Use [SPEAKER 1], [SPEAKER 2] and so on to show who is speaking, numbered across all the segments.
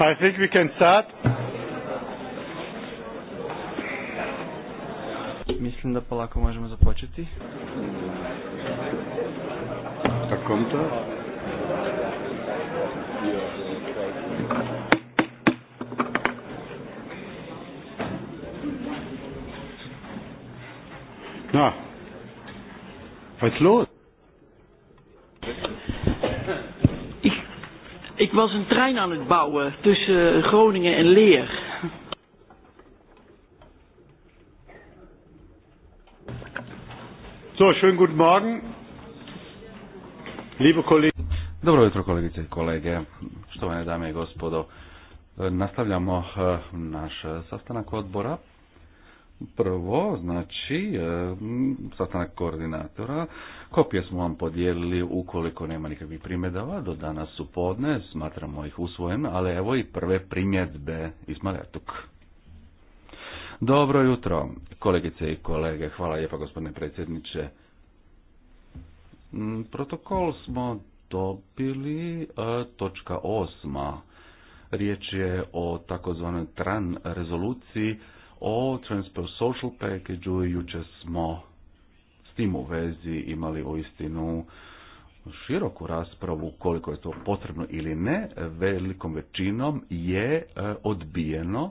[SPEAKER 1] I think we
[SPEAKER 2] can start. Mislim da polako možemo započeti. A kom to?
[SPEAKER 3] Na, was los?
[SPEAKER 2] was een trein aan het bouwen tussen eh, Groningen en Leer.
[SPEAKER 1] Zo, schön guten Morgen.
[SPEAKER 4] Liebe Kollegen. Dobro jutro kolegice i kolege, štovane dame i gospodo. Nastavljamo eh, naš eh, sastanak odbora Prvo, znači, e, sastanak koordinatora, kopije smo vam podijelili ukoliko nema nikakvih primjedava, do danas su podne, smatramo ih usvojene, ali evo i prve primjedbe iz Maletuk. Dobro jutro, kolegice i kolege, hvala lijepa gospodine predsjedniče. Mm, protokol smo dobili, e, točka osma, riječ je o takozvanoj TRAN rezoluciji, o transpose Social Package-u. smo s tim u vezi imali uistinu široku raspravu koliko je to potrebno ili ne, velikom većinom je e, odbijeno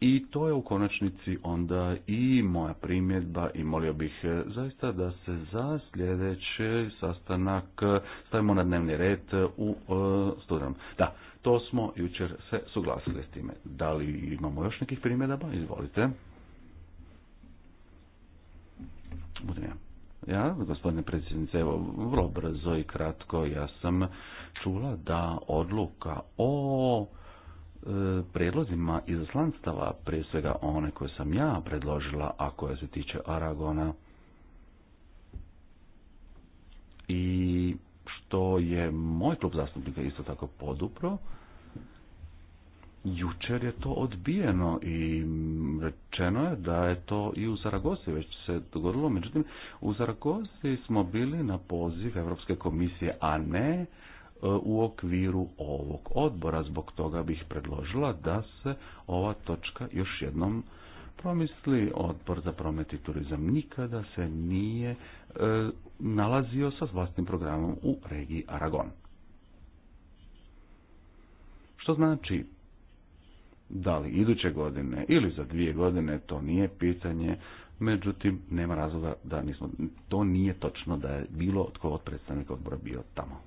[SPEAKER 4] i to je u konačnici onda i moja primjedba i molio bih e, zaista da se za sljedeći sastanak e, stavimo na dnevni red u studenom. Da, to smo jučer se suglasili s time. Da li imamo još nekih primjedaba? Izvolite. Budem ja. Ja, gospodine predsjednice, evo, vrlo brzo i kratko, ja sam čula da odluka o predlozima prijedlozima izaslanstava, prije svega one koje sam ja predložila, a koja se tiče Aragona, i što je moj klub zastupnika isto tako podupro, Jučer je to odbijeno i rečeno je da je to i u Zaragozi već se dogodilo, međutim u Zaragozi smo bili na poziv Europske komisije, a ne e, u okviru ovog odbora. Zbog toga bih predložila da se ova točka još jednom promisli. Odbor za promet i turizam nikada se nije e, nalazio sa vlastnim programom u regiji Aragon. Što znači da li iduće godine ili za dvije godine, to nije pitanje, međutim, nema razloga da nismo, to nije točno da je bilo tko od predstavnika odbora bio tamo.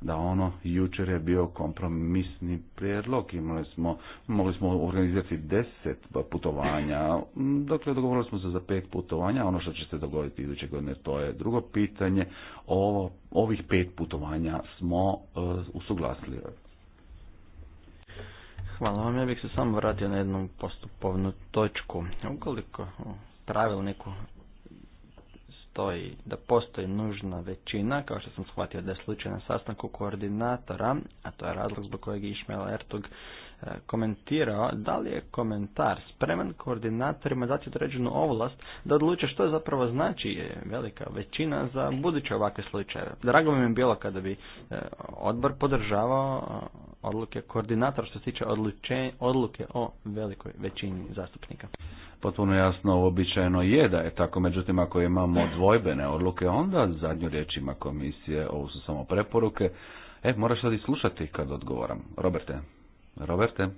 [SPEAKER 4] Da ono, jučer je bio kompromisni prijedlog, imali smo, mogli smo organizirati deset putovanja, dakle, dogovorili smo se za pet putovanja, ono što će se dogoditi iduće godine, to je drugo pitanje, Ovo,
[SPEAKER 2] ovih pet putovanja smo e, usuglasili Hvala vam, ja bih se samo vratio na jednu postupovnu točku. Ukoliko u pravilniku stoji da postoji nužna većina, kao što sam shvatio da je slučaj na sastanku koordinatora, a to je razlog zbog kojeg je Išmail Ertug e, komentirao da li je komentar spreman koordinatorima dati određenu ovlast da odluče što je zapravo znači velika većina za buduće ovakve slučajeve. Drago mi je bilo kada bi e, odbor podržavao odluke koordinator što se tiče odluke o velikoj većini zastupnika.
[SPEAKER 4] Potpuno jasno, uobičajeno je da je tako, međutim ako imamo dvojbene odluke, onda zadnju riječ ima komisije, ovo su samo preporuke. E, moraš sad i slušati kad odgovoram. Roberte, Roberte.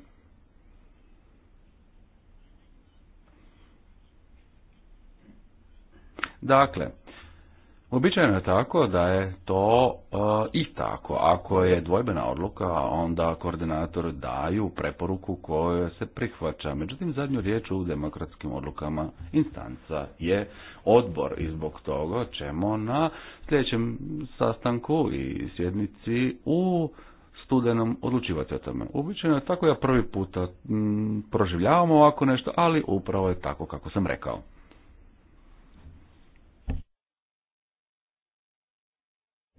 [SPEAKER 4] Dakle, Običajno je tako da je to e, i tako. Ako je dvojbena odluka, onda koordinator daju preporuku koja se prihvaća. Međutim, zadnju riječ u demokratskim odlukama instanca je odbor i zbog toga ćemo na sljedećem sastanku i sjednici u studenom odlučivati o tome. Uobičajeno je tako ja prvi puta proživljavamo ovako nešto, ali upravo je tako kako sam rekao.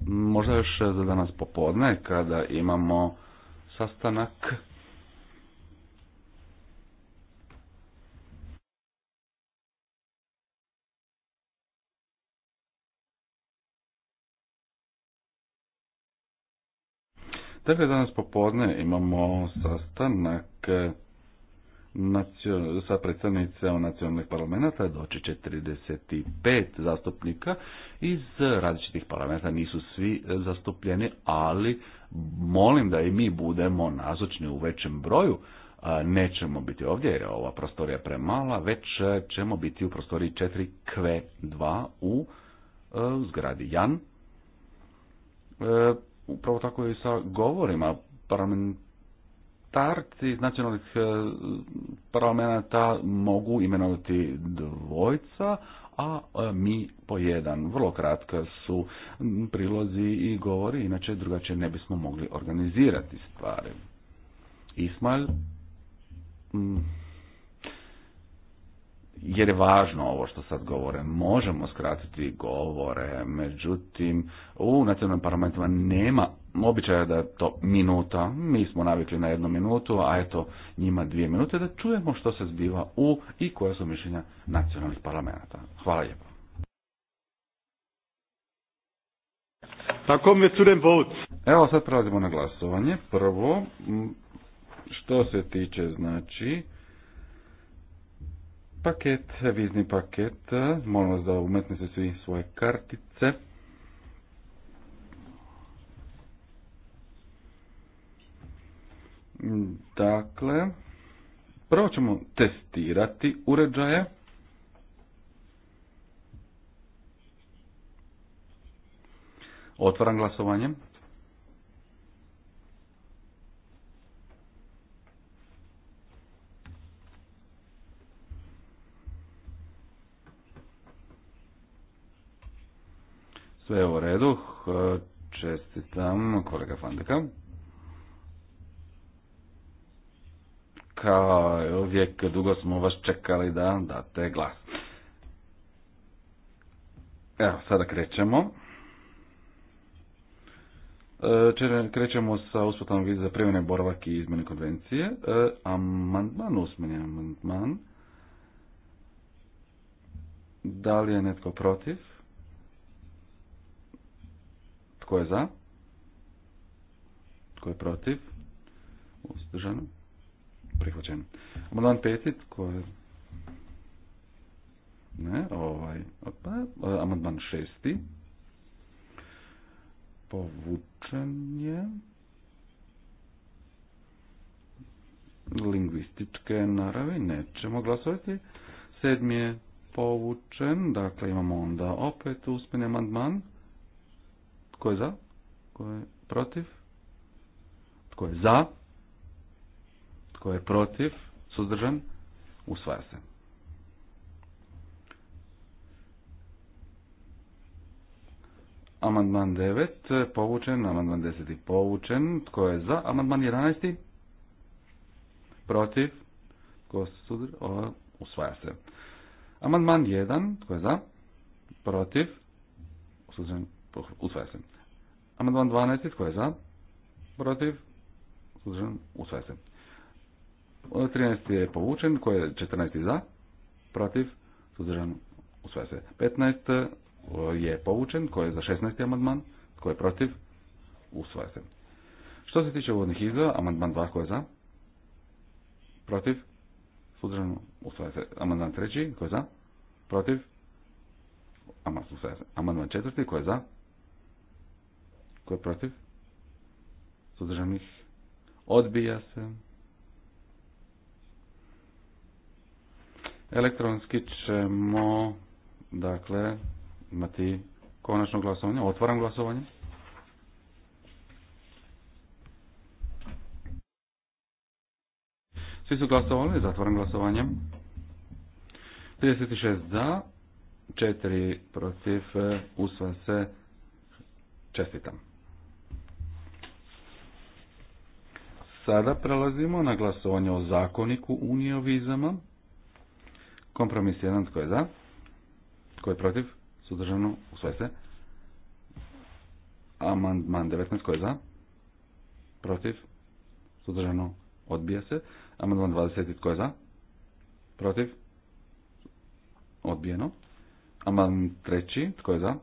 [SPEAKER 4] Možda još za danas popodne kada imamo sastanak Dakle, danas popodne imamo sastanak sa u nacionalnih parlamenta doći 45 zastupnika iz različitih parlamenta. Nisu svi e, zastupljeni, ali molim da i mi budemo nazočni u većem broju. E, nećemo biti ovdje jer je ova prostorija premala, već e, ćemo biti u prostoriji 4Q2 u zgradi Jan. Upravo tako i sa govorima parlamenta parlamentarci iz nacionalnih e, parlamenta mogu imenovati dvojca, a e, mi po jedan. Vrlo kratka su prilozi i govori, inače drugačije ne bismo mogli organizirati stvari. Ismail, mm jer je važno ovo što sad govore. Možemo skratiti govore, međutim u nacionalnim parlamentima nema običaja da je to minuta. Mi smo navikli na jednu minutu, a eto njima dvije minute da čujemo što se zbiva u i koja su mišljenja nacionalnih parlamenta. Hvala lijepo. Evo sad prelazimo na glasovanje. Prvo, što se tiče znači paket, vizni paket. Molim vas da umetnete svi svoje kartice. Dakle, prvo ćemo testirati uređaje. Otvaram glasovanje. Sve u redu. Čestitam kolega Fandeka. Kao je uvijek, dugo smo vas čekali da date glas. Evo, sada krećemo. E, krećemo sa uspotom vize za primjene boravak i izmjene konvencije. E, amandman, usmeni amandman. Da li je netko protiv? Tko je za? Tko je protiv? Uzdržano. Prihvaćeno. Amandman peti, tko je... Ne, ovaj... Opa, e, amandman šesti. Povučen je... Lingvističke naravi nećemo glasovati. Sedmi je povučen, dakle imamo onda opet uspjeni amandman. Tko je za? Tko je protiv? Tko je za? Tko je protiv? Suzdržan? Usvaja se. Amandman 9 povučen, amandman 10 povučen. Tko je za? Amandman 11? Protiv? Tko je suzdržan? usvaja se. Amandman 1, tko je za? Protiv? Suzdržan usvaja se. Amandman 12. Tko je za? Protiv? Suzdržan? Usvaja se. 13. je povučen. Tko je 14. za? Protiv? Suzdržan? Usvaja se. 15. Eh, je povučen. Tko je za 16. amandman? Tko je protiv? Usvaja se. Što se tiče uvodnih izgleda, amandman 2 tko je za? Protiv? Suzdržan? Usvaja se. Amandman 3. Tko je za? Protiv? Amandman 4. Tko je za? Tko je protiv? Suzdržanih? Odbija se. Elektronski ćemo, dakle, imati konačno glasovanje. Otvaram glasovanje. Svi su glasovali, zatvaram glasovanje. 36 za, 4 protiv, usva se, čestitam. Sada prelazimo na glasovanje o zakoniku Unije o vizama. Kompromis 1, tko je za? Tko je protiv? Sudržano, usvoje se. Amandman 19, tko je za? Protiv? Sudržano, odbija se. Amandman 20, tko je za? Protiv? Odbijeno. Amandman 3, tko je za?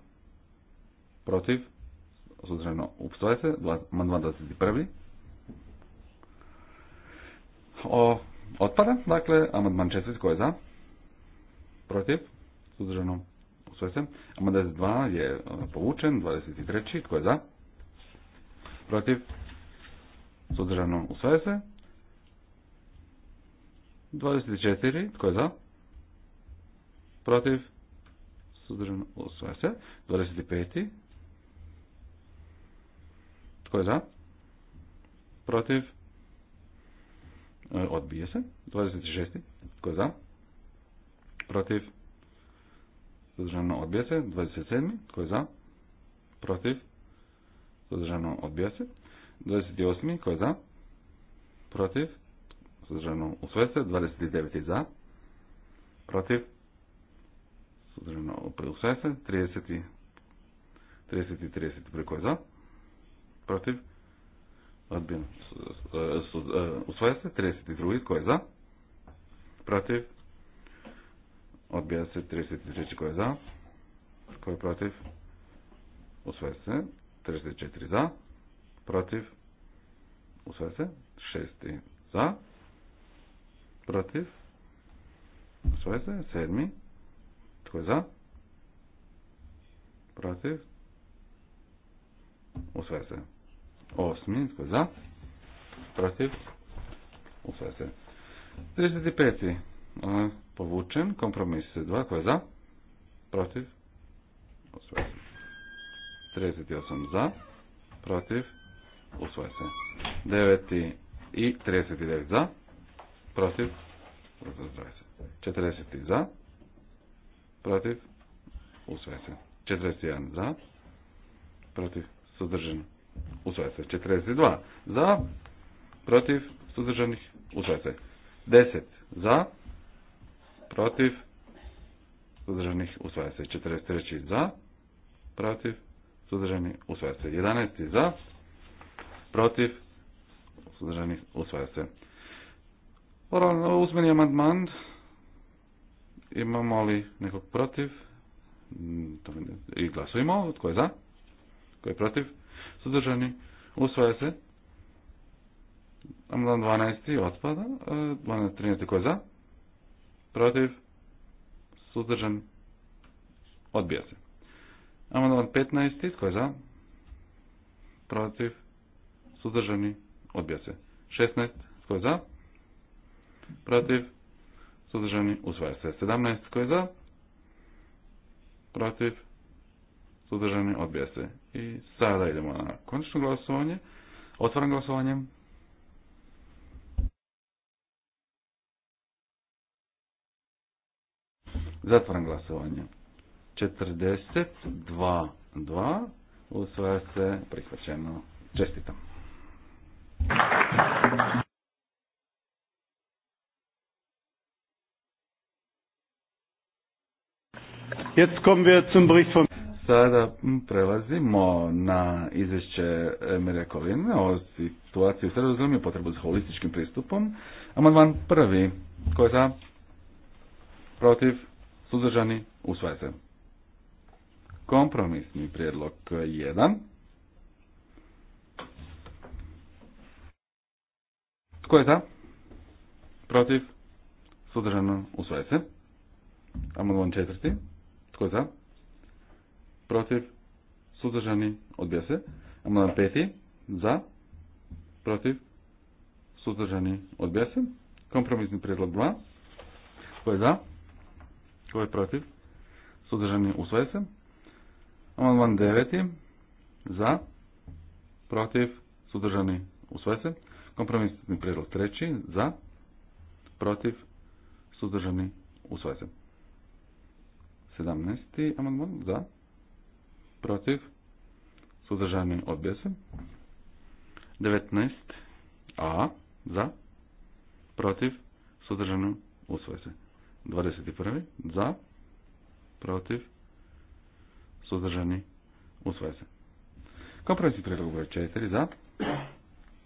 [SPEAKER 4] Protiv? Sudržano, usvoje se. Amandman 21 o, otpada, dakle, amandman 4, tko je za? Protiv? Suzdržano? u se. Amandman 22 je e, povučen, 23, tko je za? Protiv? Suzdržano? Usvoje se. 24, tko je za? Protiv? Suzdržano? Usvoje se. 25, tko je za? Protiv? E, odbije se. 26. Tko je za? Protiv. Zadržano odbije se. 27. Tko je za? Protiv. Zadržano odbije se. 28. Ko je za? Protiv. Zadržano usvoje se. 29. Za. Protiv. Zadržano usvoje se. 30. 30 30. Preko je za? Protiv u svoje se 32. Ko je za? Protiv? Odbija se 33. Ko je za? Ko je protiv? svoje se 34. Za? Protiv? svoje se 6. Za? Protiv? svoje se 7. Tko je za? Protiv? svoje se Osmi, tko je za? Protiv? Usvaja se. 35. povučen, kompromis 2, tko je za? Protiv? Usvaja se. 38 za, protiv, usvaja se. 9 i 39 za, protiv, se. 40 za, protiv, usvaja se. 41 za, protiv, sudržan, usvaja se. 42 za, protiv, suzdržanih, usvaja se. 10 za, protiv, suzdržanih, usvaja se. 43 za, protiv, suzdržanih usvaja se. 11 za, protiv, suzdržanih, usvaja se. Uzmeni amandman, imamo li nekog protiv mm, i glasujemo, tko je za, tko je protiv, suzdržani, usvaja se. Amdan 12. otpada, 12. E, 13. ko je za, protiv, suzdržani, odbija se. Amdan 15. tko je za, protiv, suzdržani, odbija se. 16. tko je za, protiv, suzdržani, usvaja se. 17. tko je za, protiv, suzdržani, odbija se. I sada idemo na konačno glasovanje. Otvaram glasovanje. Zatvaram glasovanje. 42.2. Usvaja se
[SPEAKER 3] prihvaćeno. Čestitam.
[SPEAKER 4] Jetzt kommen wir zum Bericht von Sada prelazimo na izvješće Mirja Kolina o situaciji u sredozemlju potrebu za holističkim pristupom. Amandman prvi. tko je za? Protiv? Suzdržani? Usvaja se. Kompromisni prijedlog 1. Tko je za? Protiv? Suzdržano? u se. Amandman četvrti. Tko je za? protiv, suzdržani, odbija se. Amandman peti, za, protiv, suzdržani, odbija se. Kompromisni prijedlog 2, tko je za, tko je protiv, suzdržani, usvaja se. Amandman deveti, za, protiv, sudržani usvaja se. Kompromisni prijedlog treći, za, protiv, suzdržani, usvaja se. 17. amandman, za, protiv, suzdržani odbija 19 a za, protiv, suzdržani usvoje se. 21 za, protiv, suzdržani usvoje se. Kompromisni prijedlog broj 4 za,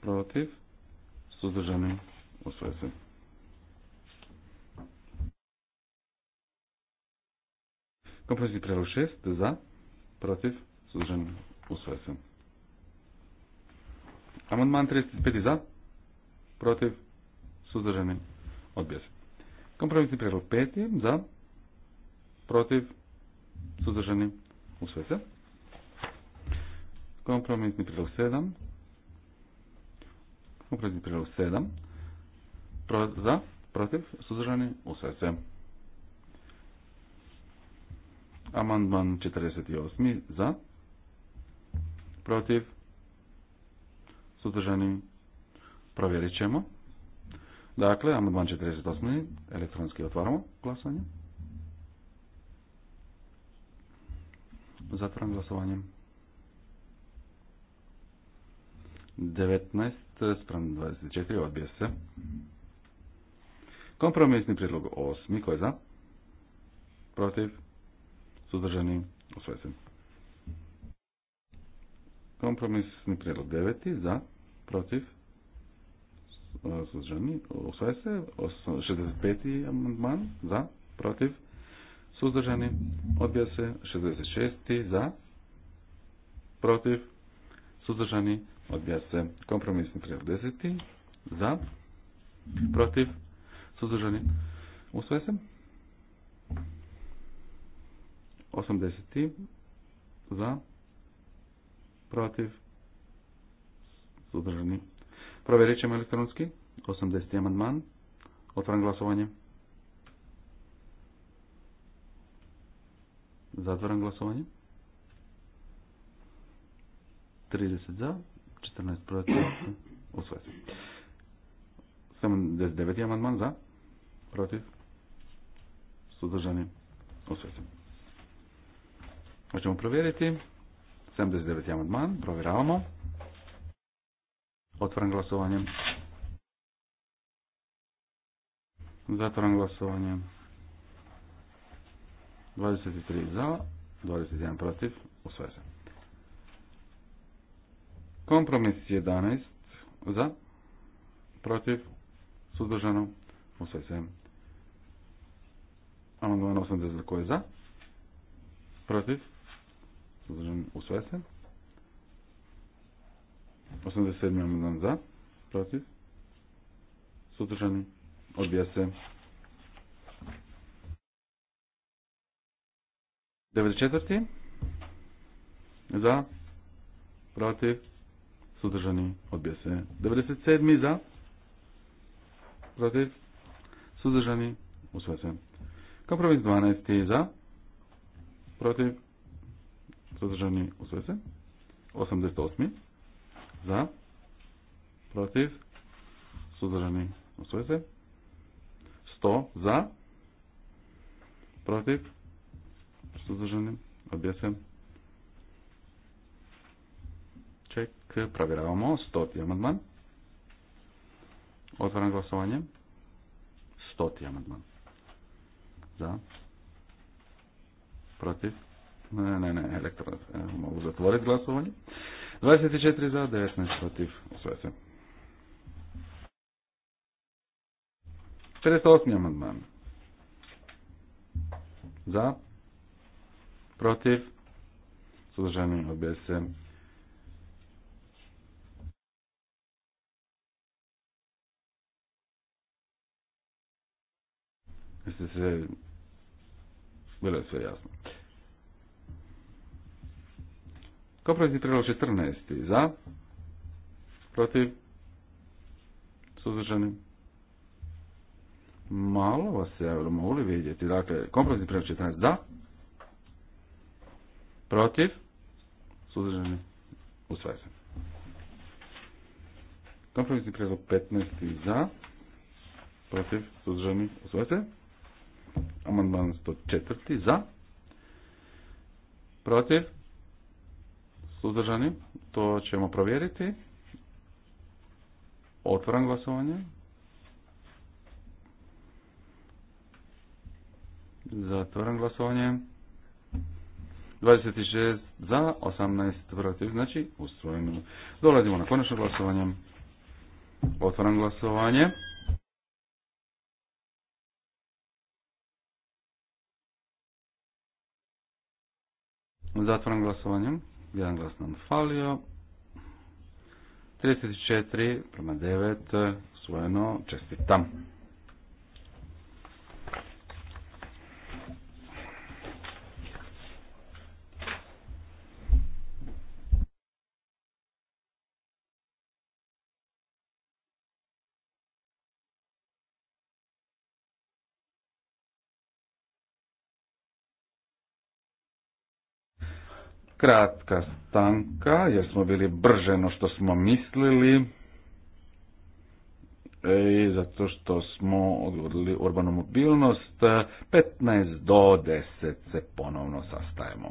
[SPEAKER 4] protiv, suzdržani usvoje se. Kompromisni prijedlog 6 za, protiv, suzdržani, usvaja se. Amandman 35 za, protiv, suzdržani, odbija se. Kompromisni prijedlog 5 za, protiv, suzdržani, u se. Kompromisni prijedlog 7, kompromisni prijedlog 7, pro, za, protiv, suzdržani, usvaja se. Amandman 48. Za. Protiv. Suzdržani. Provjerit ćemo. Dakle, amandman 48. Elektronski otvaramo glasanje. Zatvaram glasovanje. 19 sprem 24 Odbije se. Kompromisni prijedlog 8. Ko je za? Protiv? suzdržani, usvoje se. Kompromisni prijedlog deveti za, protiv, suzdržani, usvoje se. 65. amandman za, protiv, suzdržani, odbija se. 66. za, protiv, suzdržani, odbija se. Kompromisni prijedlog deseti za, protiv, suzdržani, usvoje se. 80. za, protiv, suzdržani. Provjerit ćemo elektronski. 80. amandman. Otvaram glasovanje. Zatvaram glasovanje. 30 za, 14 protiv, osvoje 79. amandman za, protiv, suzdržani, osvoje Možemo provjeriti. 79. amandman. Provjeravamo. Otvaram glasovanje. Zatvaram glasovanje. 23 za, 21 protiv, sve se. Kompromis 11 za, protiv, suzdržano, sve se. Amandman 80 koji za, protiv, u sve se. 87. amandman za. Protiv. Sutršani, Odbija se. 94. Za. Protiv. Sutršani, Odbija se. 97. za. Protiv. U sve se. Kompromis 12. za. Protiv suzdržani, u se. 88. Za, protiv, suzdržani, u se. 100. Za, protiv, suzdržani, odbija se. Ček, provjeravamo. 100. amandman. Otvaram glasovanje. 100. amandman. Za, protiv, ne, ne, ne, elektron. E, mogu zatvoriti glasovanje. 24 za, 19 protiv. Sve se. 48. amandman. Za. Protiv. Sudržani odbija se.
[SPEAKER 3] Jeste se... Bilo je
[SPEAKER 4] sve jasno. protiv prilog 14. Za? Protiv? Suzdržani? Malo vas se mogu li vidjeti. Dakle, kompromisni prilog 14. Da? Protiv? Suzdržani? Usvaja se. Kompromisni prilog 15. Za? Protiv? Suzdržani? Usvaja se. Amandman 104. Za? Protiv? Suzdržani? To ćemo provjeriti. Otvoram glasovanje. Zatvoram glasovanje. 26 za, 18 protiv, znači ustrojeno. Dolazimo na konačno glasovanje. Otvaram glasovanje. Zatvaram glasovanje. Jedan glas nam falio. 34 prema 9 svojeno čestitam. kratka stanka, jer smo bili brže no što smo mislili i zato što smo odgovorili urbanu mobilnost, 15 do 10
[SPEAKER 3] se ponovno sastajemo.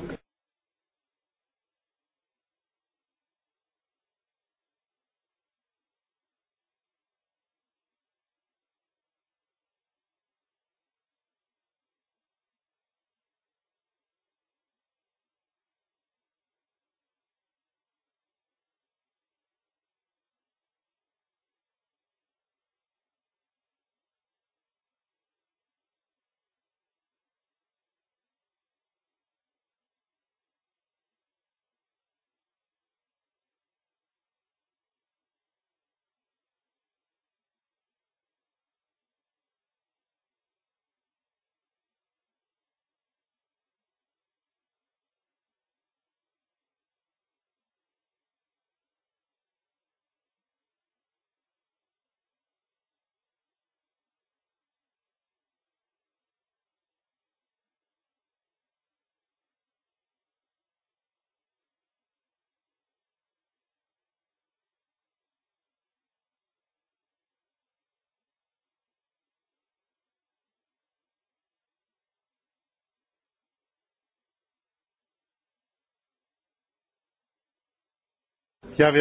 [SPEAKER 1] Ja,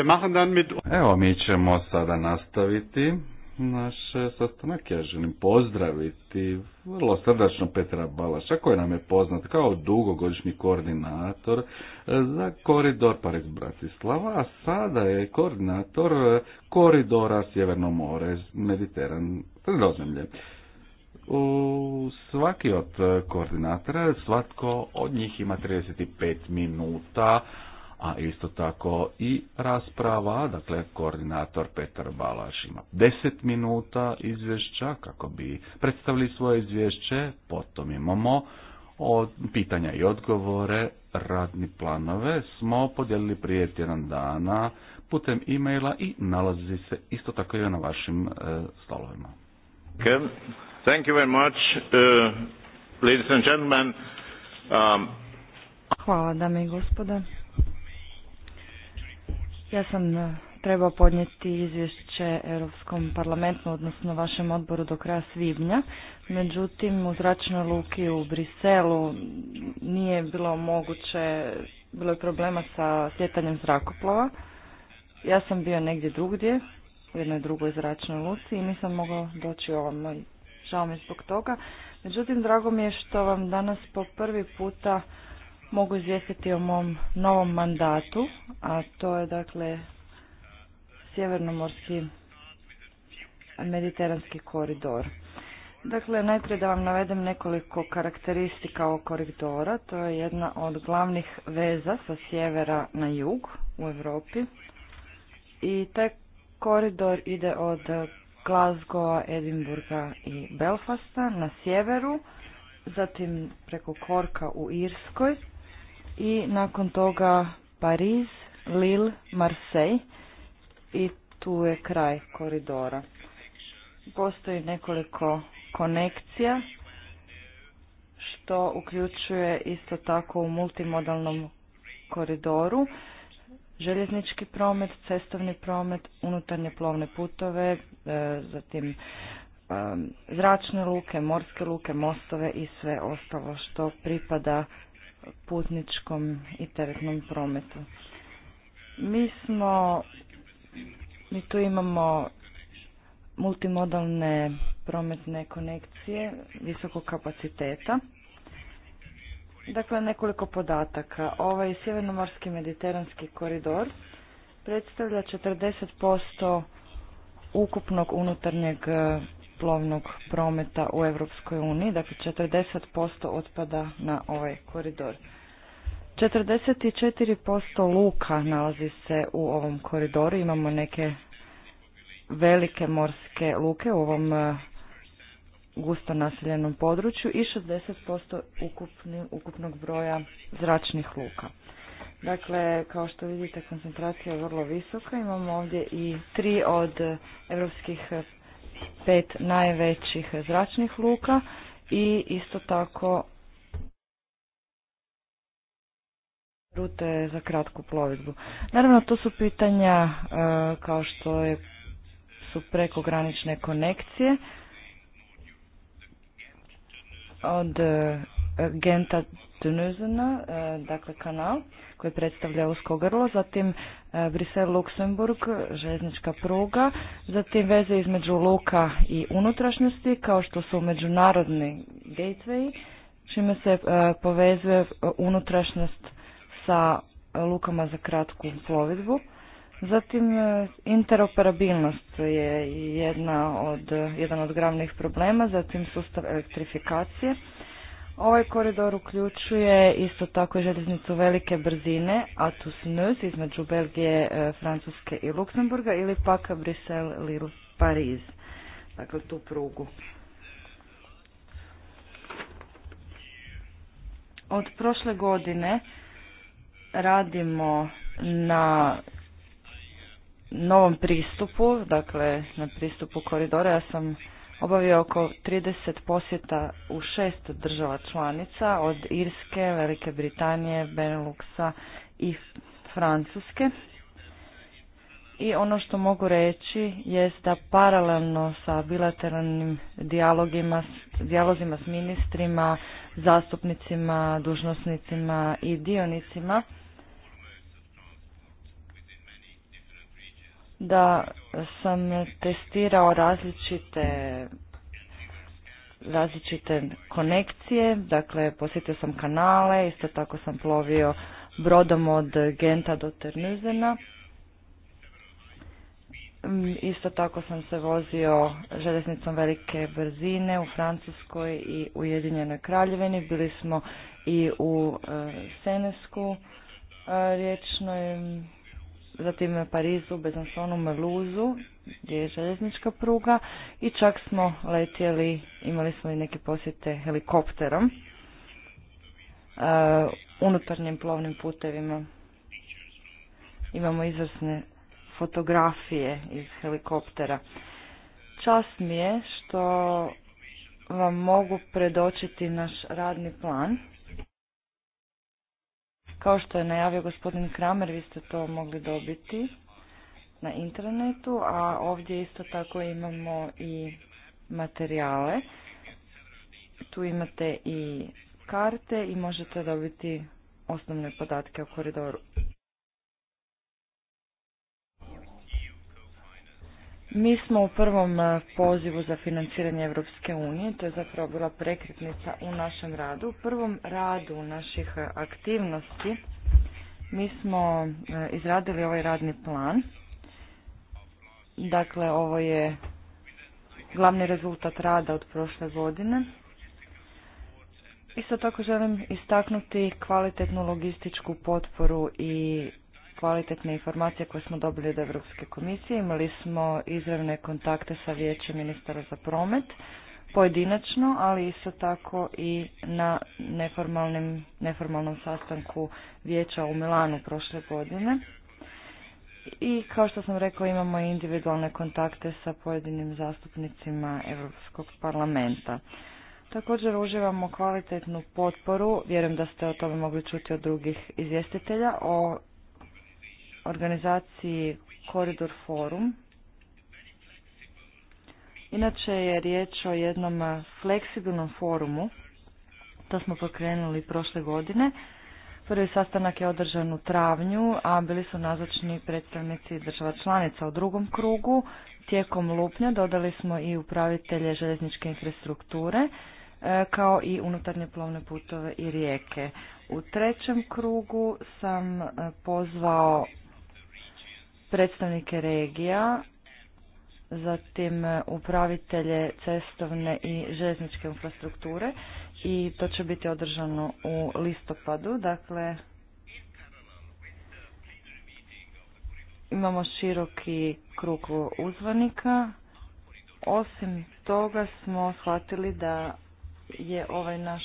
[SPEAKER 1] mit...
[SPEAKER 4] Evo, mi ćemo sada nastaviti naš e, sastanak. Ja želim pozdraviti vrlo srdačno Petra Balaša, koji nam je poznat kao dugogodišnji koordinator e, za koridor Parek Bratislava, a sada je koordinator e, koridora Sjeverno more, Mediteran, sredozemlje. U svaki od koordinatora, svatko od njih ima 35 minuta, a isto tako i rasprava, dakle koordinator Petar Balaš ima 10 minuta izvješća kako bi predstavili svoje izvješće, potom imamo od pitanja i odgovore, radni planove smo podijelili prije tjedan dana putem e-maila i nalazi se isto tako i na vašim e, stolovima.
[SPEAKER 1] Thank you very much, uh, ladies and gentlemen. Um,
[SPEAKER 5] Hvala dame i gospoda. Ja sam e, trebao podnijeti izvješće Europskom parlamentu, odnosno vašem odboru do kraja svibnja. Međutim, u zračnoj luki u Briselu nije bilo moguće, bilo je problema sa sjetanjem zrakoplova. Ja sam bio negdje drugdje, u jednoj drugoj zračnoj luci i nisam mogao doći ovom. Žao mi zbog toga. Međutim, drago mi je što vam danas po prvi puta mogu izvijestiti o mom novom mandatu, a to je dakle sjevernomorski mediteranski koridor. Dakle, najprije da vam navedem nekoliko karakteristika ovog koridora. To je jedna od glavnih veza sa sjevera na jug u Europi. I taj koridor ide od Glasgowa, Edinburga i Belfasta na sjeveru, zatim preko Korka u Irskoj, i nakon toga Pariz, Lille, Marseille i tu je kraj koridora. Postoji nekoliko konekcija što uključuje isto tako u multimodalnom koridoru željeznički promet, cestovni promet, unutarnje plovne putove, e, zatim e, zračne luke, morske luke, mostove i sve ostalo što pripada putničkom i teretnom prometu. Mi smo, mi tu imamo multimodalne prometne konekcije visokog kapaciteta. Dakle, nekoliko podataka. Ovaj sjevernomarski mediteranski koridor predstavlja 40% ukupnog unutarnjeg plovnog prometa u Europskoj uniji, dakle 40% otpada na ovaj koridor. 44% luka nalazi se u ovom koridoru, imamo neke velike morske luke u ovom e, gusto naseljenom području i 60% ukupni, ukupnog broja zračnih luka. Dakle, kao što vidite, koncentracija je vrlo visoka. Imamo ovdje i tri od europskih pet najvećih zračnih luka i isto tako rute za kratku plovidbu. Naravno, to su pitanja e, kao što je, su prekogranične konekcije od Genta Tunuzena, e, dakle kanal koji predstavlja usko grlo, zatim e, Brisel-Luksemburg, željeznička pruga, zatim veze između luka i unutrašnjosti kao što su međunarodni gateway čime se e, povezuje unutrašnjost sa lukama za kratku plovidbu. Zatim interoperabilnost je jedna od, jedan od glavnih problema, zatim sustav elektrifikacije Ovaj koridor uključuje isto tako željeznicu velike brzine, Atus Nus, između Belgije, e, Francuske i Luksemburga, ili pak bruxelles Lille, Pariz. Dakle, tu prugu. Od prošle godine radimo na novom pristupu, dakle, na pristupu koridora. Ja sam obavio oko 30 posjeta u šest država članica od Irske, Velike Britanije, Beneluxa i Francuske. I ono što mogu reći jest da paralelno sa bilateralnim dijalogima, dijalozima s ministrima, zastupnicima, dužnosnicima i dionicima da sam testirao različite različite konekcije, dakle posjetio sam kanale, isto tako sam plovio brodom od Genta do Ternuzena. Mm, isto tako sam se vozio željeznicom velike brzine u Francuskoj i Ujedinjenoj kraljevini. Bili smo i u e, Senesku e, riječnoj zatim Parizu, Besançonu, Meluzu, gdje je željeznička pruga i čak smo letjeli, imali smo i neke posjete helikopterom e, unutarnjim plovnim putevima. Imamo izvrsne fotografije iz helikoptera. Čast mi je što vam mogu predočiti naš radni plan kao što je najavio gospodin Kramer, vi ste to mogli dobiti na internetu, a ovdje isto tako imamo i materijale. Tu imate i karte i možete dobiti osnovne podatke o koridoru. Mi smo u prvom e, pozivu za financiranje Europske unije, to je zapravo bila prekretnica u našem radu. U prvom radu naših e, aktivnosti mi smo e, izradili ovaj radni plan. Dakle, ovo je glavni rezultat rada od prošle godine. Isto tako želim istaknuti kvalitetnu logističku potporu i kvalitetne informacije koje smo dobili od Europske komisije. Imali smo izravne kontakte sa vijećem ministara za promet, pojedinačno, ali isto tako i na neformalnom sastanku vijeća u Milanu prošle godine. I kao što sam rekao imamo i individualne kontakte sa pojedinim zastupnicima Europskog parlamenta. Također uživamo kvalitetnu potporu, vjerujem da ste o tome mogli čuti od drugih izvjestitelja, o organizaciji Koridor Forum. Inače je riječ o jednom fleksibilnom forumu. To smo pokrenuli prošle godine. Prvi sastanak je održan u travnju, a bili su nazočni predstavnici država članica u drugom krugu. Tijekom lupnja dodali smo i upravitelje željezničke infrastrukture, e, kao i unutarnje plovne putove i rijeke. U trećem krugu sam e, pozvao predstavnike regija, zatim e, upravitelje cestovne i željezničke infrastrukture i to će biti održano u listopadu. Dakle, imamo široki krug uzvanika. Osim toga smo shvatili da je ovaj naš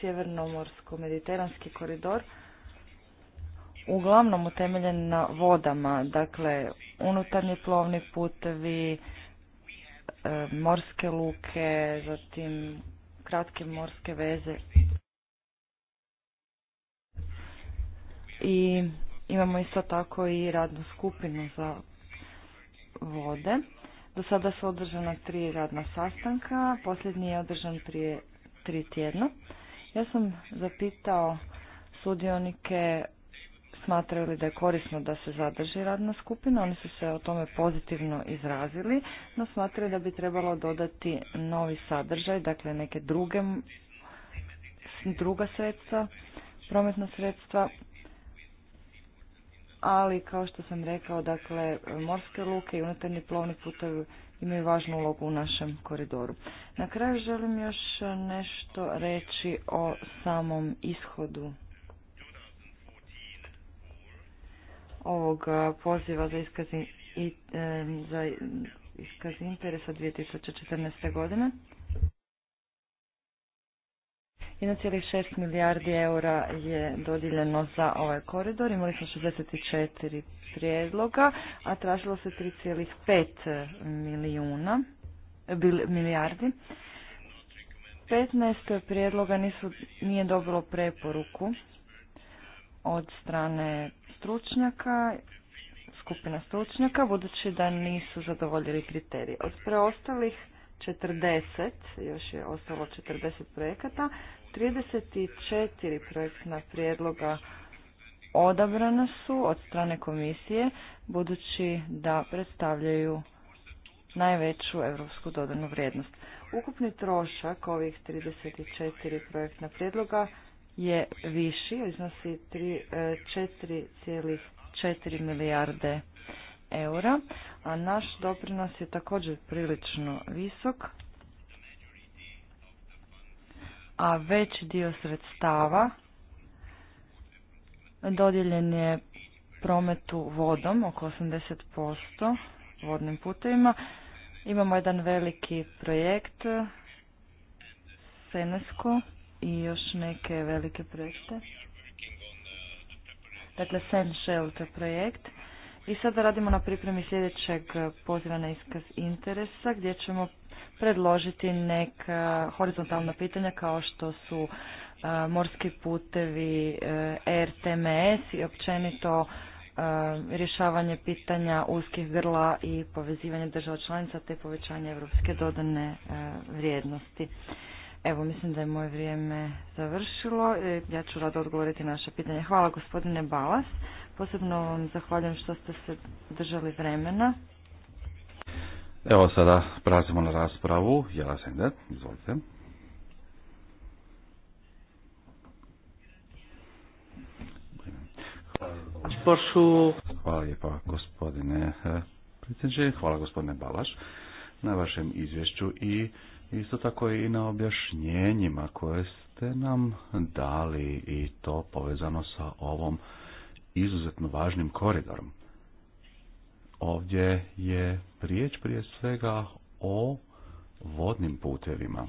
[SPEAKER 5] sjevernomorsko-mediteranski koridor uglavnom utemeljen na vodama, dakle unutarnji plovni putevi, e, morske luke, zatim kratke morske veze. I imamo isto tako i radnu skupinu za vode. Do sada su održana tri radna sastanka, posljednji je održan prije tri tjedna. Ja sam zapitao sudionike smatraju da je korisno da se zadrži radna skupina. Oni su se o tome pozitivno izrazili, no smatraju da bi trebalo dodati novi sadržaj, dakle neke druge, druga sredstva, prometna sredstva, ali kao što sam rekao, dakle, morske luke i unutarnji plovni putevi imaju važnu ulogu u našem koridoru. Na kraju želim još nešto reći o samom ishodu ovog poziva za iskaz i, e, za iskaz interesa 2014. godine. 1,6 milijardi eura je dodijeljeno za ovaj koridor. Imali smo 64 prijedloga, a tražilo se 3,5 milijuna, milijardi. 15 prijedloga nisu, nije dobilo preporuku od strane stručnjaka, skupina stručnjaka, budući da nisu zadovoljili kriterije. Od preostalih 40, još je ostalo 40 projekata, 34 projektna prijedloga odabrana su od strane komisije, budući da predstavljaju najveću europsku dodanu vrijednost. Ukupni trošak ovih 34 projektna prijedloga je viši, iznosi 4,4 e, milijarde eura, a naš doprinos je također prilično visok, a veći dio sredstava dodjeljen je prometu vodom, oko 80% vodnim putevima. Imamo jedan veliki projekt, Senesko, i još neke velike projekte. Dakle, Sen Shelter projekt. I sada radimo na pripremi sljedećeg poziva na iskaz interesa gdje ćemo predložiti neka horizontalna pitanja kao što su e, morski putevi, e, RTMS i općenito e, rješavanje pitanja uskih grla i povezivanje država članica te povećanje europske dodane vrijednosti. Evo, mislim da je moje vrijeme završilo. E, ja ću rado odgovoriti naše pitanje. Hvala gospodine Balas. Posebno vam zahvaljujem što ste se držali vremena.
[SPEAKER 4] Evo sada prazimo na raspravu. Jela Sender, izvolite. Hvala lijepa gospodine eh, predsjedniče, hvala gospodine Balaš na vašem izvješću i isto tako i na objašnjenjima koje ste nam dali i to povezano sa ovom izuzetno važnim koridorom. Ovdje je riječ prije svega o vodnim putevima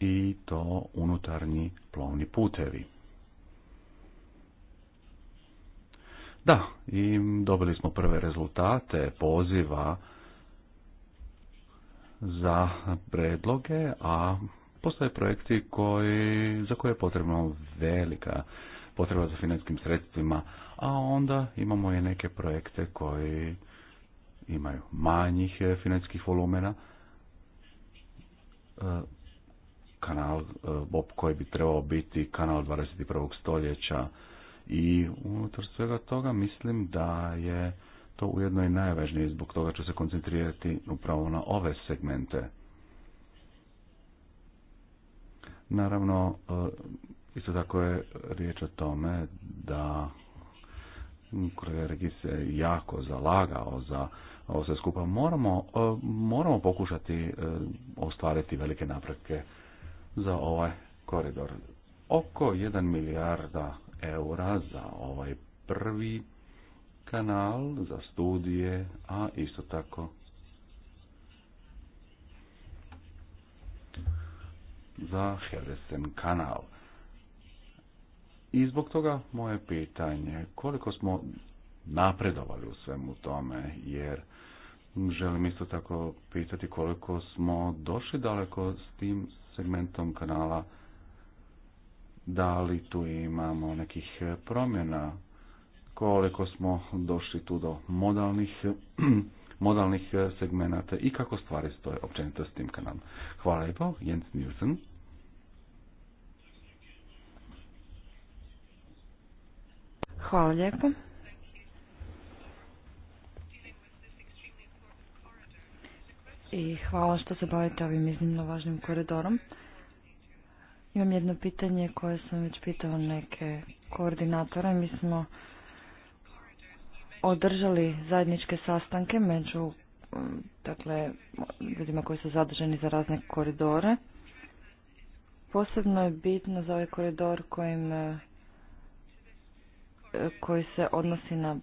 [SPEAKER 4] i to unutarnji plovni putevi. Da, i dobili smo prve rezultate poziva za predloge, a postoje projekti koji, za koje je potrebno velika potreba za financijskim sredstvima, a onda imamo i neke projekte koji imaju manjih financijskih volumena. E, kanal Bob e, koji bi trebao biti kanal 21. stoljeća i unutar svega toga mislim da je to ujedno je najvažnije zbog toga ću se koncentrirati upravo na ove segmente. Naravno, e, isto tako je riječ o tome da kolega se jako zalagao za ovo sve skupa. Moramo, e, moramo pokušati e, ostvariti velike napretke za ovaj koridor. Oko 1 milijarda eura za ovaj prvi kanal za studije, a isto tako za Hedesen kanal. I zbog toga moje pitanje, koliko smo napredovali u svemu tome, jer želim isto tako pitati koliko smo došli daleko s tim segmentom kanala, da li tu imamo nekih promjena koliko smo došli tu do modalnih, modalnih e, segmenata i kako stvari stoje općenito s tim kanalom. Hvala lijepo, Jens Nielsen.
[SPEAKER 5] Hvala lijepo. I hvala što se bavite ovim iznimno važnim koridorom. Imam jedno pitanje koje sam već pitao neke koordinatore. Mi smo održali zajedničke sastanke među mm, dakle, ljudima koji su zadrženi za razne koridore. Posebno je bitno za ovaj koridor kojim, e, koji se odnosi na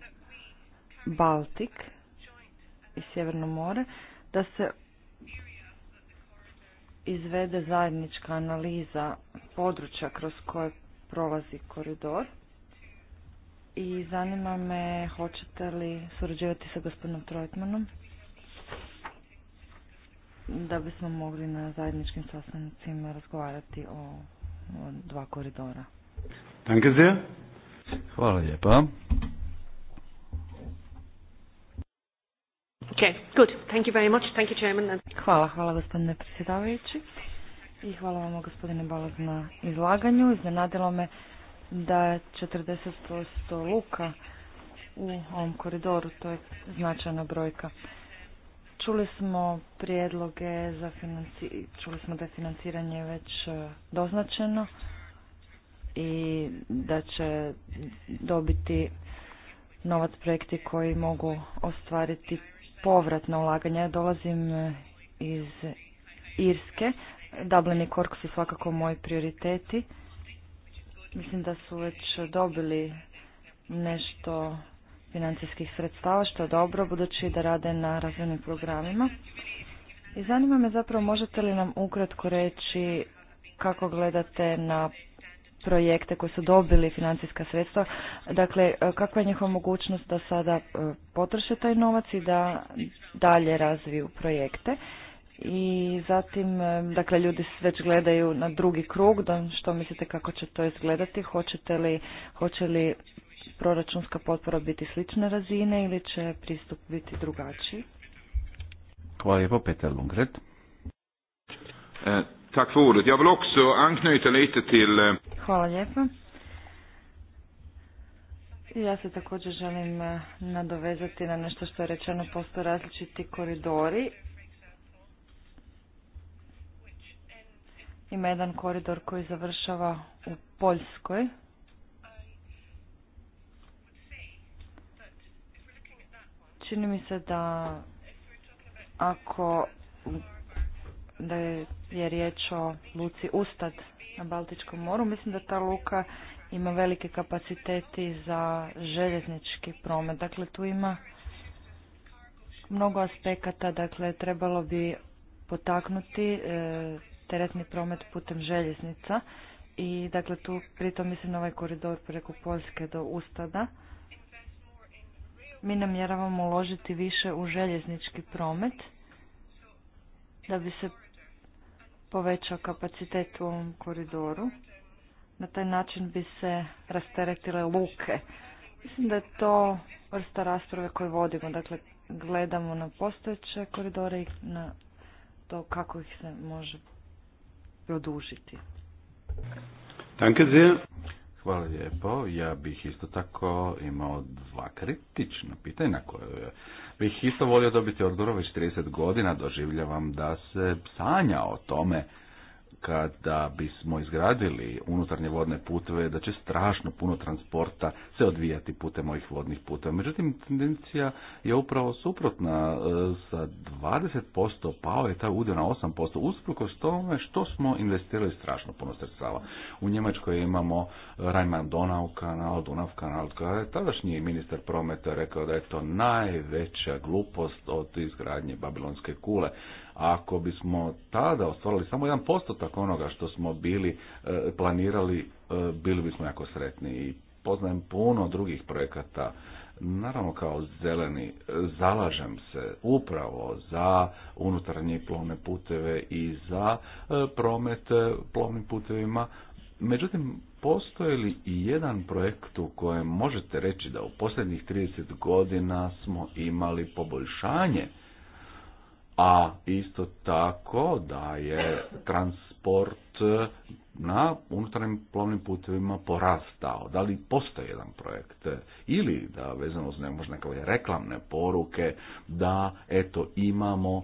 [SPEAKER 5] Baltik i Sjeverno more, da se izvede zajednička analiza područja kroz koje prolazi koridor i zanima me hoćete li surađivati sa gospodinom Trojtmanom da bismo mogli na zajedničkim sastancima razgovarati o, o dva koridora.
[SPEAKER 1] Danke sehr.
[SPEAKER 4] Hvala lijepa.
[SPEAKER 5] Okay, good. Thank you very much. Thank you, Chairman. Hvala, hvala gospodine predsjedavajući. I hvala vam gospodine Balaz na izlaganju. Iznenadilo me da je 40% luka u ovom koridoru, to je značajna brojka. Čuli smo prijedloge za čuli smo da je financiranje već e, doznačeno i da će dobiti novac projekti koji mogu ostvariti povratno ulaganje. Ja dolazim e, iz Irske. Dublin i Cork su svakako moji prioriteti. Mislim da su već dobili nešto financijskih sredstava, što je dobro, budući da rade na razvojnim programima. I zanima me zapravo, možete li nam ukratko reći kako gledate na projekte koji su dobili financijska sredstva, dakle kakva je njihova mogućnost da sada e, potroše taj novac i da dalje razviju projekte i zatim, e, dakle, ljudi već gledaju na drugi krug, što mislite kako će to izgledati, hoćete li, hoće li proračunska potpora biti slične razine ili će pristup biti drugačiji?
[SPEAKER 4] Hvala lijepo, Peter e,
[SPEAKER 1] lite e,
[SPEAKER 5] Hvala lijepo. Ja se također želim nadovezati na nešto što je rečeno, postoje različiti koridori Ima jedan koridor koji završava u Poljskoj. Čini mi se da ako da je riječ o luci Ustad na Baltičkom moru, mislim da ta luka ima velike kapaciteti za željeznički promet. Dakle, tu ima mnogo aspekata, dakle, trebalo bi potaknuti e, teretni promet putem željeznica i dakle tu pritom mislim na ovaj koridor preko Poljske do Ustada. Mi namjeravamo uložiti više u željeznički promet da bi se povećao kapacitet u ovom koridoru. Na taj način bi se rasteretile luke. Mislim da je to vrsta rasprave koju vodimo. Dakle, gledamo na postojeće koridore i na to kako ih se može produžiti.
[SPEAKER 4] Danke sehr. Hvala lijepo. Ja bih isto tako imao dva kritična pitanja na koje bih isto volio dobiti odgovor već 30 godina. Doživljavam da se sanja o tome kada bismo izgradili unutarnje vodne puteve, da će strašno puno transporta se odvijati putem ovih vodnih puteva. Međutim, tendencija je upravo suprotna. E, sa 20% pao je taj udio na 8%, usprkos tome što smo investirali strašno puno sredstava. U Njemačkoj imamo Rajman Donau kanal, Dunav kanal, tadašnji ministar prometa rekao da je to najveća glupost od izgradnje Babilonske kule. Ako bismo tada ostvarili samo jedan postotak onoga što smo bili e, planirali, e, bili bismo jako sretni i poznajem puno drugih projekata. Naravno kao zeleni e, zalažem se upravo za unutarnje plovne puteve i za promet plovnim putevima. Međutim, postoji li i jedan projekt u kojem možete reći da u posljednjih 30 godina smo imali poboljšanje a isto tako da je transport na unutarnjim plovnim putevima porastao. Da li postoji jedan projekt ili da vezano uz ne možda reklamne poruke da eto imamo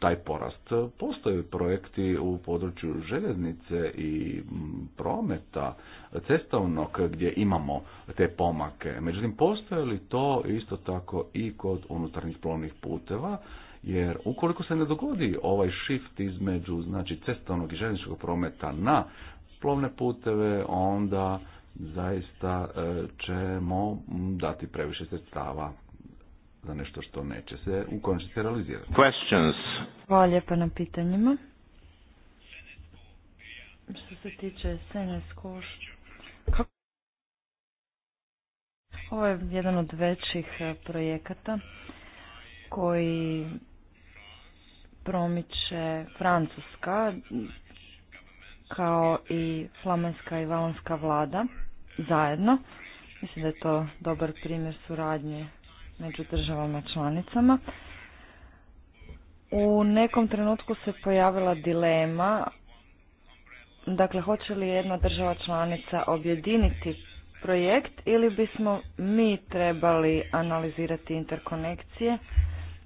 [SPEAKER 4] taj porast. Postoje projekti u području željeznice i prometa cestovnog gdje imamo te pomake. Međutim, postoje li to isto tako i kod unutarnjih plovnih puteva? Jer ukoliko se ne dogodi ovaj shift između znači, cestovnog i željezničkog prometa na plovne puteve, onda zaista e, ćemo dati previše sredstava za nešto što neće se u konačnici realizirati. Questions.
[SPEAKER 5] Hvala lijepa na pitanjima. Što se tiče SNS koš... Ovo je jedan od većih e, projekata koji promiče Francuska kao i flamenska i valonska vlada zajedno. Mislim da je to dobar primjer suradnje među državama članicama. U nekom trenutku se pojavila dilema, dakle hoće li jedna država članica objediniti projekt ili bismo mi trebali analizirati interkonekcije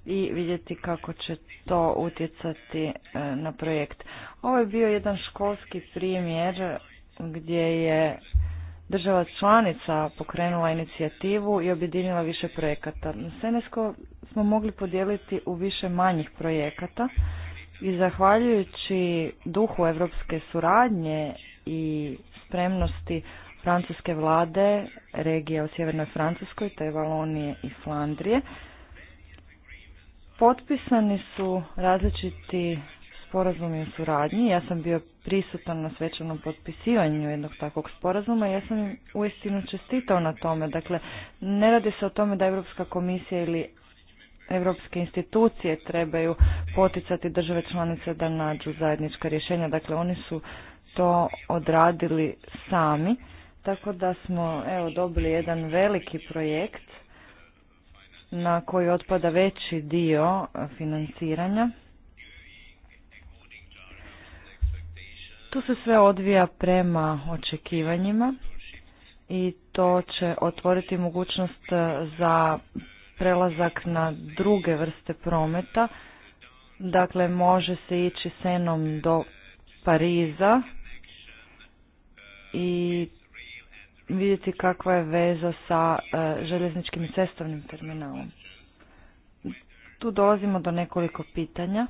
[SPEAKER 5] i vidjeti kako će to utjecati e, na projekt. Ovo je bio jedan školski primjer gdje je država članica pokrenula inicijativu i objedinila više projekata. Senesko smo mogli podijeliti u više manjih projekata i zahvaljujući duhu evropske suradnje i spremnosti francuske vlade, regija u sjevernoj Francuskoj, te Valonije i Flandrije, potpisani su različiti sporazum i suradnji. Ja sam bio prisutan na svečanom potpisivanju jednog takvog sporazuma i ja sam im uistinu čestitao na tome. Dakle, ne radi se o tome da Europska komisija ili europske institucije trebaju poticati države članice da nađu zajednička rješenja. Dakle, oni su to odradili sami. Tako da smo evo dobili jedan veliki projekt na koji otpada veći dio financiranja. Tu se sve odvija prema očekivanjima i to će otvoriti mogućnost e, za prelazak na druge vrste prometa. Dakle, može se ići senom do Pariza i vidjeti kakva je veza sa e, željezničkim i cestovnim terminalom. Tu dolazimo do nekoliko pitanja.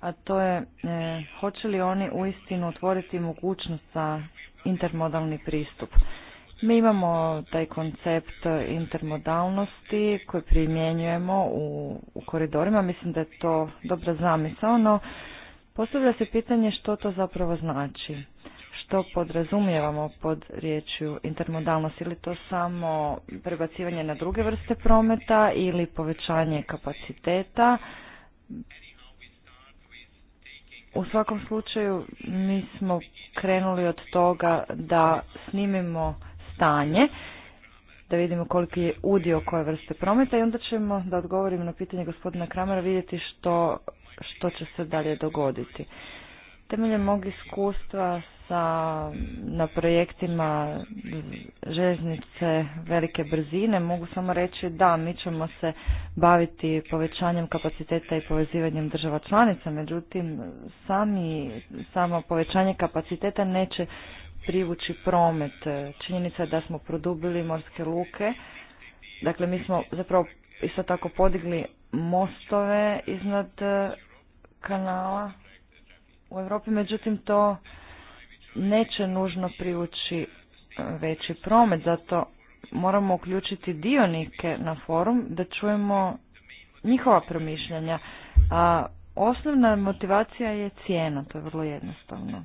[SPEAKER 5] a to je e, hoće li oni uistinu otvoriti mogućnost za intermodalni pristup. Mi imamo taj koncept intermodalnosti koji primjenjujemo u, koridorima, mislim da je to dobro zamisao, no postavlja se pitanje što to zapravo znači. Što podrazumijevamo pod riječju intermodalnost? Ili to samo prebacivanje na druge vrste prometa ili povećanje kapaciteta? U svakom slučaju mi smo krenuli od toga da snimimo stanje, da vidimo koliki je udio koje vrste prometa i onda ćemo, da odgovorimo na pitanje gospodina Kramera, vidjeti što, što će se dalje dogoditi. Temeljem mog iskustva sa, na projektima željeznice velike brzine mogu samo reći da mi ćemo se baviti povećanjem kapaciteta i povezivanjem država članica, međutim sami, samo povećanje kapaciteta neće privući promet. Činjenica je da smo produbili morske luke, dakle mi smo zapravo isto tako podigli mostove iznad eh, kanala u Europi, međutim to neće nužno privući e, veći promet, zato moramo uključiti dionike na forum da čujemo njihova promišljanja, a osnovna motivacija je cijena, to je vrlo jednostavno.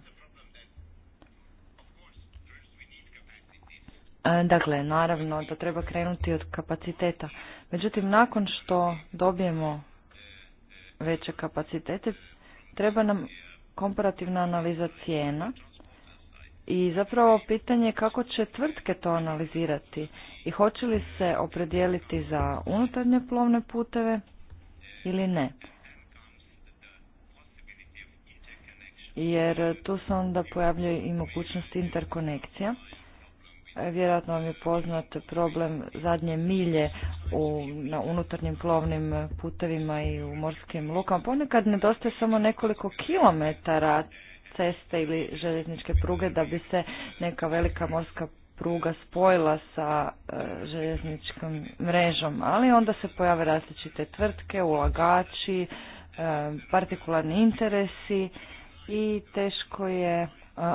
[SPEAKER 5] E, dakle, naravno da treba krenuti od kapaciteta. Međutim, nakon što dobijemo veće kapacitete, treba nam komparativna analiza cijena i zapravo pitanje kako će tvrtke to analizirati i hoće li se opredijeliti za unutarnje plovne puteve ili ne. Jer tu se onda pojavljaju i mogućnost interkonekcija Vjerojatno vam je poznat problem zadnje milje u, na unutarnjim plovnim putevima i u morskim lukama. Ponekad nedostaje samo nekoliko kilometara ceste ili željezničke pruge da bi se neka velika morska pruga spojila sa e, željezničkom mrežom, ali onda se pojave različite tvrtke, ulagači, e, partikularni interesi i teško je e,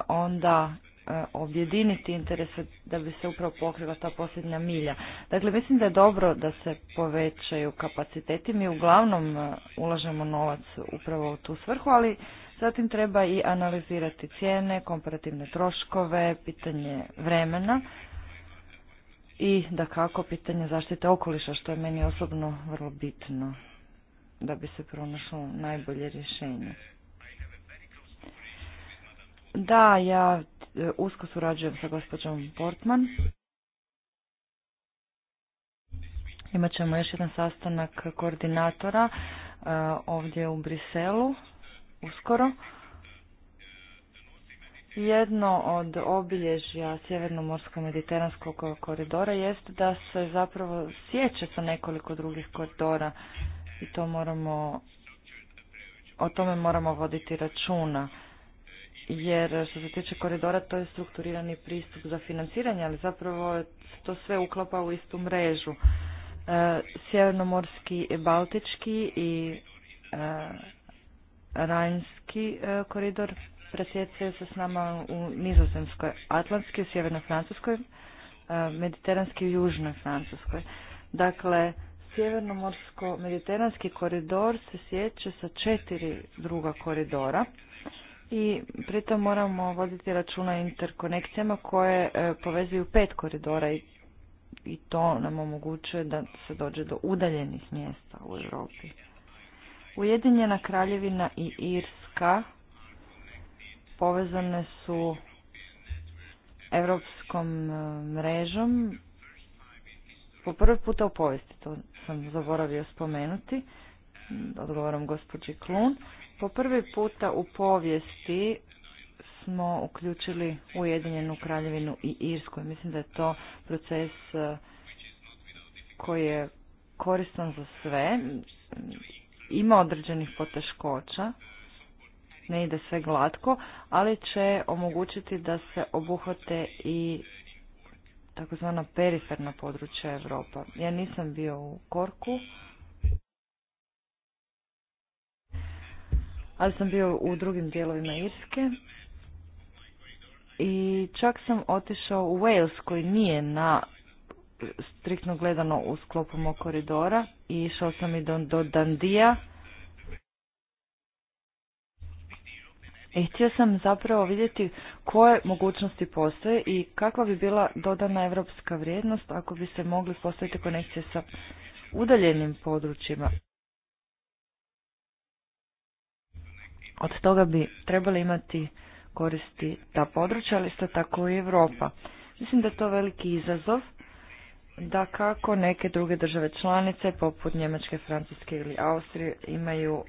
[SPEAKER 5] onda E, objediniti interese da bi se upravo pokrila ta posljednja milja. Dakle, mislim da je dobro da se povećaju kapaciteti. Mi uglavnom e, ulažemo novac upravo u tu svrhu, ali zatim treba i analizirati cijene, komparativne troškove, pitanje vremena i da kako pitanje zaštite okoliša, što je meni osobno vrlo bitno da bi se pronašlo najbolje rješenje. Da, ja e, usko surađujem sa gospođom Portman. Imat ćemo još jedan sastanak koordinatora e, ovdje u Briselu uskoro. Jedno od obilježja morsko mediteranskog koridora jest da se zapravo sjeće sa nekoliko drugih koridora i to moramo, o tome moramo voditi računa jer što se tiče koridora to je strukturirani pristup za financiranje, ali zapravo to sve uklapa u istu mrežu. E, sjevernomorski, baltički i e, rajnski e, koridor presjecaju se s nama u nizozemskoj, atlantski u sjevernoj Francuskoj, e, mediteranski i južnoj Francuskoj. Dakle, sjevernomorsko-mediteranski koridor se sjeće sa četiri druga koridora i pritom moramo voditi računa o interkonekcijama koje e, povezuju pet koridora i, to nam omogućuje da se dođe do udaljenih mjesta u Europi. Ujedinjena kraljevina i Irska povezane su europskom e, mrežom po prvi puta u povijesti, to sam zaboravio spomenuti, odgovorom gospođi Klun. Po prvi puta u povijesti smo uključili Ujedinjenu kraljevinu i Irsku. Mislim da je to proces e, koji je koristan za sve. Ima određenih poteškoća, ne ide sve glatko, ali će omogućiti da se obuhvate i takozvana periferna područja Europa. Ja nisam bio u Korku, ali sam bio u drugim dijelovima Irske i čak sam otišao u Wales koji nije na striktno gledano u sklopu mog koridora i išao sam i do, Dandija. I htio sam zapravo vidjeti koje mogućnosti postoje i kakva bi bila dodana evropska vrijednost ako bi se mogli postaviti konekcije sa udaljenim područjima. Od toga bi trebali imati koristi ta područja, ali isto tako i Europa. Mislim da je to veliki izazov da kako neke druge države članice, poput Njemačke, Francuske ili Austrije, imaju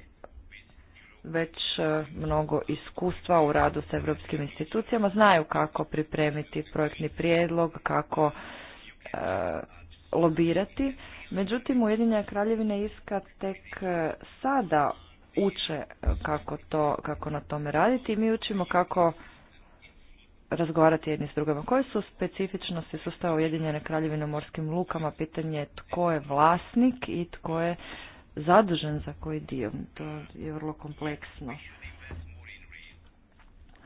[SPEAKER 5] već e, mnogo iskustva u radu sa europskim institucijama, znaju kako pripremiti projektni prijedlog, kako e, lobirati. Međutim, Ujedinjena kraljevina iska tek e, sada uče e, kako, to, kako na tome raditi i mi učimo kako razgovarati jedni s drugima. Koje su specifičnosti sustava Ujedinjene kraljevine morskim lukama? Pitanje je tko je vlasnik i tko je zadužen za koji dio. To je vrlo kompleksno.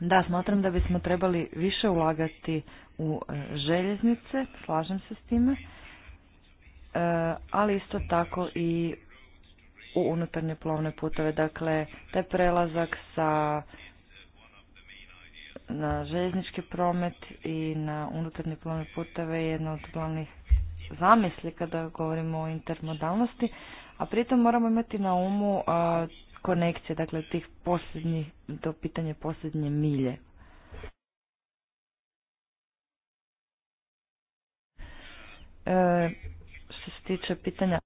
[SPEAKER 5] Da, smatram da bismo trebali više ulagati u e, željeznice, slažem se s time, e, ali isto tako i u unutarnje plovne putove. Dakle, taj prelazak sa na željeznički promet i na unutarnje plovne putove je jedna od glavnih zamisli kada govorimo o intermodalnosti, a pritom moramo imati na umu a, konekcije, dakle tih posljednjih, do pitanje posljednje milje. E, što se tiče pitanja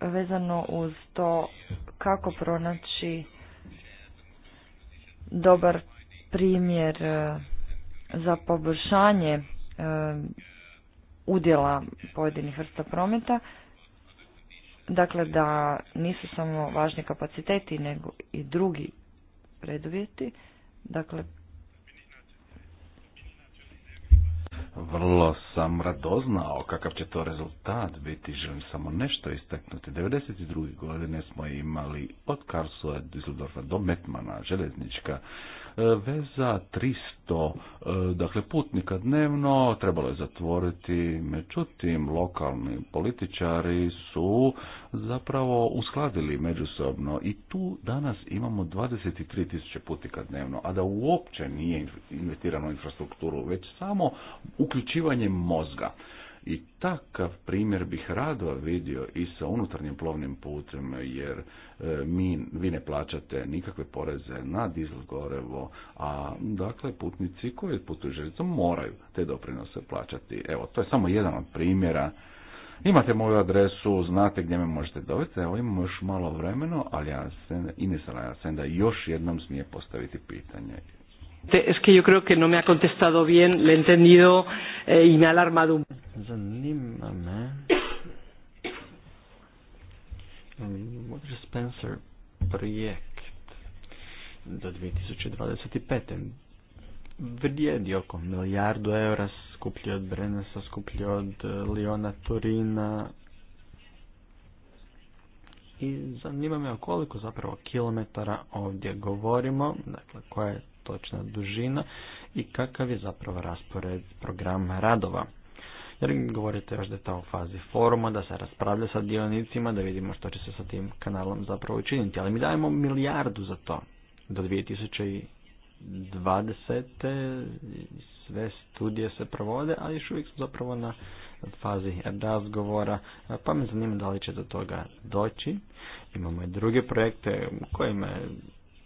[SPEAKER 5] vezano uz to kako pronaći dobar primjer e, za poboljšanje e, udjela pojedinih vrsta prometa. Dakle, da nisu samo važni kapaciteti, nego i drugi preduvjeti. Dakle,
[SPEAKER 4] Vrlo sam radoznao kakav će to rezultat biti, želim samo nešto istaknuti. 92. godine smo imali od Karlsruhe, Düsseldorfa do Metmana železnička veza 300 e, dakle, putnika dnevno trebalo je zatvoriti, međutim lokalni političari su zapravo uskladili međusobno i tu danas imamo 23.000 putnika dnevno, a da uopće nije investirano u infrastrukturu, već samo uključivanje mozga. I takav primjer bih rado vidio i sa unutarnjim plovnim putem, jer e, mi, vi ne plaćate nikakve poreze na dizel gorevo, a dakle putnici koji putuju željezom moraju te doprinose plaćati. Evo, to je samo jedan od primjera. Imate moju adresu, znate gdje me možete dobiti, evo imamo još malo vremena, ali ja se, Inesana, ja da još jednom
[SPEAKER 2] smije postaviti pitanje. Es que yo creo que no me ha contestado bien, le he entendido eh, y me ha alarmado un projekt 2025. Vrijedi oko milijardu eura, skuplji od Brenesa, skuplji od eh, leona Turina. I zanima me o koliko zapravo kilometara ovdje govorimo, dakle koja je točna dužina i kakav je zapravo raspored programa radova. Jer govorite još da je ta u fazi foruma, da se raspravlja sa dionicima, da vidimo što će se sa tim kanalom zapravo učiniti. Ali mi dajemo milijardu za to do 2020. Sve studije se provode, ali još uvijek su zapravo na fazi razgovora, pa me zanima da li će do toga doći. Imamo i druge projekte u kojima je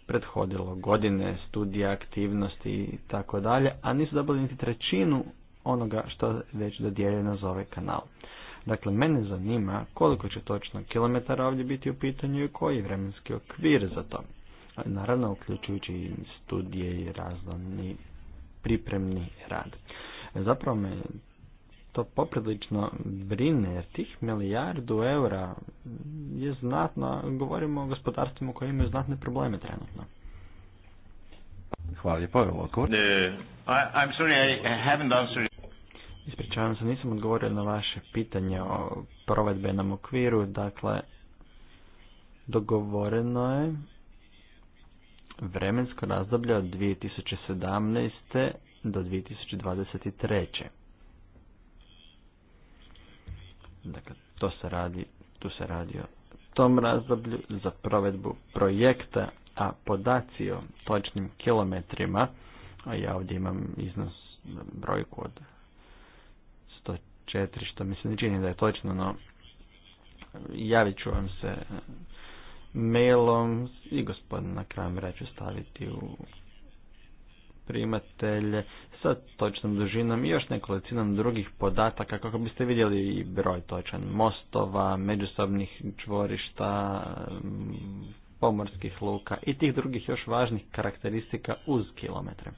[SPEAKER 2] prethodilo godine, studija, aktivnosti i tako dalje, a nisu dobili niti trećinu onoga što je već dodijeljeno za ovaj kanal. Dakle, mene zanima koliko će točno kilometara ovdje biti u pitanju i koji vremenski okvir za to. Naravno, uključujući i studije i razlovni pripremni rad. Zapravo me to poprilično brine, jer tih milijardu eura je znatno, govorimo o gospodarstvima koji imaju znatne probleme trenutno. Hvala lijepo, Ispričavam se, nisam odgovorio na vaše pitanje o provedbenom okviru, dakle, dogovoreno je vremensko razdoblje od 2017. do 2023. Dakle, to se radi, tu se radi o tom razdoblju za provedbu projekta, a podaci o točnim kilometrima, a ja ovdje imam iznos brojku od 104, što mi se ne čini da je točno, no javit ću vam se mailom i gospodina Kramera ću staviti u primatelje sa točnom dužinom i još nekolicinom drugih podataka kako biste vidjeli i broj točan mostova, međusobnih čvorišta, pomorskih luka i tih drugih još važnih karakteristika uz kilometre.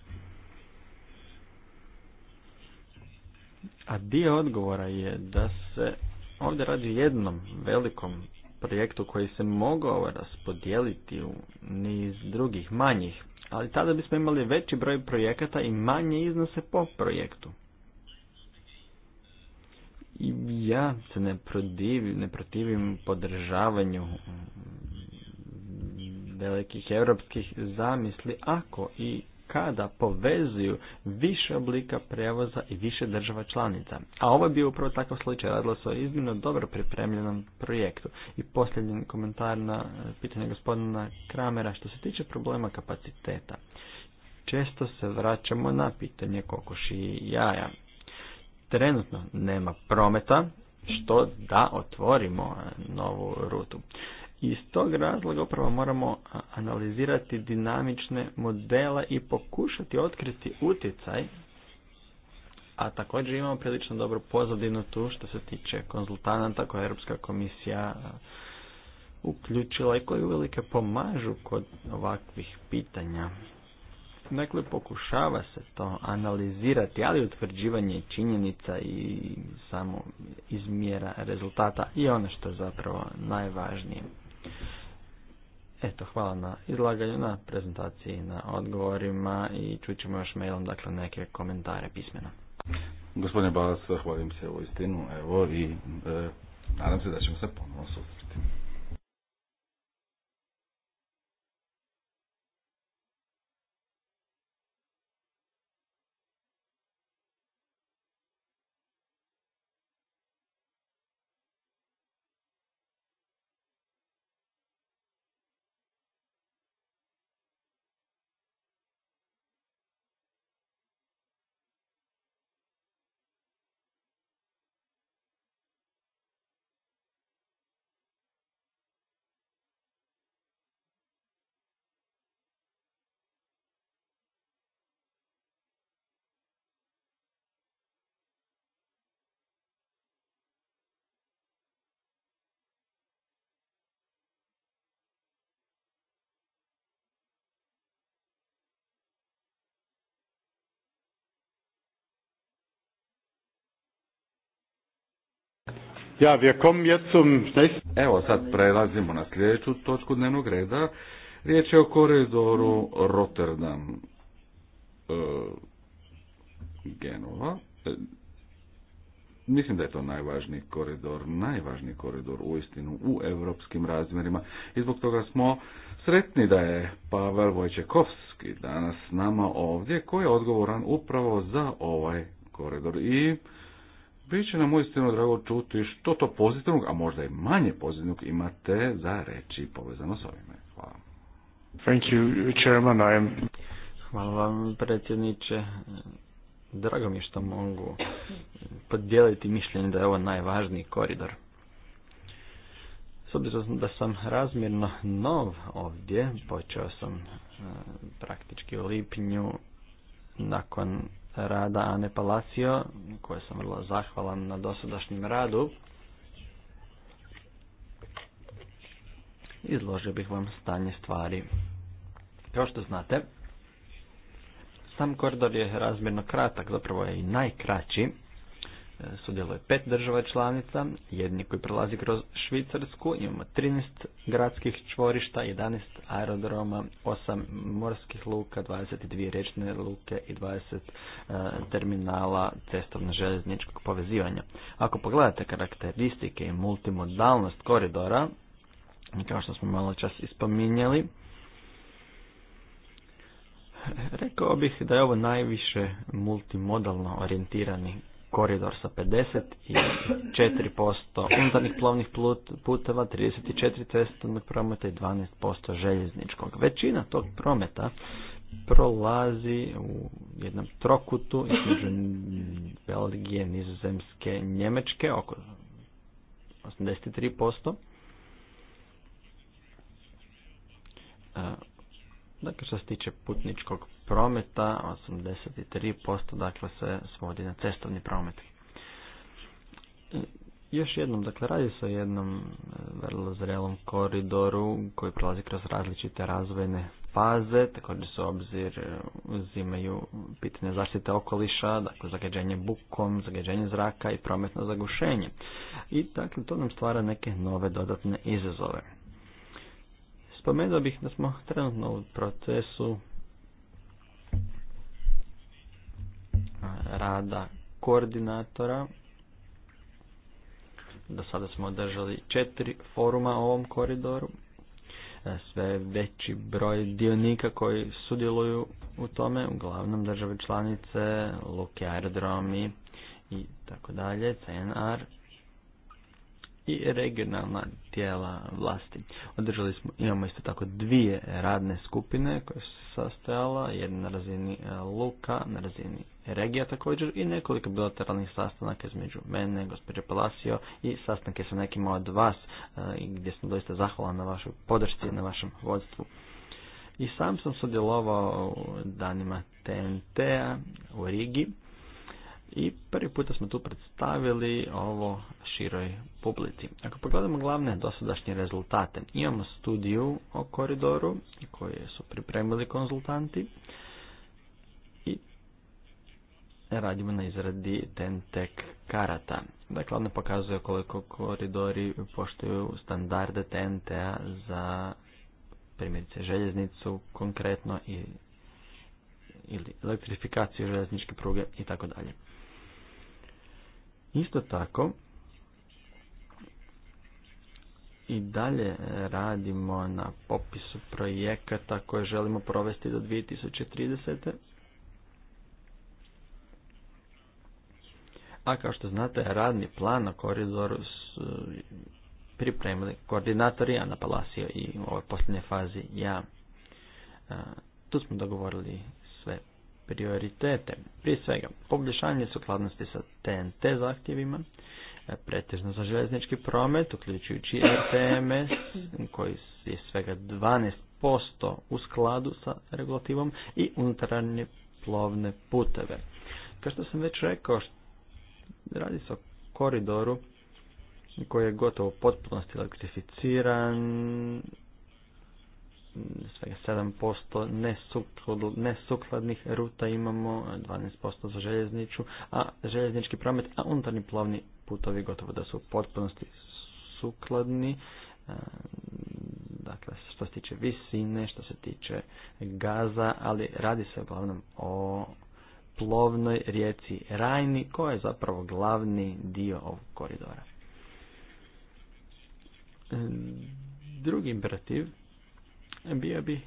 [SPEAKER 2] A dio odgovora je da se ovdje radi jednom velikom projektu koji se mogao raspodijeliti u niz drugih manjih, ali tada bismo imali veći broj projekata i manje iznose po projektu. I ja se ne, prodiv, ne protivim podržavanju velikih europskih zamisli ako i kada povezuju više oblika prevoza i više država članica. A ovo je bio upravo takav slučaj, radilo se o iznimno dobro pripremljenom projektu. I posljednji komentar na e, pitanje gospodina Kramera što se tiče problema kapaciteta. Često se vraćamo na pitanje kokoši i jaja. Trenutno nema prometa, što da otvorimo e, novu rutu. I iz tog razloga upravo moramo analizirati dinamične modele i pokušati otkriti utjecaj, a također imamo prilično dobru pozadinu tu što se tiče konzultanata koja je Europska komisija uključila i koji uvelike pomažu kod ovakvih pitanja. Dakle, pokušava se to analizirati, ali utvrđivanje činjenica i samo izmjera rezultata i ono što je zapravo najvažnije. Eto, hvala na izlaganju, na prezentaciji, na odgovorima i čućemo još mailom, dakle, neke komentare pismeno.
[SPEAKER 4] Gospodine Balas, hvalim se u istinu, evo, i e, nadam se da ćemo se ponovno
[SPEAKER 1] Ja, wir kommen zum
[SPEAKER 4] Evo sad prelazimo na sljedeću točku dnevnog reda. Riječ je o koridoru Rotterdam. E, Genova. E, mislim da je to najvažniji koridor, najvažniji koridor u istinu u europskim razmjerima i zbog toga smo sretni da je Pavel Vojčekovski danas s nama ovdje koji je odgovoran upravo za ovaj koridor i Biće nam uistinu drago čuti što to pozitivnog, a možda i manje
[SPEAKER 2] pozitivnog imate za reći povezano s ovime. Hvala.
[SPEAKER 4] Thank you, chairman.
[SPEAKER 3] I
[SPEAKER 2] Hvala vam, predsjedniče. Drago mi je što mogu podijeliti mišljenje da je ovo najvažniji koridor. S obzirom da sam razmjerno nov ovdje, počeo sam eh, praktički u lipnju nakon rada Ane Palacio, koje sam vrlo zahvalan na dosadašnjem radu. Izložio bih vam stanje stvari. Kao što znate, sam koridor je razmjerno kratak, zapravo je i najkraći. E, sudjeluje pet država članica, jedni koji prolazi kroz Švicarsku, imamo 13 gradskih čvorišta, 11 aerodroma, 8 morskih luka, 22 rečne luke i 20 e, terminala cestovno-željezničkog povezivanja. Ako pogledate karakteristike i multimodalnost koridora, kao što smo malo čas ispominjali, rekao bih da je ovo najviše multimodalno orijentirani koridor sa 50 4% unutarnjih plovnih puteva, 34 cestovnog prometa i 12% željezničkog. Većina tog prometa prolazi u jednom trokutu između Belgije, Nizozemske, Njemačke, oko 83%. E, dakle, što se tiče putničkog prometa, 83% dakle se svodi na cestovni promet. Još jednom, dakle radi se o jednom e, vrlo zrelom koridoru koji prolazi kroz različite razvojne faze, također se obzir e, uzimaju pitanje zaštite okoliša, dakle zagađenje bukom, zagađenje zraka i prometno zagušenje. I dakle to nam stvara neke nove dodatne izazove. Spomenuo bih da smo trenutno u procesu rada koordinatora. Do sada smo održali četiri foruma u ovom koridoru. E, sve veći broj dionika koji sudjeluju u tome, uglavnom države članice, luke aerodromi i tako dalje, CNR i regionalna tijela vlasti. Održali smo, imamo isto tako dvije radne skupine koje su sastojala, jedna na razini e, Luka, na razini regija također i nekoliko bilateralnih sastanaka između mene, gospođe Palacio i sastanke sa nekima od vas e, gdje smo doista zahvalan na vašoj podršci, na vašem vodstvu. I sam sam sudjelovao u danima TNT-a u Rigi i prvi puta smo tu predstavili ovo široj publici. Ako pogledamo glavne dosadašnje rezultate, imamo studiju o koridoru koje su pripremili konzultanti i radimo na izradi TENTEC karata. Dakle, ona pokazuje koliko koridori poštuju standarde TNT-a za primjerice željeznicu konkretno i ili elektrifikaciju željezničke pruge i tako dalje. Isto tako, i dalje radimo na popisu projekata koje želimo provesti do 2030. A kao što znate, radni plan na koridoru su pripremili koordinatori na palasio i u ovoj posljednje fazi ja. E, tu smo dogovorili prioritete. Prije svega, poboljšanje sukladnosti sa TNT zahtjevima, e, pretežno za željeznički promet, uključujući RTMS, koji je svega 12% u skladu sa regulativom i unutarnje plovne puteve. Kao što sam već rekao, radi se o koridoru koji je gotovo potpunosti elektrificiran svega 7% nesukladnih ruta imamo, 12% za željezniču, a željeznički promet, a unutarnji plovni putovi gotovo da su u potpunosti sukladni. E, dakle, što se tiče visine, što se tiče gaza, ali radi se uglavnom o plovnoj rijeci Rajni, koja je zapravo glavni dio ovog koridora. E, drugi imperativ bio bi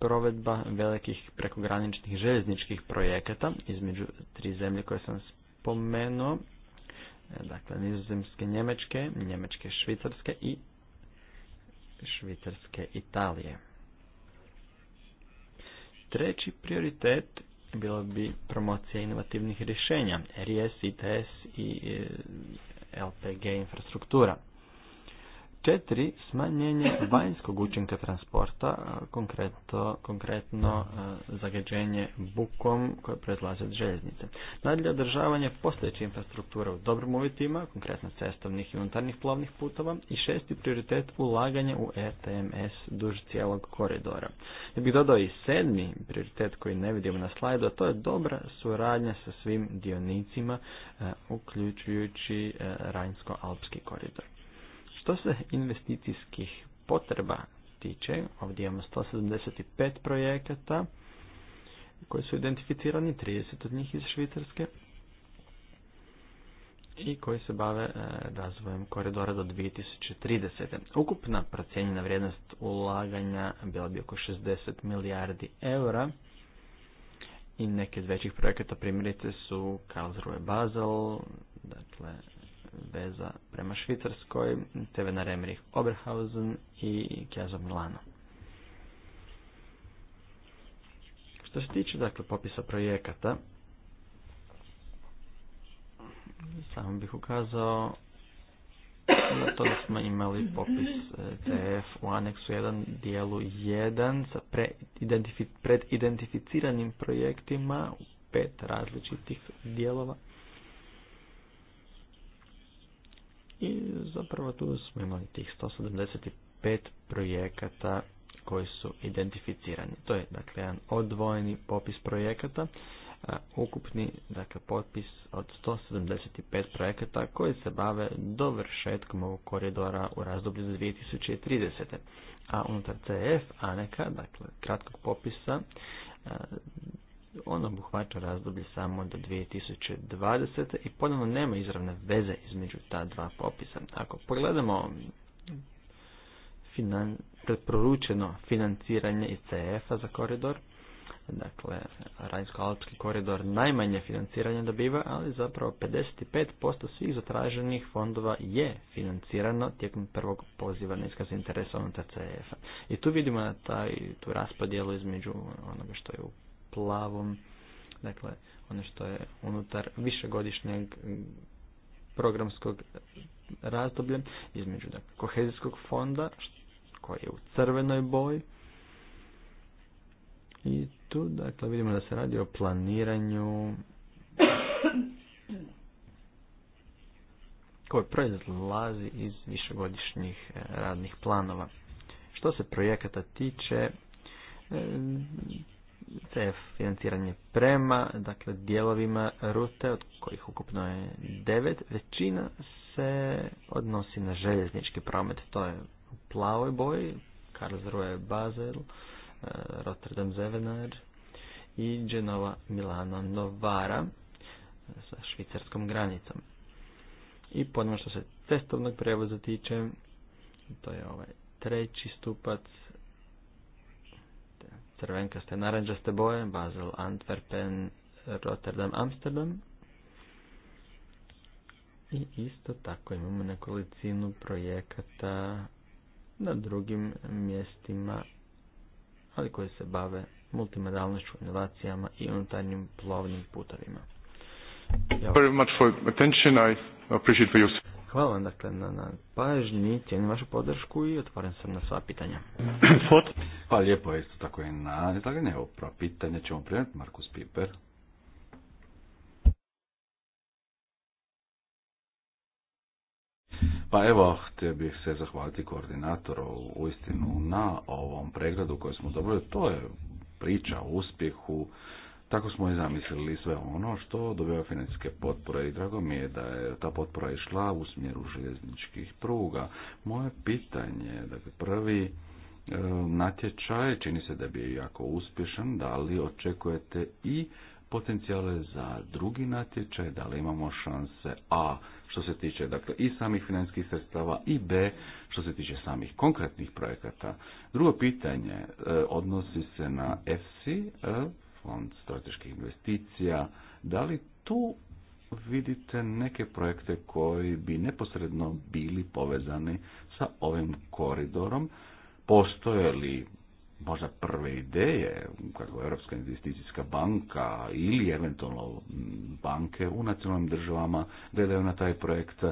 [SPEAKER 2] provedba velikih prekograničnih željezničkih projekata između tri zemlje koje sam spomenuo, e, dakle nizozemske Njemačke, Njemačke Švicarske i Švicarske Italije. Treći prioritet bilo bi promocija inovativnih rješenja, RIS, ITS i e, LPG infrastruktura. Četiri, smanjenje vanjskog učinka transporta, konkretno, konkretno zagađenje bukom koje predlaze od željeznice. Nadalje, održavanje postojeće infrastrukture u dobrim uvjetima, konkretno cestovnih i unutarnjih plovnih putova. I šesti prioritet, ulaganje u ETMS duž cijelog koridora. Ja bih dodao i sedmi prioritet koji ne vidimo na slajdu, a to je dobra suradnja sa svim dionicima, uključujući Rajnsko-Alpski koridor. Što se investicijskih potreba tiče, ovdje imamo 175 projekata koji su identificirani, 30 od njih iz Švicarske i koji se bave e, razvojem koridora do 2030. Ukupna procjenjena vrijednost ulaganja bila bi oko 60 milijardi eura i neke od većih projekata primjerice su Karlsruhe Basel, dakle veza prema Švicarskoj, TV na Remrich Oberhausen i Kjaza Milano. Što se tiče dakle, popisa projekata, samo bih ukazao na to da smo imali popis e, TF u aneksu 1 dijelu 1 sa predidentificiranim projektima u pet različitih dijelova. I zapravo tu smo imali tih 175 projekata koji su identificirani. To je dakle jedan odvojeni popis projekata, ukupni dakle popis od 175 projekata koji se bave dovršetkom ovog koridora u razdoblju 2030. A unutar CF aneka, dakle kratkog popisa, on obuhvaća razdoblje samo do 2020. i ponovno nema izravne veze između ta dva popisa. Ako pogledamo finan, preporučeno financiranje ICF-a za koridor, dakle Rajnsko-Alpski koridor najmanje financiranje dobiva, ali zapravo 55% svih zatraženih fondova je financirano tijekom prvog poziva na iskaz interesa unutar CEF-a. I tu vidimo taj, tu raspodjelu između onoga što je u plavom, dakle ono što je unutar višegodišnjeg programskog razdoblja između dakle, kohezijskog fonda koji je u crvenoj boji i tu dakle vidimo da se radi o planiranju koje proizlazi iz višegodišnjih e, radnih planova. Što se projekata tiče, e, CF financiranje prema, dakle dijelovima rute, od kojih ukupno je devet, većina se odnosi na željeznički promet, to je u plavoj boji, Karlsruhe Basel, eh, Rotterdam Zevenaer i Genova Milano Novara eh, sa švicarskom granicom. I ponovno što se cestovnog prevoza tiče, to je ovaj treći stupac, crvenkaste naranđaste boje, Basel, Antwerpen, Rotterdam, Amsterdam. I isto tako imamo nekolicinu projekata na drugim mjestima, ali koji se bave multimedalnošću, inovacijama i unutarnjim plovnim putovima. Ja. Very much
[SPEAKER 1] for appreciate for
[SPEAKER 2] Hvala vam dakle na, na pažnji, cijenim vašu podršku i otvoren sam na sva pitanja. Hvala lijepo, isto tako je na izlaganje. Evo,
[SPEAKER 4] pitanje. pitanje ćemo prijaviti, Markus Piper. Pa evo, htio bih se zahvaliti koordinatoru istinu na ovom pregledu koji smo dobili. To je priča o uspjehu tako smo i zamislili sve ono što dobiva financijske potpore i drago mi je da je ta potpora išla u smjeru željezničkih pruga. Moje pitanje, dakle prvi e, natječaj čini se da bi jako uspješan, da li očekujete i potencijale za drugi natječaj, da li imamo šanse A što se tiče dakle i samih financijskih sredstava i B što se tiče samih konkretnih projekata. Drugo pitanje e, odnosi se na FC. E, fond strateških investicija, da li tu vidite neke projekte koji bi neposredno bili povezani sa ovim koridorom? Postoje li možda prve ideje, kako Europska investicijska banka ili eventualno banke u nacionalnim državama gledaju na taj projekt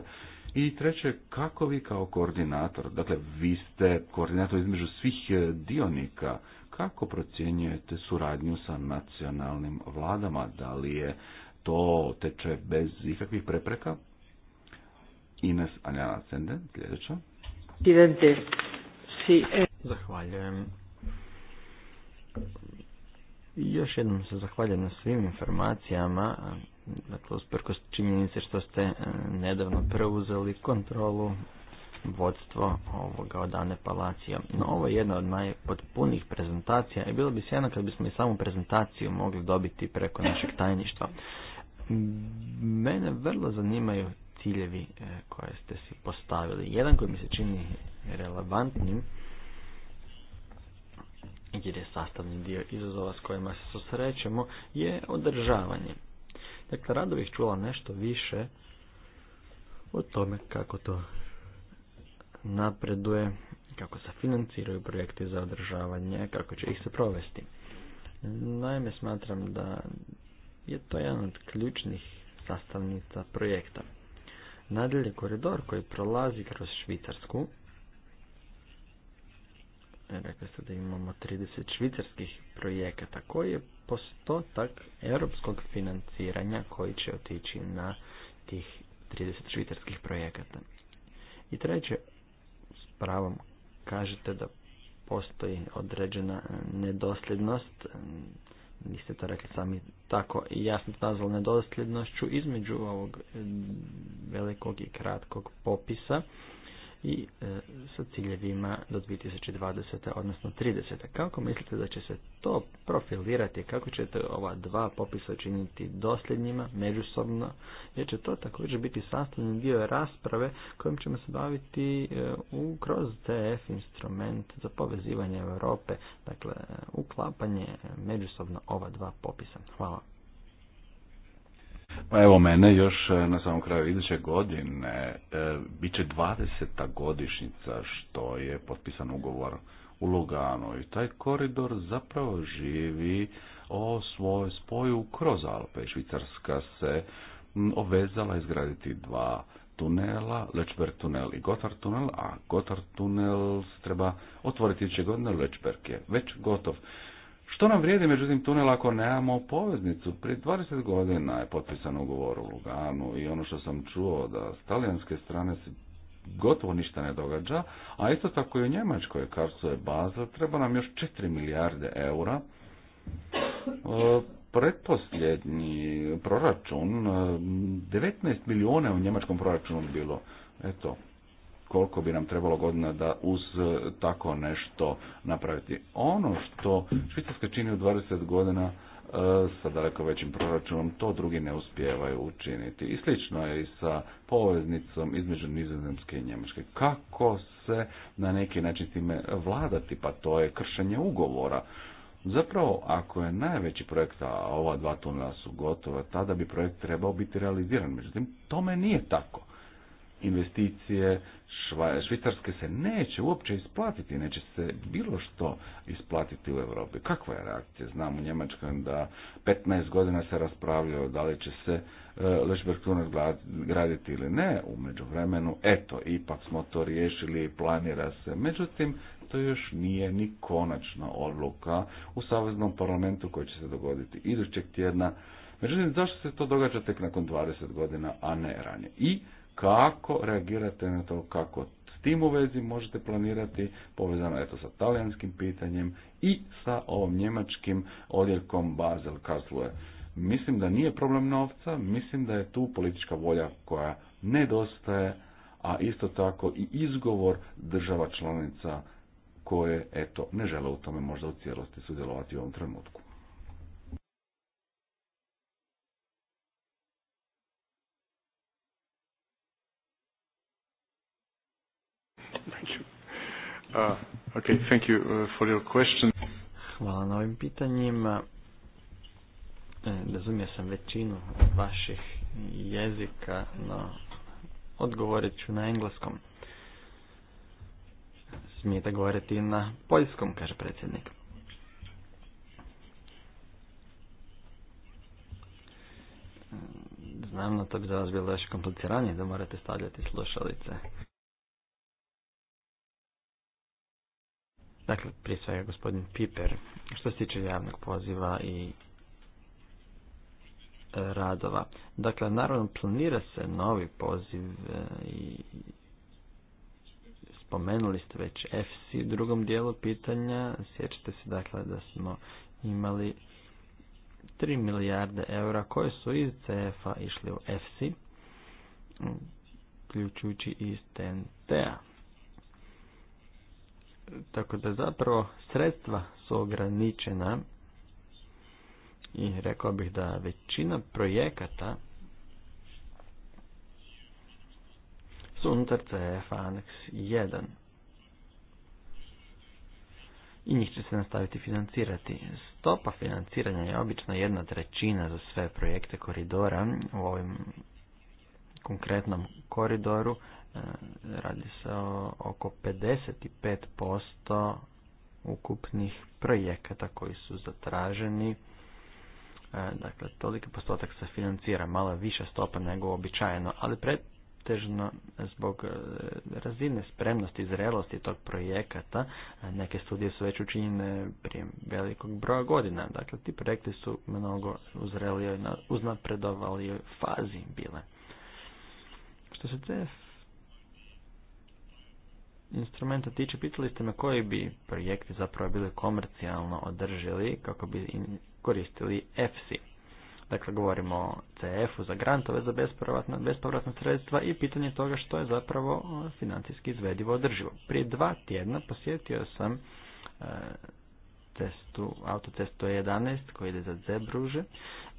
[SPEAKER 4] i treće, kako vi kao koordinator, dakle vi ste koordinator između svih e, dionika, kako procjenjujete suradnju sa nacionalnim vladama? Da li je to teče bez ikakvih prepreka? Ines Anjana Sende, sljedeća.
[SPEAKER 2] Eh. Zahvaljujem. Još jednom se zahvaljujem na svim informacijama dakle, usprkos činjenice što ste e, nedavno preuzeli kontrolu vodstvo ovoga odane palacija. No, ovo je jedna od najpotpunijih prezentacija i bilo bi sjajno kad bismo i samu prezentaciju mogli dobiti preko našeg tajništva. Mene vrlo zanimaju ciljevi e, koje ste si postavili. Jedan koji mi se čini relevantnim jer je sastavni dio izazova s kojima se susrećemo je održavanje. Dakle, rado bih čula nešto više o tome kako to napreduje, kako se financiraju projekti za održavanje, kako će ih se provesti. Naime, smatram da je to jedan od ključnih sastavnica projekta. Nadalje, koridor koji prolazi kroz Švicarsku, rekli ste da imamo 30 švicarskih projekata koji je postotak europskog financiranja koji će otići na tih 30 švitarskih projekata. I treće, s pravom kažete da postoji određena nedosljednost, niste to rekli sami tako, ja sam nedosljednošću između ovog velikog i kratkog popisa i e, sa ciljevima do 2020. odnosno 30. Kako mislite da će se to profilirati, kako ćete ova dva popisa činiti dosljednjima, međusobno, jer će to također biti sastavni dio rasprave kojim ćemo se baviti e, u, kroz df instrument za povezivanje Europe, dakle uklapanje međusobno ova dva popisa. Hvala.
[SPEAKER 4] Pa evo mene još e, na samom kraju iduće godine e, bit će 20. godišnjica što je potpisan ugovor u Lugano i taj koridor zapravo živi o svoj spoju kroz Alpe. Švicarska se obvezala izgraditi dva tunela, Lečberg tunel i Gotar tunel, a Gotthard tunel se treba otvoriti iduće godine, Lečberg je već gotov. Što nam vrijedi, međutim, tunel ako nemamo poveznicu? Prije 20 godina je potpisan ugovor u Luganu i ono što sam čuo da s talijanske strane se gotovo ništa ne događa, a isto tako i u Njemačkoj, karstvo je baza, treba nam još 4 milijarde eura. E, pretposljednji proračun, 19 e, milijuna u njemačkom proračunu bilo. Eto, koliko bi nam trebalo godina da uz e, tako nešto napraviti. Ono što Švicarska čini u 20 godina e, sa daleko većim proračunom, to drugi ne uspijevaju učiniti. I slično je i sa poveznicom između nizozemske i njemačke. Kako se na neki način time vladati, pa to je kršenje ugovora. Zapravo, ako je najveći projekt, a ova dva tunela su gotova, tada bi projekt trebao biti realiziran. Međutim, tome nije tako. Investicije švicarske se neće uopće isplatiti, neće se bilo što isplatiti u Europi. Kakva je reakcija? Znam u Njemačkoj da 15 godina se raspravljao da li će se e, Lešberg graditi ili ne. U međuvremenu, eto, ipak smo to riješili i planira se. Međutim, to još nije ni konačna odluka u Saveznom parlamentu koji će se dogoditi idućeg tjedna. Međutim, zašto se to događa tek nakon 20 godina, a ne ranije? I kako reagirate na to, kako s tim u vezi možete planirati, povezano to sa talijanskim pitanjem i sa ovom njemačkim odjeljkom Basel Karlsruhe. Mislim da nije problem novca, mislim da je tu politička volja koja nedostaje, a isto tako i izgovor država članica koje eto ne žele u tome možda u cijelosti sudjelovati u ovom trenutku.
[SPEAKER 2] Uh, okay, uh, question. Hvala na ovim pitanjima. E, Razumio sam većinu vaših jezika, no odgovorit ću na engleskom. Smijete govoriti na poljskom, kaže predsjednik. E, znam, to bi za vas bilo još kompliciranije da morate stavljati slušalice. Dakle, prije svega gospodin Piper, što se tiče javnog poziva i e, radova. Dakle, naravno planira se novi poziv e, i spomenuli ste već FC u drugom dijelu pitanja. Sjećate se dakle da smo imali 3 milijarde eura koje su iz CF-a išli u FC, uključujući iz TNT-a. Tako da zapravo sredstva su ograničena i rekao bih da većina projekata su unutar CF Annex 1 i njih će se nastaviti financirati. Stopa financiranja je obično jedna trećina za sve projekte koridora u ovim konkretnom koridoru E, radi se o oko 55% ukupnih projekata koji su zatraženi. E, dakle, toliki postotak se financira, malo više stopa nego običajeno, ali pretežno zbog e, razine spremnosti i zrelosti tog projekata. Neke studije su već učinjene prije velikog broja godina. Dakle, ti projekti su mnogo na uznapredovali fazi bile. Što se CF instrumenta tiče, pitali ste me koji bi projekti zapravo bili komercijalno održili kako bi koristili EFSI. Dakle, govorimo o CF-u za grantove za bespovratna, sredstva i pitanje toga što je zapravo financijski izvedivo održivo. Prije dva tjedna posjetio sam e, testu, test 11 e koji ide za Zebruže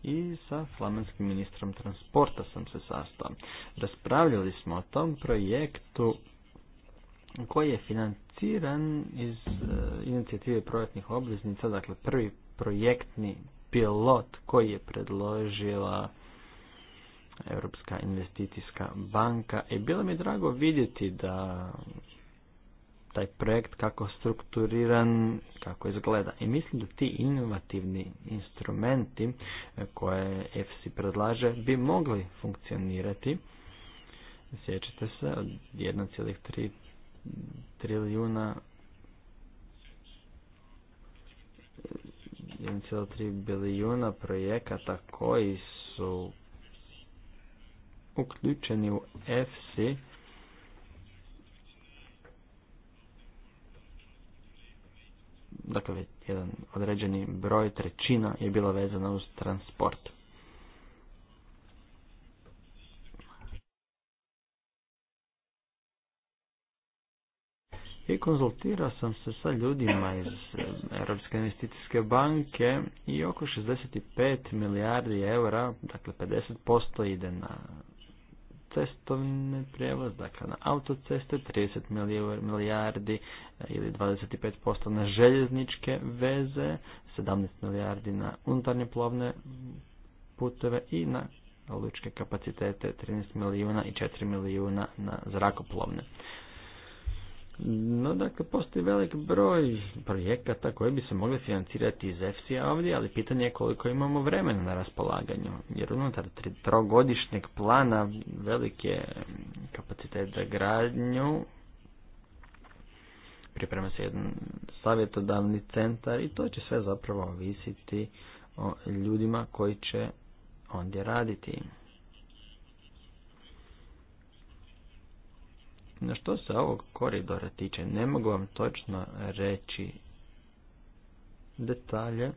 [SPEAKER 2] i sa flamenskim ministrom transporta sam se sastao. Raspravljali smo o tom projektu koji je financiran iz eh, inicijative projektnih obveznica, dakle prvi projektni pilot koji je predložila Europska investicijska banka. I bilo mi je drago vidjeti da taj projekt kako strukturiran, kako izgleda. I mislim da ti inovativni instrumenti eh, koje EFSI predlaže bi mogli funkcionirati. Sjećate se, od 1,3 trilijuna 1,3 bilijuna projekata koji su uključeni u EFSI dakle jedan određeni broj trećina je bila vezana uz transport. i konzultirao sam se sa ljudima iz eh, Europske investicijske banke i oko 65 milijardi eura, dakle 50% ide na cestovni prijevoz, dakle na autoceste, 30 milijardi eh, ili 25% na željezničke veze, 17 milijardi na unutarnje plovne puteve i na lučke kapacitete 13 milijuna i 4 milijuna na zrakoplovne. No, dakle, postoji velik broj projekata koji bi se mogli financirati iz fc ovdje, ali pitanje je koliko imamo vremena na raspolaganju. Jer unutar trogodišnjeg plana velike kapacitet za gradnju, priprema se jedan savjetodavni centar i to će sve zapravo ovisiti o ljudima koji će ondje raditi. Na što se ovog koridora tiče, ne mogu vam točno reći detalje,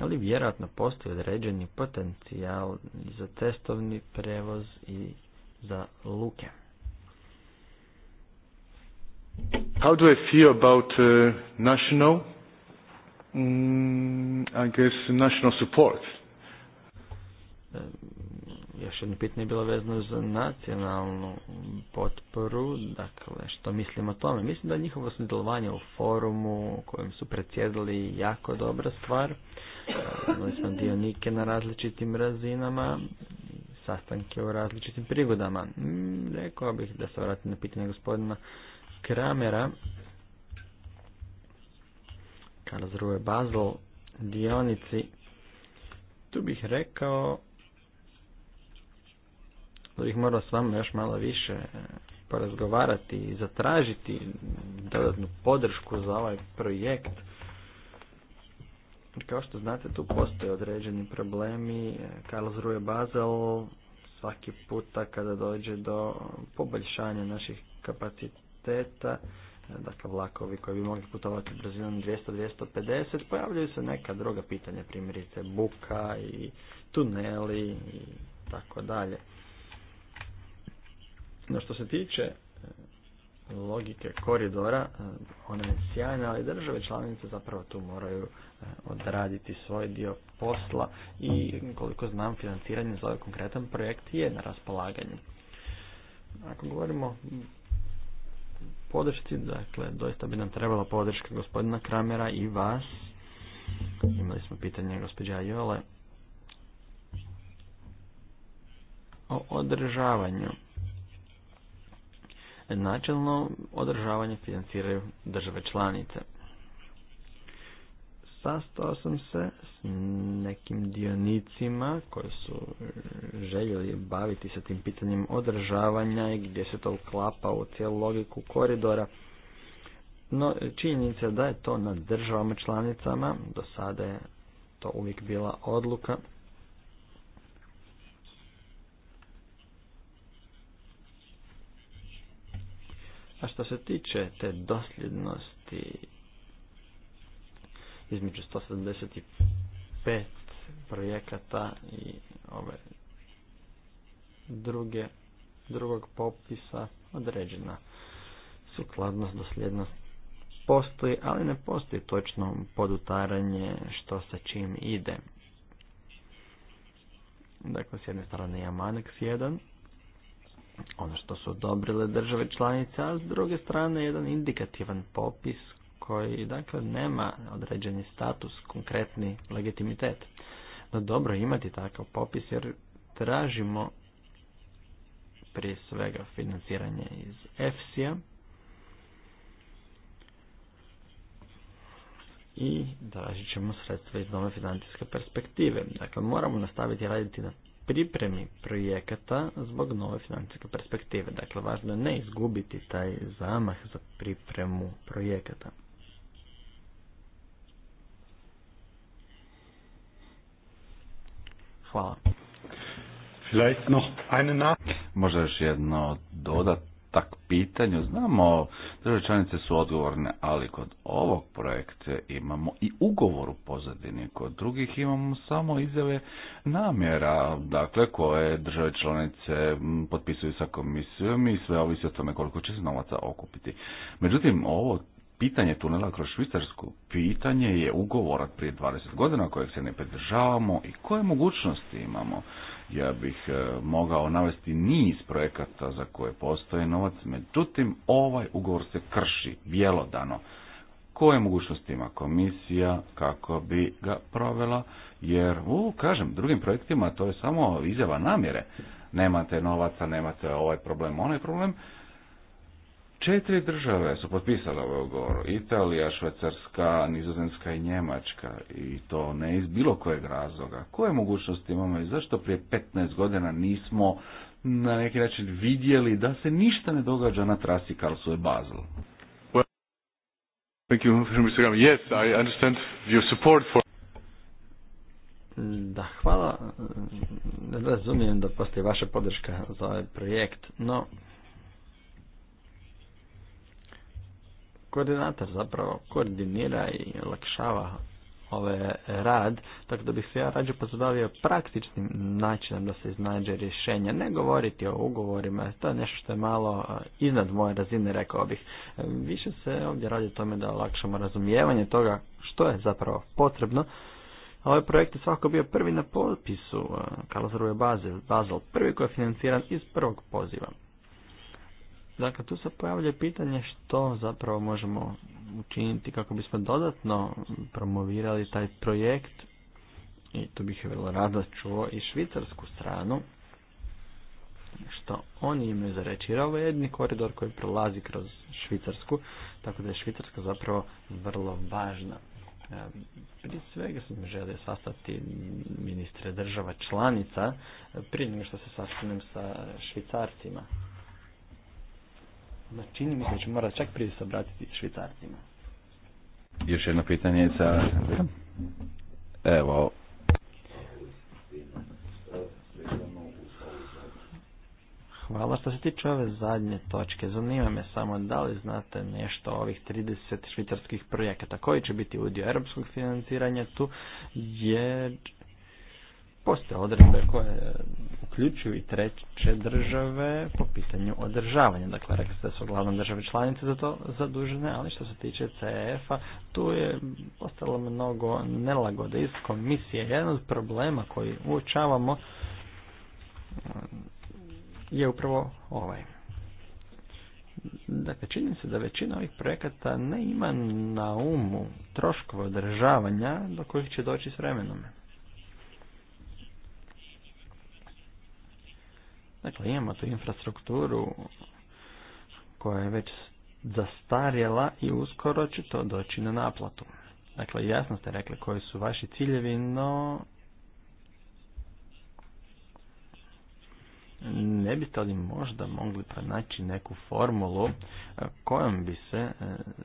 [SPEAKER 2] ali vjerojatno postoji određeni potencijal i za cestovni prevoz i za luke.
[SPEAKER 1] How do I feel about uh, national, mm, I
[SPEAKER 2] guess, national support? još jedno pitanje je bilo vezano za nacionalnu potporu, dakle što mislim o tome. Mislim da je njihovo sudjelovanje u forumu kojem su predsjedili jako dobra stvar. Imali smo dionike na različitim razinama, sastanke u različitim prigodama. Mm, rekao bih da se vratim na pitanje gospodina Kramera. Karlsruhe Basel dionici. Tu bih rekao da bih morao s vama još malo više e, porazgovarati i zatražiti dodatnu podršku za ovaj projekt. Kao što znate, tu postoje određeni problemi. Carlos e, Ruje Basel svaki puta kada dođe do poboljšanja naših kapaciteta, e, dakle vlakovi koji bi mogli putovati brzinom 200-250, pojavljaju se neka druga pitanja, primjerice buka i tuneli i tako dalje. No što se tiče e, logike koridora, e, ona je sjajna, ali države članice zapravo tu moraju e, odraditi svoj dio posla i koliko znam financiranje za ovaj konkretan projekt je na raspolaganju. Ako govorimo podršci, dakle, doista bi nam trebala podrška gospodina Kramera i vas. Imali smo pitanje gospođa Jole o održavanju načelno održavanje financiraju države članice. Sastao sam se s nekim dionicima koji su željeli baviti se tim pitanjem održavanja i gdje se to uklapa u cijelu logiku koridora. No, činjenica je da je to na državama članicama, do sada je to uvijek bila odluka A što se tiče te dosljednosti između 175 projekata i ove druge, drugog popisa određena sukladnost, dosljednost postoji, ali ne postoji točno podutaranje što sa čim ide. Dakle, s jedne strane imam aneks jedan ono što su odobrile države članice, a s druge strane jedan indikativan popis koji dakle nema određeni status, konkretni legitimitet. No dobro imati takav popis jer tražimo prije svega financiranje iz EFSI-a i tražit ćemo sredstva iz nove financijske perspektive. Dakle, moramo nastaviti raditi na pripremi projekata zbog nove financijske perspektive. Dakle, važno je ne izgubiti taj zamah za pripremu projekata. Hvala.
[SPEAKER 4] Možda još jedno dodat tak pitanju. Znamo, države članice su odgovorne, ali kod ovog projekta imamo i ugovor u pozadini, kod drugih imamo samo izjave namjera, dakle, koje države članice potpisuju sa komisijom i sve ovisi o tome koliko će se novaca okupiti. Međutim, ovo pitanje tunela kroz Švicarsku, pitanje je ugovora prije 20 godina kojeg se ne pridržavamo i koje mogućnosti imamo ja bih e, mogao navesti niz projekata za koje postoji novac, međutim ovaj ugovor se krši bjelodano. Koje mogućnosti ima komisija kako bi ga provela, jer u, kažem, drugim projektima to je samo izjava namjere. Nemate novaca, nemate ovaj problem, onaj problem, Četiri države su potpisale ovaj ugovor. Italija, Švecarska, Nizozemska i Njemačka. I to ne iz bilo kojeg razloga. Koje mogućnosti imamo i zašto prije 15 godina nismo na neki način vidjeli da se ništa ne događa na trasi Karlsruhe Basel?
[SPEAKER 2] Da, hvala. Razumijem da postoji vaša podrška za ovaj projekt, no koordinator zapravo koordinira i lakšava ove ovaj rad, tako da bih se ja rađe pozabavio praktičnim načinom da se iznađe rješenje, ne govoriti o ugovorima, to je nešto što je malo e, iznad moje razine, rekao bih. E, više se ovdje radi o tome da olakšamo razumijevanje toga što je zapravo potrebno, ovaj projekt je svakako bio prvi na popisu e, Karlsruhe baze, Basel, prvi koji je financiran iz prvog poziva. Dakle, tu se pojavlja pitanje što zapravo možemo učiniti kako bismo dodatno promovirali taj projekt i tu bih vrlo rado čuo i švicarsku stranu što oni imaju za reći. Jer ovo je jedni koridor koji prolazi kroz Švicarsku, tako da je Švicarska zapravo vrlo važna. Prije svega sam želio sastati ministre država članica prije nego što se sastanem sa švicarcima čini mi se da ću morati čak prije se obratiti švicarcima.
[SPEAKER 4] Još jedno pitanje za... Evo...
[SPEAKER 2] Hvala što se tiče ove zadnje točke. Zanima me samo da li znate nešto o ovih 30 švicarskih projekata koji će biti udio europskog financiranja tu, jer Postoje odredbe koje uključuju i treće države po pitanju održavanja. Dakle, rekli ste da su uglavnom države članice za to zadužene, ali što se tiče CEF-a, tu je ostalo mnogo nelagode iz komisije. Jedan od problema koji uočavamo mm, je upravo ovaj. Dakle, čini se da većina ovih projekata ne ima na umu troškova održavanja do kojih će doći s vremenom. Dakle, imamo tu infrastrukturu koja je već zastarjela i uskoro će to doći na naplatu. Dakle, jasno ste rekli koji su vaši ciljevi, no ne biste li možda mogli pronaći neku formulu e, kojom bi se e,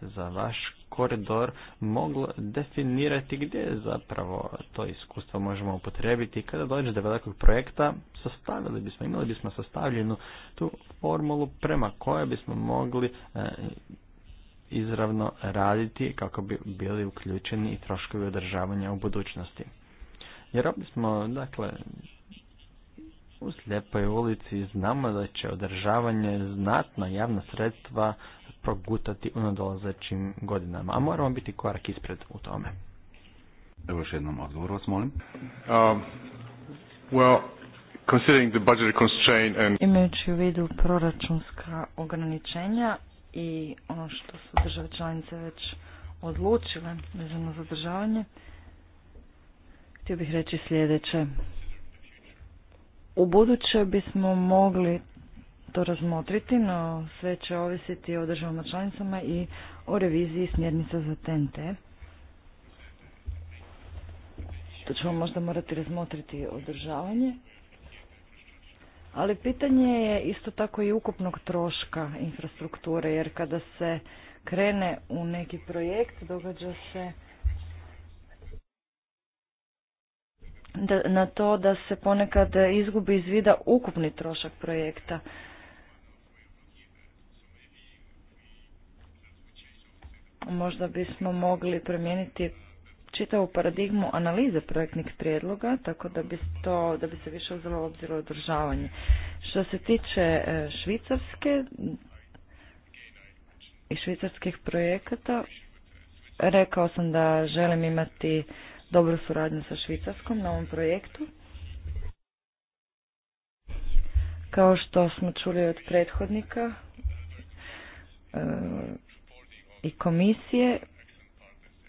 [SPEAKER 2] za vaš koridor moglo definirati gdje zapravo to iskustvo možemo upotrebiti. Kada dođe do velikog projekta, sastavili bismo, imali bismo sastavljenu tu formulu prema kojoj bismo mogli e, izravno raditi kako bi bili uključeni i troškovi održavanja u budućnosti. Jer ovdje smo, dakle, u slijepoj ulici znamo da će održavanje znatna javna sredstva progutati u nadolazećim godinama, a moramo biti korak ispred u tome. Evo još jednom vas molim.
[SPEAKER 1] Um, well, considering the constraint and...
[SPEAKER 5] Imajući u vidu proračunska ograničenja i ono što su države članice već odlučile vezano za zadržavanje, htio bih reći sljedeće. U buduće bismo mogli to razmotriti, no sve će ovisiti o državama članicama i o reviziji smjernica za TNT. To ćemo možda morati razmotriti održavanje. Ali pitanje je isto tako i ukupnog troška infrastrukture, jer kada se krene u neki projekt, događa se da, na to da se ponekad izgubi iz vida ukupni trošak projekta. Možda bismo mogli promijeniti čitavu paradigmu analize projektnih prijedloga, tako da bi, to, da bi se više uzelo u obzir održavanje. Što se tiče e, švicarske i švicarskih projekata, rekao sam da želim imati dobru suradnju sa Švicarskom na ovom projektu. Kao što smo čuli od prethodnika e, i komisije,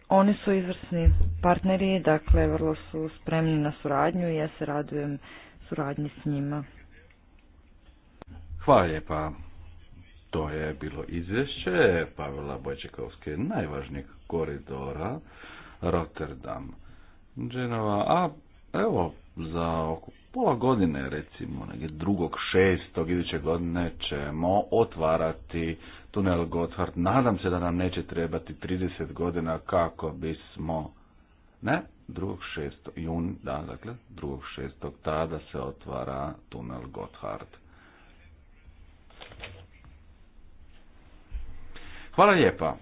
[SPEAKER 5] oni su izvrsni partneri, dakle vrlo su spremni na suradnju i ja se radujem suradnji s njima.
[SPEAKER 4] Hvala lijepa. To je bilo izvješće Pavela Bojčekovske najvažnijeg koridora Rotterdam. Dženova, a evo, za oko pola godine, recimo, negdje drugog šestog iduće godine ćemo otvarati tunel Gotthard. Nadam se da nam neće trebati 30 godina kako bismo, ne, drugog šestog, jun, da, dakle, drugog šestog, tada se otvara tunel Gotthard. Hvala lijepa.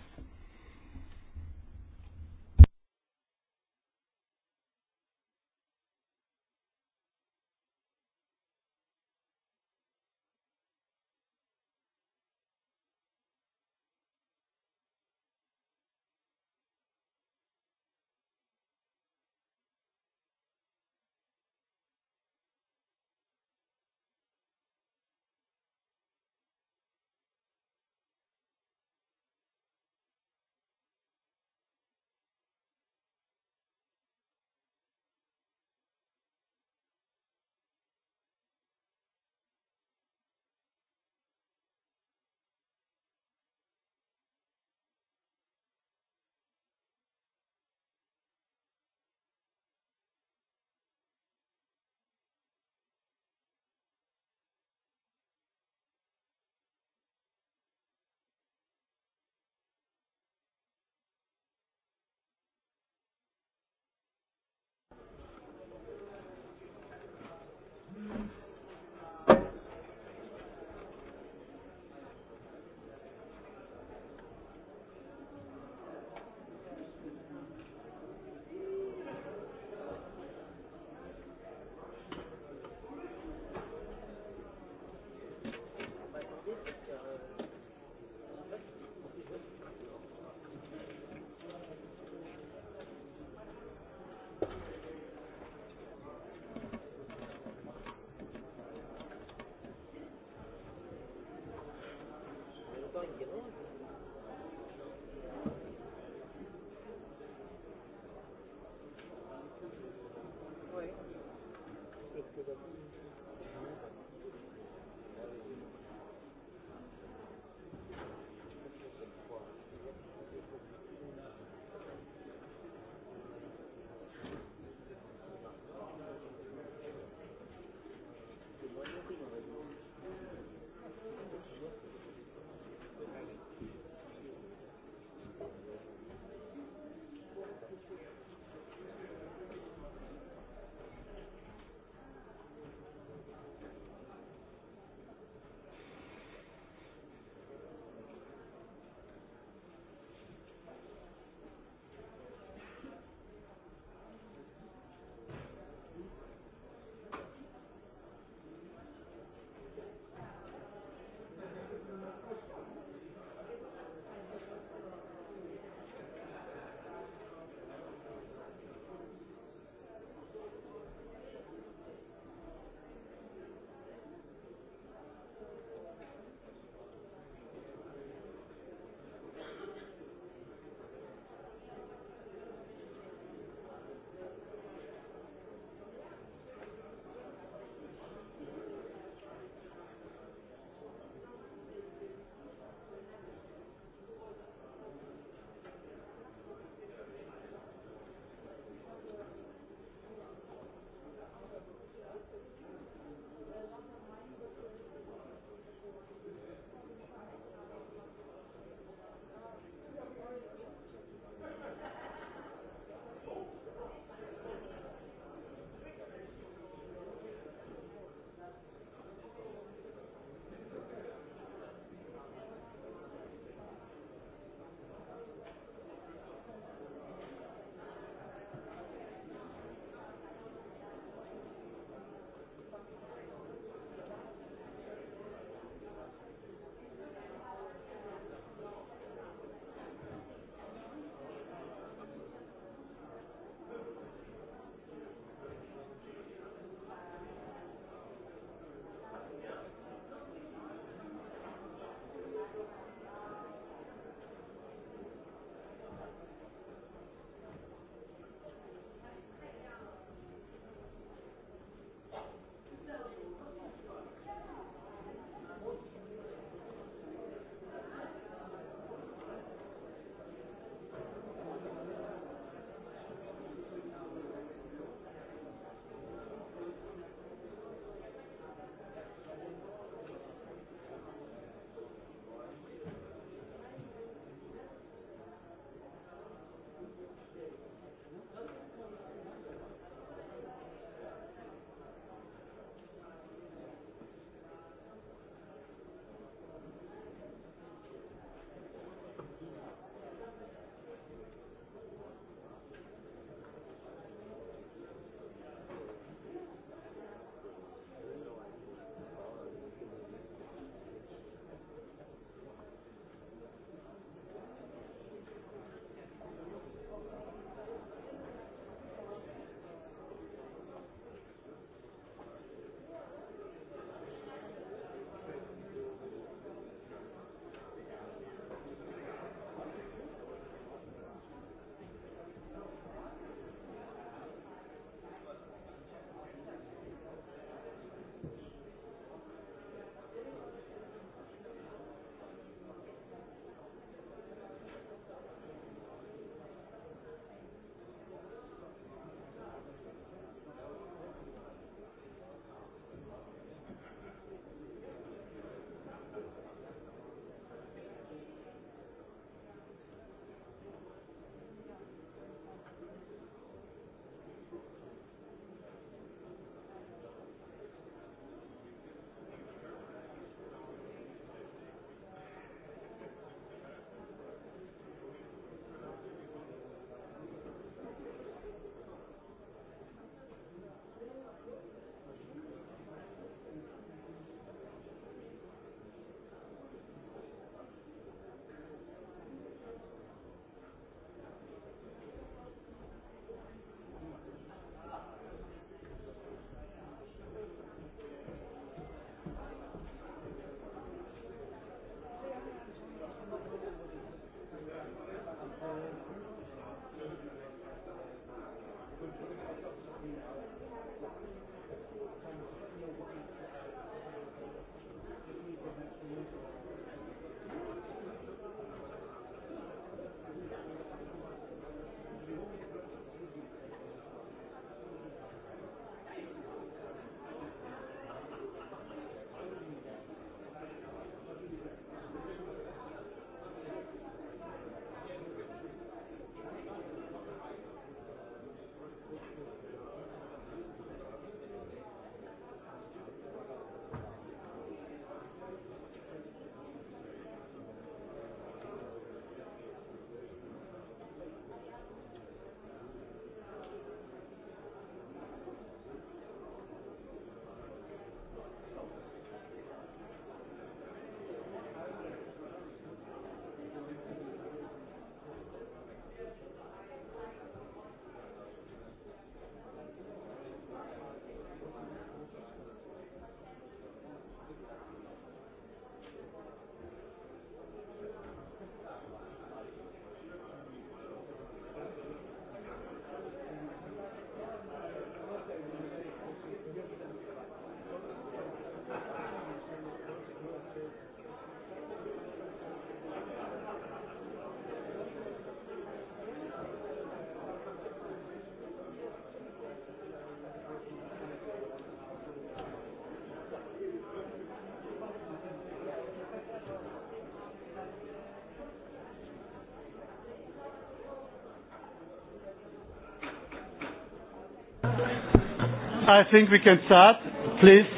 [SPEAKER 5] I think we can start, please.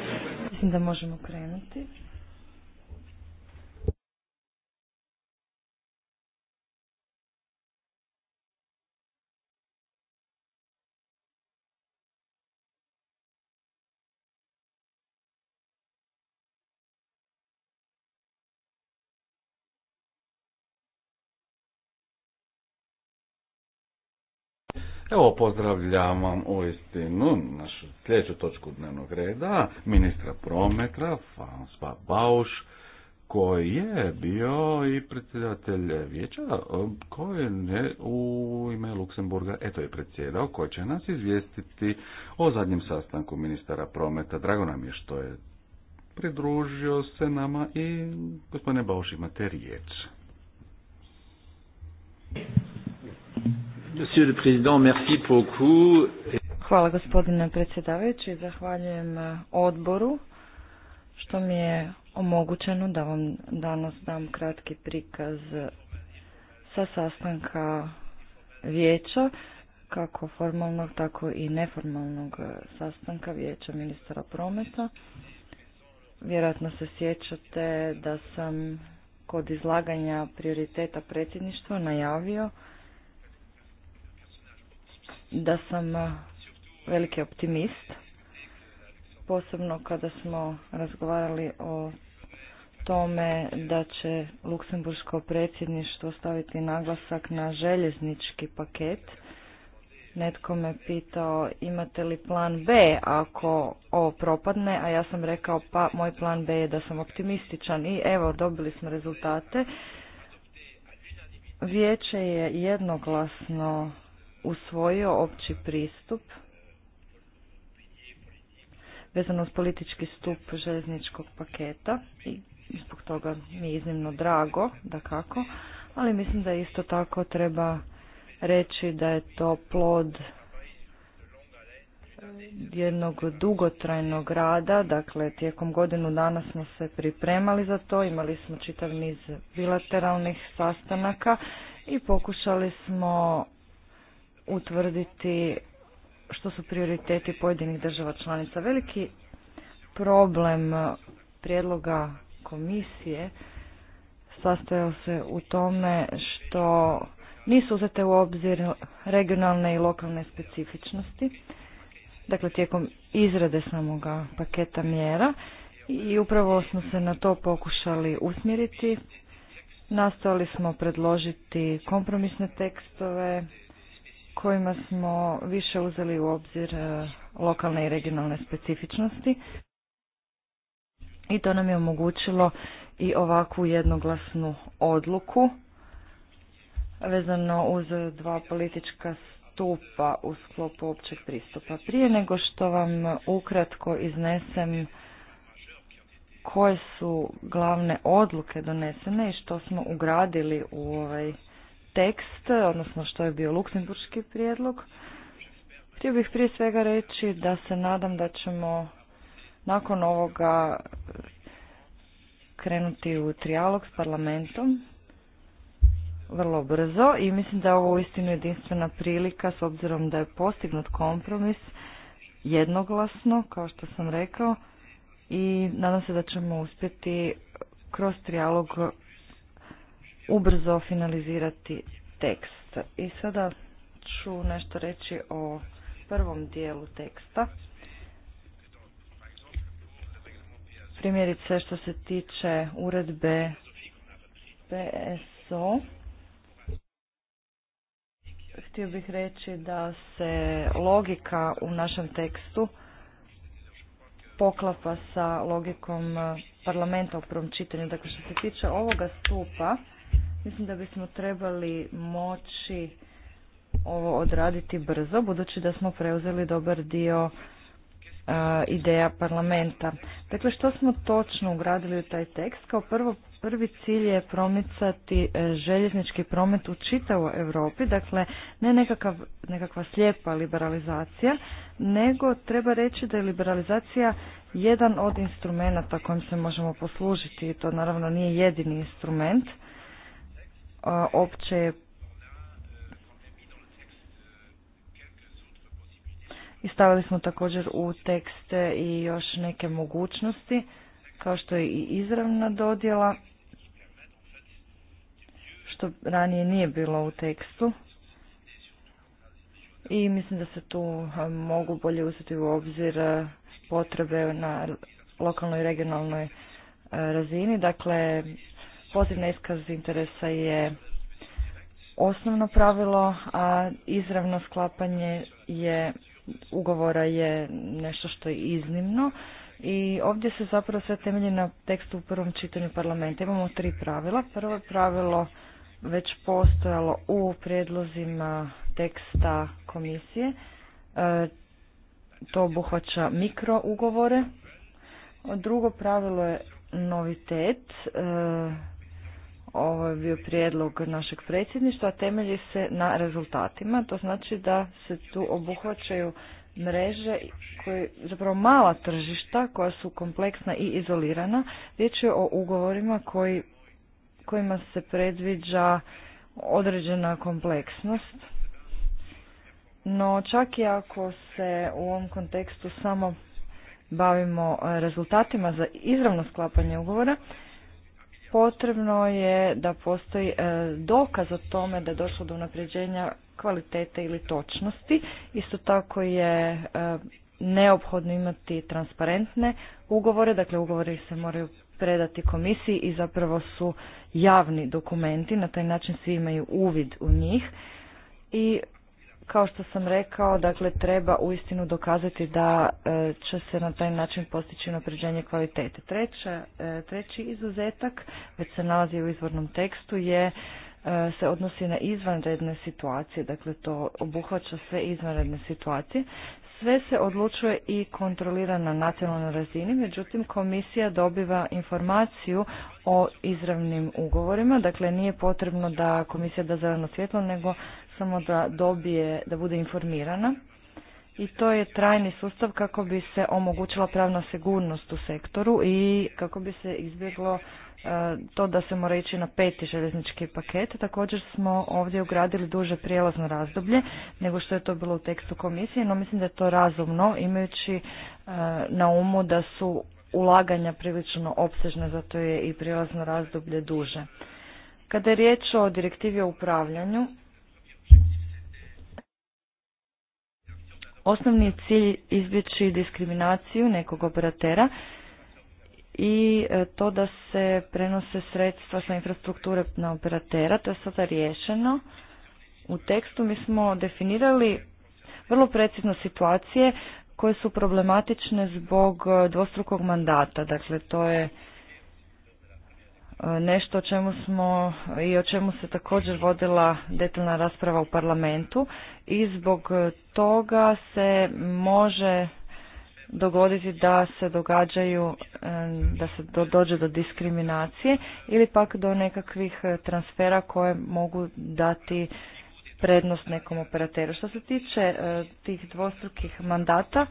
[SPEAKER 5] Mislim da možemo krenuti.
[SPEAKER 4] Evo, pozdravljam vam u istinu našu sljedeću točku dnevnog reda, ministra Prometa Fanspa Bauš, koji je bio i predsjedatelj vijeća, koji je u ime Luksemburga, eto je predsjedao, koji će nas izvijestiti o zadnjem sastanku ministara prometa. Drago nam je što je pridružio se nama i gospodine Bauš imate riječ.
[SPEAKER 5] Hvala gospodine predsjedavajući, zahvaljujem eh, odboru što mi je omogućeno da vam danas dam kratki prikaz sa sastanka vijeća, kako formalnog, tako i neformalnog eh, sastanka vijeća ministara prometa. Vjerojatno se sjećate da sam kod izlaganja prioriteta predsjedništva najavio da sam eh, veliki optimist, posebno kada smo razgovarali o tome da će luksemburško predsjedništvo staviti naglasak na željeznički paket. Netko me pitao imate li plan B ako ovo propadne, a ja sam rekao pa moj plan B je da sam optimističan i evo dobili smo rezultate. Vijeće je jednoglasno usvojio opći pristup vezano uz politički stup željezničkog paketa i zbog toga mi je iznimno drago, da kako, ali mislim da isto tako treba reći da je to plod jednog dugotrajnog rada, dakle tijekom godinu dana smo se pripremali za to, imali smo čitav niz bilateralnih sastanaka i pokušali smo utvrditi što su prioriteti pojedinih država članica. Veliki problem prijedloga komisije sastojao se u tome što nisu uzete u obzir regionalne i lokalne specifičnosti, dakle tijekom izrade samoga paketa mjera i upravo smo se na to pokušali usmjeriti. Nastojali smo predložiti kompromisne tekstove, kojima smo više uzeli u obzir e, lokalne i regionalne specifičnosti i to nam je omogućilo i ovakvu jednoglasnu odluku vezano uz dva politička stupa u sklopu općeg pristupa. Prije nego što vam ukratko iznesem koje su glavne odluke donesene i što smo ugradili u ovaj tekst, odnosno što je bio luksemburški prijedlog. Htio bih prije svega reći da se nadam da ćemo nakon ovoga eh, krenuti u trijalog s parlamentom vrlo brzo i mislim da je ovo uistinu jedinstvena prilika s obzirom da je postignut kompromis jednoglasno, kao što sam rekao, i nadam se da ćemo uspjeti kroz trijalog ubrzo finalizirati tekst. I sada ću nešto reći o prvom dijelu teksta. Primjerice što se tiče uredbe PSO, htio bih reći da se logika u našem tekstu poklapa sa logikom parlamenta u prvom čitanju. Dakle, što se tiče ovoga stupa, Mislim da bismo trebali moći ovo odraditi brzo, budući da smo preuzeli dobar dio e, ideja parlamenta. Dakle, što smo točno ugradili u taj tekst? Kao prvo, prvi cilj je promicati e, željeznički promet u čitavoj Europi, dakle ne nekakav, nekakva slijepa liberalizacija, nego treba reći da je liberalizacija jedan od instrumenata kojim se možemo poslužiti i to naravno nije jedini instrument opće i stavili smo također u tekst i još neke mogućnosti kao što je i izravna dodjela što ranije nije bilo u tekstu i mislim da se tu mogu bolje uzeti u obzir potrebe na lokalnoj i regionalnoj razini. Dakle, poziv na iskaz interesa je osnovno pravilo, a izravno sklapanje je ugovora je nešto što je iznimno i ovdje se zapravo sve temelji na tekstu u prvom čitanju parlamenta. Imamo tri pravila. Prvo pravilo već postojalo u prijedlozima teksta komisije. E, to obuhvaća mikro ugovore. Drugo pravilo je novitet. E, ovo je bio prijedlog našeg predsjedništva, temelji se na rezultatima. To znači da se tu obuhvaćaju mreže koje zapravo mala tržišta koja su kompleksna i izolirana. Riječ je o ugovorima koji, kojima se predviđa određena kompleksnost. No čak i ako se u ovom kontekstu samo bavimo rezultatima za izravno sklapanje ugovora, potrebno je da postoji e, dokaz o tome da je došlo do unapređenja kvalitete ili točnosti. Isto tako je e, neophodno imati transparentne ugovore, dakle ugovori se moraju predati komisiji i zapravo su javni dokumenti, na taj način svi imaju uvid u njih i kao što sam rekao, dakle treba uistinu dokazati da e, će se na taj način postići napređenje kvalitete. Treća, e, treći izuzetak, već se nalazi u izvornom tekstu, je e, se odnosi na izvanredne situacije, dakle to obuhvaća sve izvanredne situacije. Sve se odlučuje i kontrolira na nacionalnoj razini, međutim komisija dobiva informaciju o izravnim ugovorima, dakle nije potrebno da komisija da zeleno svjetlo, nego samo da dobije, da bude informirana. I to je trajni sustav kako bi se omogućila pravna sigurnost u sektoru i kako bi se izbjeglo e, to da se mora ići na peti željeznički paket. Također smo ovdje ugradili duže prijelazno razdoblje nego što je to bilo u tekstu komisije, no mislim da je to razumno imajući e, na umu da su ulaganja prilično opsežna, zato je i prijelazno razdoblje duže. Kada je riječ o direktivi o upravljanju, Osnovni cilj izbjeći diskriminaciju nekog operatera i e, to da se prenose sredstva sa infrastrukture na operatera, to je sada riješeno. U tekstu mi smo definirali vrlo precizno situacije koje su problematične zbog e, dvostrukog mandata. Dakle, to je E, nešto o čemu smo i o čemu se također vodila detaljna rasprava u parlamentu i zbog toga se može dogoditi da se događaju, e, da se dođe do diskriminacije ili pak do nekakvih transfera koje mogu dati prednost nekom operateru. Što se tiče e, tih dvostrukih mandata,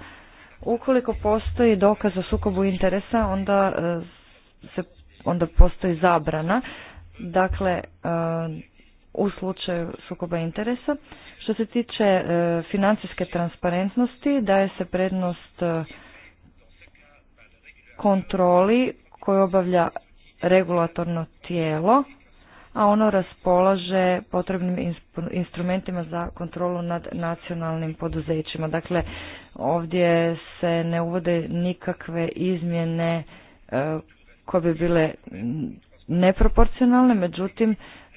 [SPEAKER 5] ukoliko postoji dokaz o sukobu interesa, onda se onda postoji zabrana. Dakle, e, u slučaju sukoba interesa. Što se tiče e, financijske transparentnosti, daje se prednost e, kontroli koju obavlja regulatorno tijelo, a ono raspolaže potrebnim instrumentima za kontrolu nad nacionalnim poduzećima. Dakle, ovdje se ne uvode nikakve izmjene koje bi bile neproporcionalne, međutim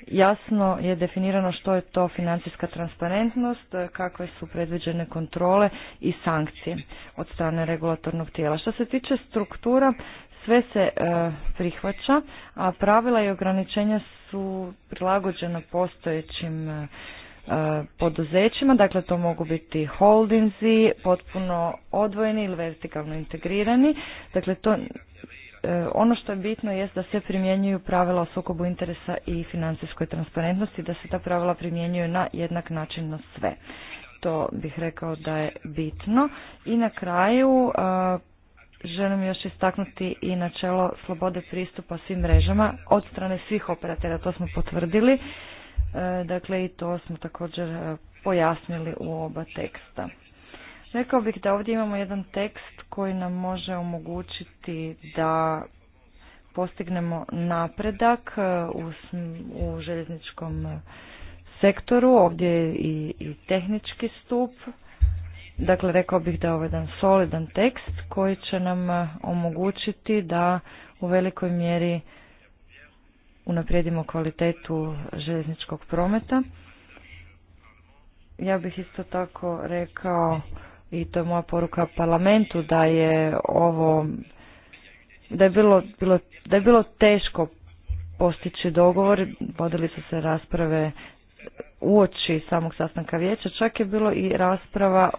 [SPEAKER 5] jasno je definirano što je to financijska transparentnost, kakve su predviđene kontrole i sankcije od strane regulatornog tijela. Što se tiče struktura, sve se e, prihvaća, a pravila i ograničenja su prilagođena postojećim e, poduzećima, dakle to mogu biti holdinzi, potpuno odvojeni ili vertikalno integrirani, dakle to E, ono što je bitno jest da se primjenjuju pravila o sukobu interesa i financijskoj transparentnosti, da se ta pravila primjenjuju na jednak način na sve. To bih rekao da je bitno. I na kraju e, želim još istaknuti i načelo slobode pristupa svim mrežama od strane svih operatera, to smo potvrdili. E, dakle, i to smo također pojasnili u oba teksta. Rekao bih da ovdje imamo jedan tekst koji nam može omogućiti da postignemo napredak e, u, u željezničkom sektoru. Ovdje je i, i tehnički stup. Dakle, rekao bih da je ovo jedan solidan tekst koji će nam e, omogućiti da u velikoj mjeri unaprijedimo kvalitetu željezničkog prometa. Ja bih isto tako rekao i to je moja poruka parlamentu da je ovo da je bilo, bilo, da je bilo teško postići dogovor, vodili su se rasprave uoči samog sastanka vijeća, čak je bilo i rasprava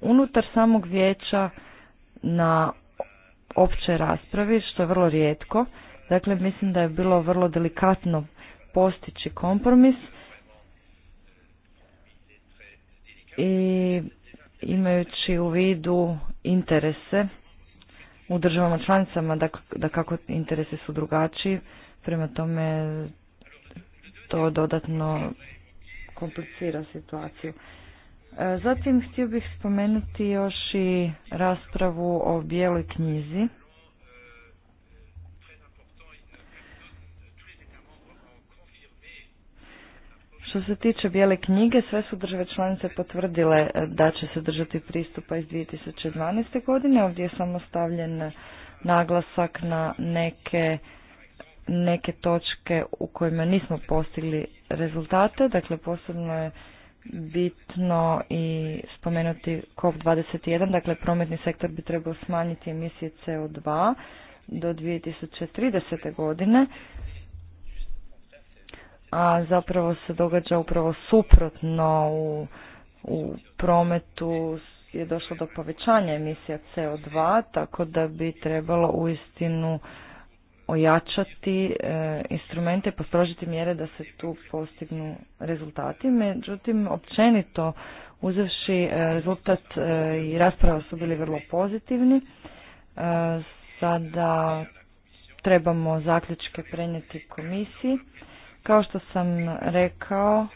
[SPEAKER 5] unutar samog vijeća na opće raspravi, što je vrlo rijetko. Dakle, mislim da je bilo vrlo delikatno postići kompromis i imajući u vidu interese u državama članicama, da, da kako interese su drugačiji, prema tome to dodatno komplicira situaciju. E, zatim htio bih spomenuti još i raspravu o bijeloj knjizi Što se tiče bijele knjige, sve su države članice potvrdile eh, da će se držati pristupa iz 2012. godine. Ovdje je samo stavljen naglasak na neke, neke točke u kojima nismo postigli rezultate. Dakle, posebno je bitno i spomenuti COP21, dakle prometni sektor bi trebao smanjiti emisije CO2 do 2030. godine a zapravo se događa upravo suprotno u, u prometu je došlo do povećanja emisija CO2, tako da bi trebalo uistinu ojačati e, instrumente, postrožiti mjere da se tu postignu rezultati. Međutim, općenito uzevši e, rezultat e, i rasprava su bili vrlo pozitivni. E, sada trebamo zaključke prenijeti komisiji kao što sam rekao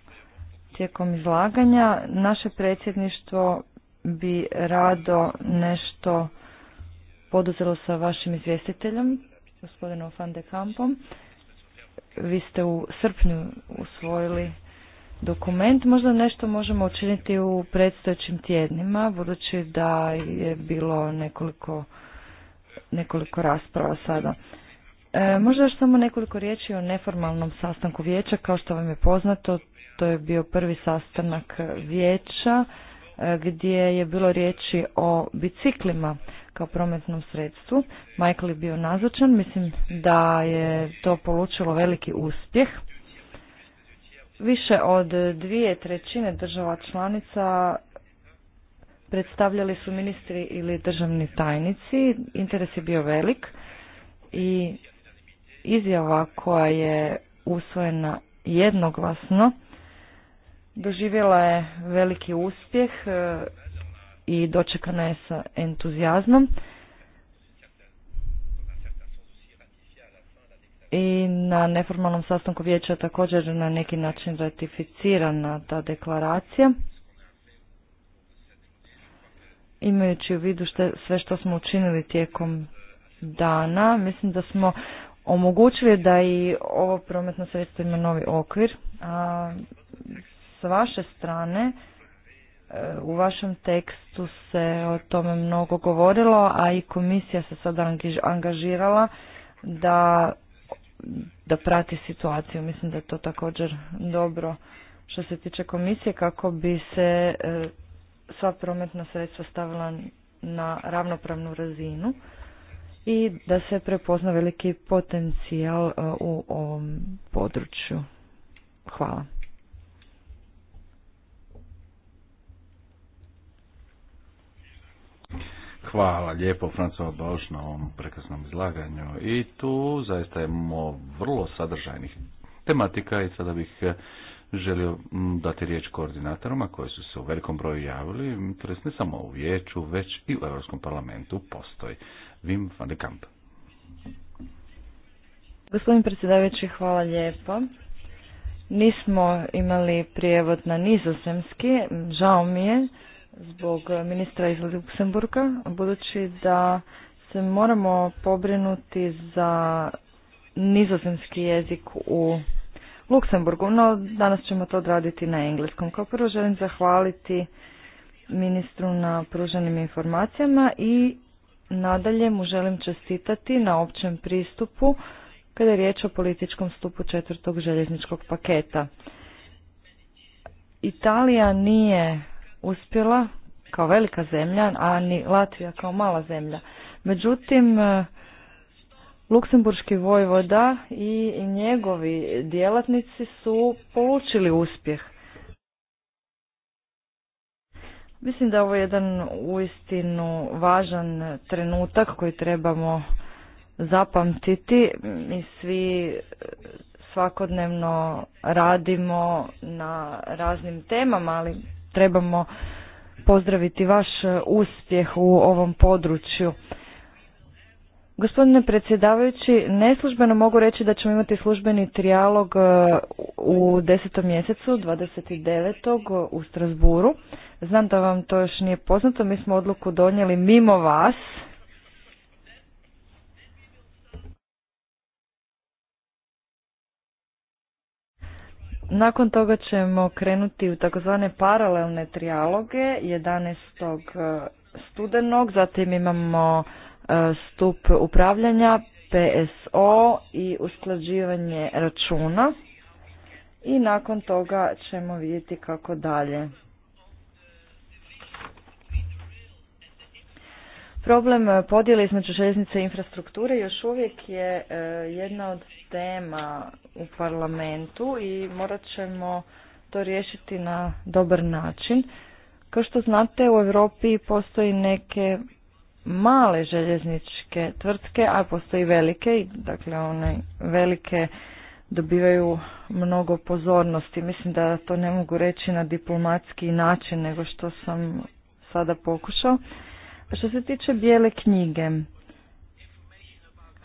[SPEAKER 5] tijekom izlaganja, naše predsjedništvo bi rado nešto poduzelo sa vašim izvjestiteljem, gospodinom Van de Kampom. Vi ste u srpnju usvojili dokument. Možda nešto možemo učiniti u predstojećim tjednima, budući da je bilo nekoliko, nekoliko rasprava sada. E, možda još samo nekoliko riječi o neformalnom sastanku vijeća. Kao što vam je poznato, to je bio prvi sastanak vijeća e, gdje je bilo riječi o biciklima kao prometnom sredstvu. Michael je bio nazočan, mislim da je to polučilo veliki uspjeh. Više od dvije trećine država članica predstavljali su ministri ili državni tajnici. Interes je bio velik i izjava koja je usvojena jednoglasno doživjela je veliki uspjeh e, i dočekana je sa entuzijazmom. I na neformalnom sastanku vijeća je također na neki način ratificirana ta deklaracija. Imajući u vidu šte, sve što smo učinili tijekom dana, mislim da smo omogućuje da i ovo prometno sredstvo ima novi okvir. A s vaše strane, e, u vašem tekstu se o tome mnogo govorilo, a i komisija se sada angažirala da, da prati situaciju. Mislim da je to također dobro što se tiče komisije kako bi se e, sva prometna sredstva stavila na ravnopravnu razinu i da se prepozna veliki potencijal e, u ovom području. Hvala.
[SPEAKER 4] Hvala lijepo Francova, Bauš na ovom prekrasnom izlaganju i tu zaista imamo vrlo sadržajnih tematika i sada bih e, želio dati riječ koordinatorima koji su se u velikom broju javili, interes ne samo u vijeću, već i u Europskom parlamentu postoji. Wim van de Kamp.
[SPEAKER 5] Gospodin predsjedavajući, hvala lijepo. Nismo imali prijevod na nizozemski, žao mi je, zbog ministra iz Luksemburga, budući da se moramo pobrinuti za nizozemski jezik u Luksemburgu, no danas ćemo to odraditi na engleskom. Kao prvo želim zahvaliti ministru na pruženim informacijama i Nadalje mu želim čestitati na općem pristupu kada je riječ o političkom stupu četvrtog željezničkog paketa. Italija nije uspjela kao velika zemlja, a ni Latvija kao mala zemlja. Međutim, e, Luksemburški vojvoda i njegovi djelatnici su polučili uspjeh. Mislim da je ovo jedan uistinu važan trenutak koji trebamo zapamtiti. Mi svi eh, svakodnevno radimo na raznim temama, ali trebamo pozdraviti vaš eh, uspjeh u ovom području. Gospodine predsjedavajući, neslužbeno mogu reći da ćemo imati službeni trijalog e, u desetom mjesecu, 29. E, u Strasburu. Znam da vam to još nije poznato, mi smo odluku donijeli mimo vas. Nakon toga ćemo krenuti u takozvane paralelne trijaloge 11. E, studenog, zatim imamo E, stup upravljanja, PSO i usklađivanje računa i nakon toga ćemo vidjeti kako dalje. Problem podijela između željeznice i infrastrukture još uvijek je e, jedna od tema u parlamentu i morat ćemo to riješiti na dobar način. Kao što znate u Europi postoji neke male željezničke tvrtke, a postoji velike dakle one velike dobivaju mnogo pozornosti. Mislim da to ne mogu reći na diplomatski način nego što sam sada pokušao. A što se tiče bijele knjige,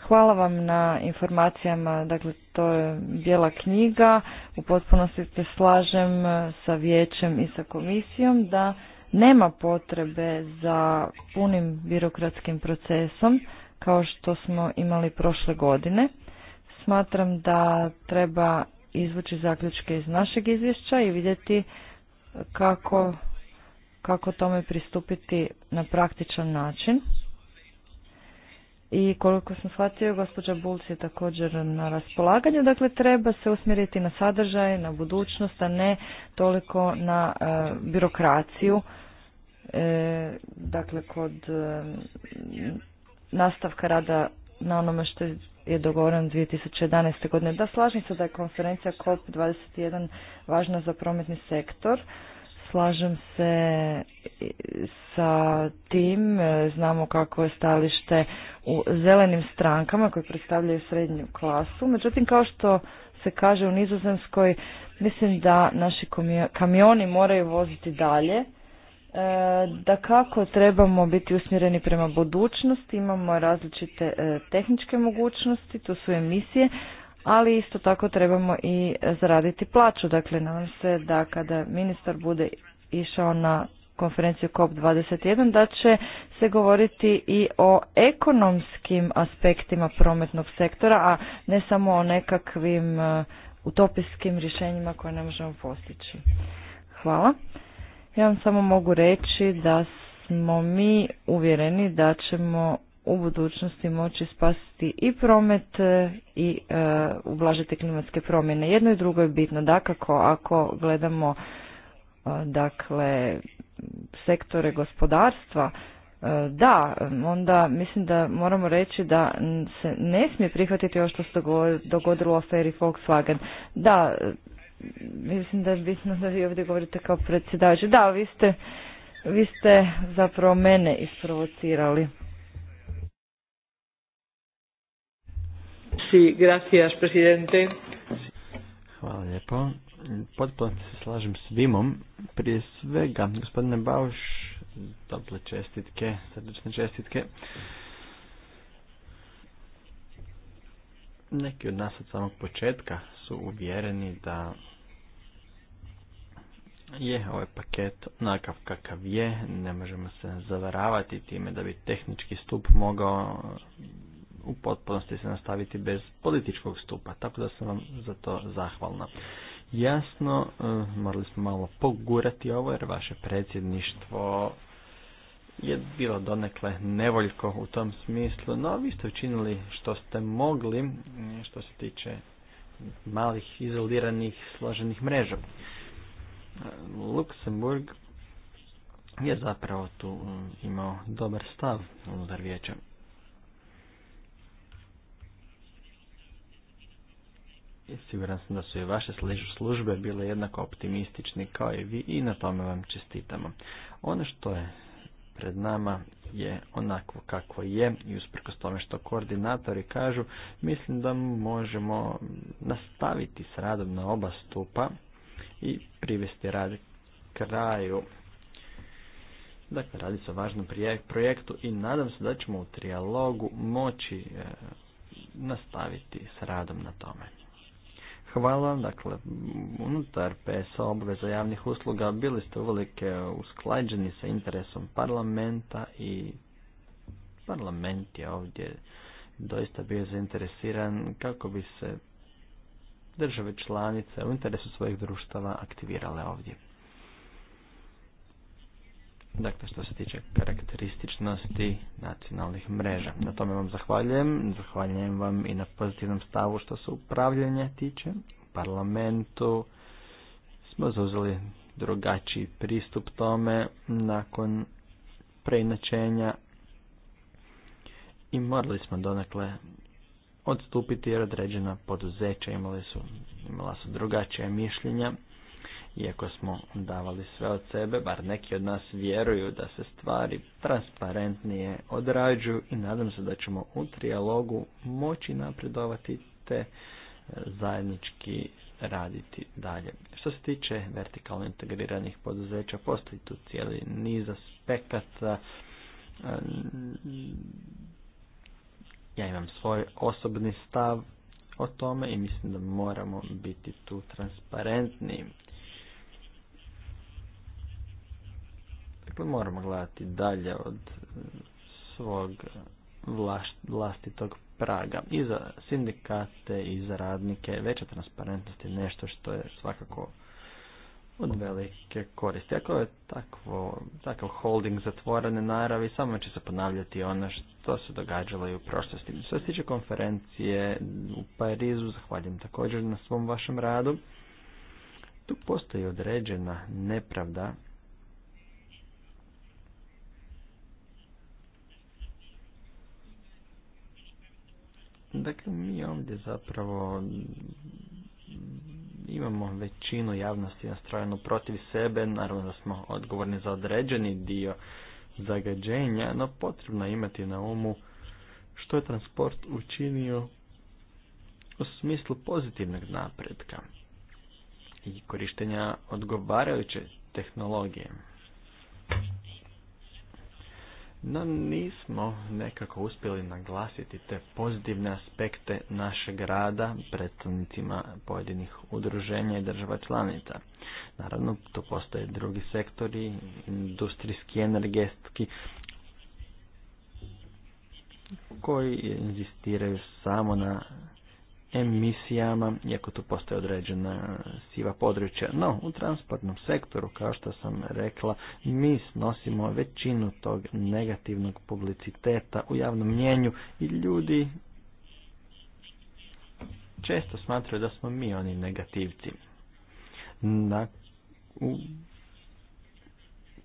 [SPEAKER 5] hvala vam na informacijama, dakle to je bijela knjiga, u potpunosti se slažem sa vijećem i sa komisijom da nema potrebe za punim birokratskim procesom kao što smo imali prošle godine. Smatram da treba izvući zaključke iz našeg izvješća i vidjeti kako, kako tome pristupiti na praktičan način i koliko sam shvatio, gospođa Bulc je također na raspolaganju. Dakle, treba se usmjeriti na sadržaj, na budućnost, a ne toliko na e, birokraciju. E, dakle, kod e, nastavka rada na onome što je dogovoreno 2011. godine. Da, slažem se da je konferencija COP21 važna za prometni sektor. Slažem se sa tim, znamo kako je stalište u zelenim strankama koje predstavljaju srednju klasu. Međutim, kao što se kaže u Nizozemskoj, mislim da naši kamioni moraju voziti dalje. E, da kako trebamo biti usmjereni prema budućnosti, imamo različite e, tehničke mogućnosti, to su emisije, ali isto tako trebamo i zaraditi plaću. Dakle, nadam se da kada ministar bude išao na konferenciju COP21, da će se govoriti i o ekonomskim aspektima prometnog sektora, a ne samo o nekakvim e, utopijskim rješenjima koje ne možemo postići. Hvala. Ja vam samo mogu reći da smo mi uvjereni da ćemo u budućnosti moći spasiti i promet e, i e, ublažiti klimatske promjene. Jedno i drugo je bitno. Dakako, ako gledamo e, dakle sektore gospodarstva, da, onda mislim da moramo reći da se ne smije prihvatiti ovo što se dogodilo u aferi Volkswagen. Da, mislim da je bitno da vi ovdje govorite kao predsjedavajući. Da, vi ste, vi ste zapravo mene isprovocirali.
[SPEAKER 2] Sí, gracias, presidente. Hvala lijepo. Potpuno se slažem s Vimom. Prije svega, gospodine Bauš, dobre čestitke, srdečne čestitke. Neki od nas od samog početka su uvjereni da je ovaj paket onakav kakav je, ne možemo se zavaravati time da bi tehnički stup mogao u potpunosti se nastaviti bez političkog stupa, tako da sam vam za to zahvalna. Jasno, e, morali smo malo pogurati ovo jer vaše predsjedništvo je bilo donekle nevoljko u tom smislu, no vi ste učinili što ste mogli mm, što se tiče malih, izoliranih, složenih mreža. E, Luksemburg je zapravo tu mm, imao dobar stav unutar vijeća. siguran sam da su i vaše službe bile jednako optimistični kao i vi i na tome vam čestitamo. Ono što je pred nama je onako kako je i usprkos tome što koordinatori kažu, mislim da možemo nastaviti s radom na oba stupa i privesti rad kraju. Dakle, radi se o važnom projektu i nadam se da ćemo u trijalogu moći eh, nastaviti s radom na tome. Hvala. Dakle, unutar PSO, obveza javnih usluga bili ste uvelike usklađeni sa interesom parlamenta i parlament je ovdje doista bio zainteresiran kako bi se države članice u interesu svojih društava aktivirale ovdje. Dakle, što se tiče karakterističnosti nacionalnih mreža. Na tome vam zahvaljujem. Zahvaljujem vam i na pozitivnom stavu što se upravljanja tiče. U parlamentu smo zauzeli drugačiji pristup tome nakon preinačenja i morali smo donekle odstupiti jer određena poduzeća imali su, imala su drugačije mišljenja iako smo davali sve od sebe, bar neki od nas vjeruju da se stvari transparentnije odrađuju i nadam se da ćemo u trijalogu moći napredovati te e, zajednički raditi dalje. Što se tiče vertikalno integriranih poduzeća, postoji tu cijeli niz aspekata. E, ja imam svoj osobni stav o tome i mislim da moramo biti tu transparentni. Dakle, moramo gledati dalje od eh, svog vlastitog praga. I za sindikate i za radnike veća transparentnost je nešto što je svakako od velike koristi. Ako je takvo, takav holding zatvorene naravi, samo će se ponavljati ono što se događalo i u prošlosti. Što se tiče konferencije u Parizu, zahvaljujem također na svom vašem radu. Tu postoji određena nepravda Dakle, mi ovdje zapravo imamo većinu javnosti nastrojenu protiv sebe, naravno da smo odgovorni za određeni dio zagađenja, no potrebno je imati na umu što je transport učinio u smislu pozitivnog napretka i korištenja odgovarajuće tehnologije no nismo nekako uspjeli naglasiti te pozitivne aspekte našeg rada predstavnicima pojedinih udruženja i država članica. Naravno, to postoje drugi sektori, industrijski, energetski, koji insistiraju samo na emisijama, iako tu postoje određena siva područja. No, u transportnom sektoru, kao što sam rekla, mi snosimo većinu tog negativnog publiciteta u javnom mjenju i ljudi često smatraju da smo mi oni negativci. Na, u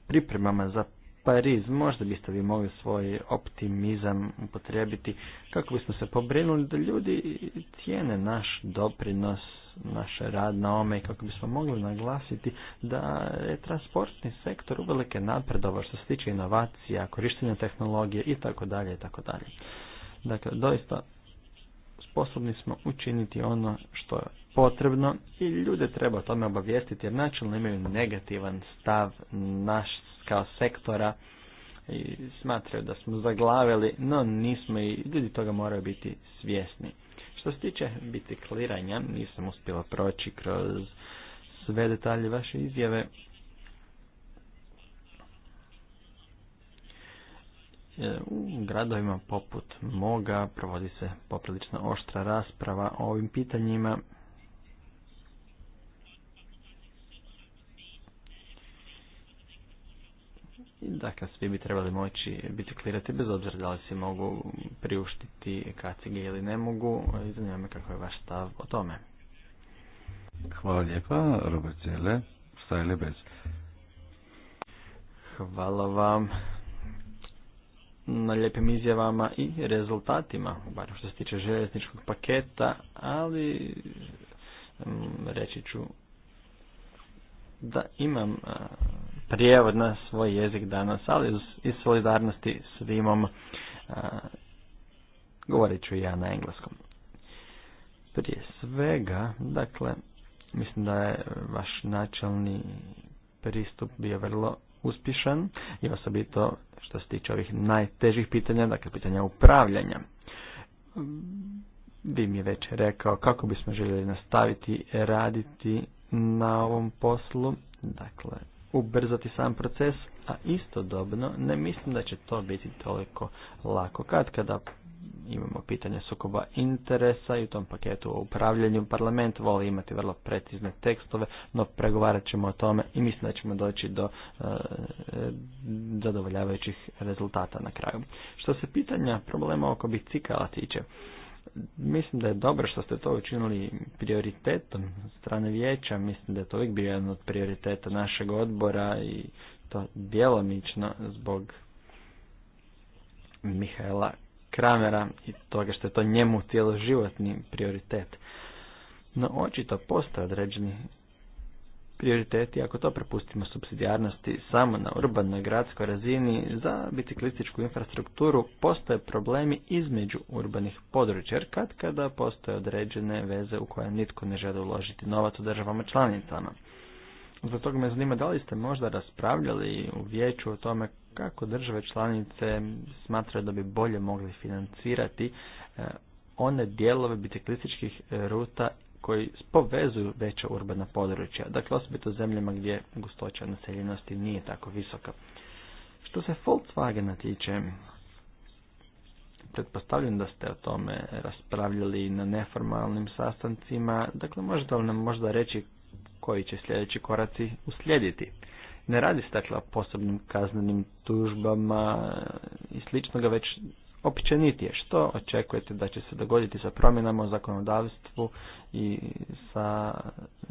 [SPEAKER 2] pripremama za Pariz. Možda biste vi mogli svoj optimizam upotrijebiti kako bismo se pobrinuli da ljudi cijene naš doprinos, naš rad na ome i kako bismo mogli naglasiti da je transportni sektor uvelike napredova što se tiče inovacija, korištenja tehnologije i tako dalje i tako dalje. Dakle, doista sposobni smo učiniti ono što je potrebno i ljude treba o tome obavijestiti jer načelno imaju negativan stav naš kao sektora i smatraju da smo zaglavili, no nismo i ljudi toga moraju biti svjesni. Što se tiče bicikliranja, nisam uspjela proći kroz sve detalje vaše izjave. E, u gradovima poput moga provodi se poprilično oštra rasprava o ovim pitanjima. dakle, svi bi trebali moći biciklirati bez obzira da li se mogu priuštiti kacige ili ne mogu. Zanima me kako je vaš stav o tome.
[SPEAKER 4] Hvala lijepa, Robert Zele, stajali bez.
[SPEAKER 2] Hvala vam na lijepim izjavama i rezultatima, bar što se tiče željezničkog paketa, ali mm, reći ću da imam prijevod na svoj jezik danas, ali iz solidarnosti s Rimom govorit ću ja na engleskom. Prije svega, dakle, mislim da je vaš načelni pristup bio vrlo uspješan i osobito što se tiče ovih najtežih pitanja, dakle pitanja upravljanja. Bi mi je već rekao kako bismo željeli nastaviti raditi na ovom poslu, dakle ubrzati sam proces, a istodobno ne mislim da će to biti toliko lako. Kad kada imamo pitanje sukoba interesa i u tom paketu o upravljanju parlament voli imati vrlo precizne tekstove, no pregovarat ćemo o tome i mislim da ćemo doći do eh, zadovoljavajućih rezultata na kraju. Što se pitanja problema oko bicikala tiče, Mislim da je dobro što ste to učinili prioritetom strane vijeća. Mislim da je to uvijek bio jedan od prioriteta našeg odbora i to djelomično zbog Mihaela Kramera i toga što je to njemu životni prioritet. No očito postoje određeni prioriteti, ako to prepustimo subsidijarnosti samo na urbanoj gradskoj razini, za biciklističku infrastrukturu postoje problemi između urbanih područja, jer kad kada postoje određene veze u koje nitko ne žele uložiti novac u državama članicama. Zato me zanima da li ste možda raspravljali u vijeću o tome kako države članice smatraju da bi bolje mogli financirati eh, one dijelove biciklističkih ruta koji povezuju veća urbana područja, dakle osobito u zemljama gdje gustoća naseljenosti nije tako visoka. Što se Volkswagena tiče, pretpostavljam da ste o tome raspravljali na neformalnim sastancima, dakle možda nam možda reći koji će sljedeći koraci uslijediti. Ne radi se dakle o posebnim kaznenim tužbama i sličnoga, već općenitije. Što očekujete da će se dogoditi sa promjenama u zakonodavstvu i sa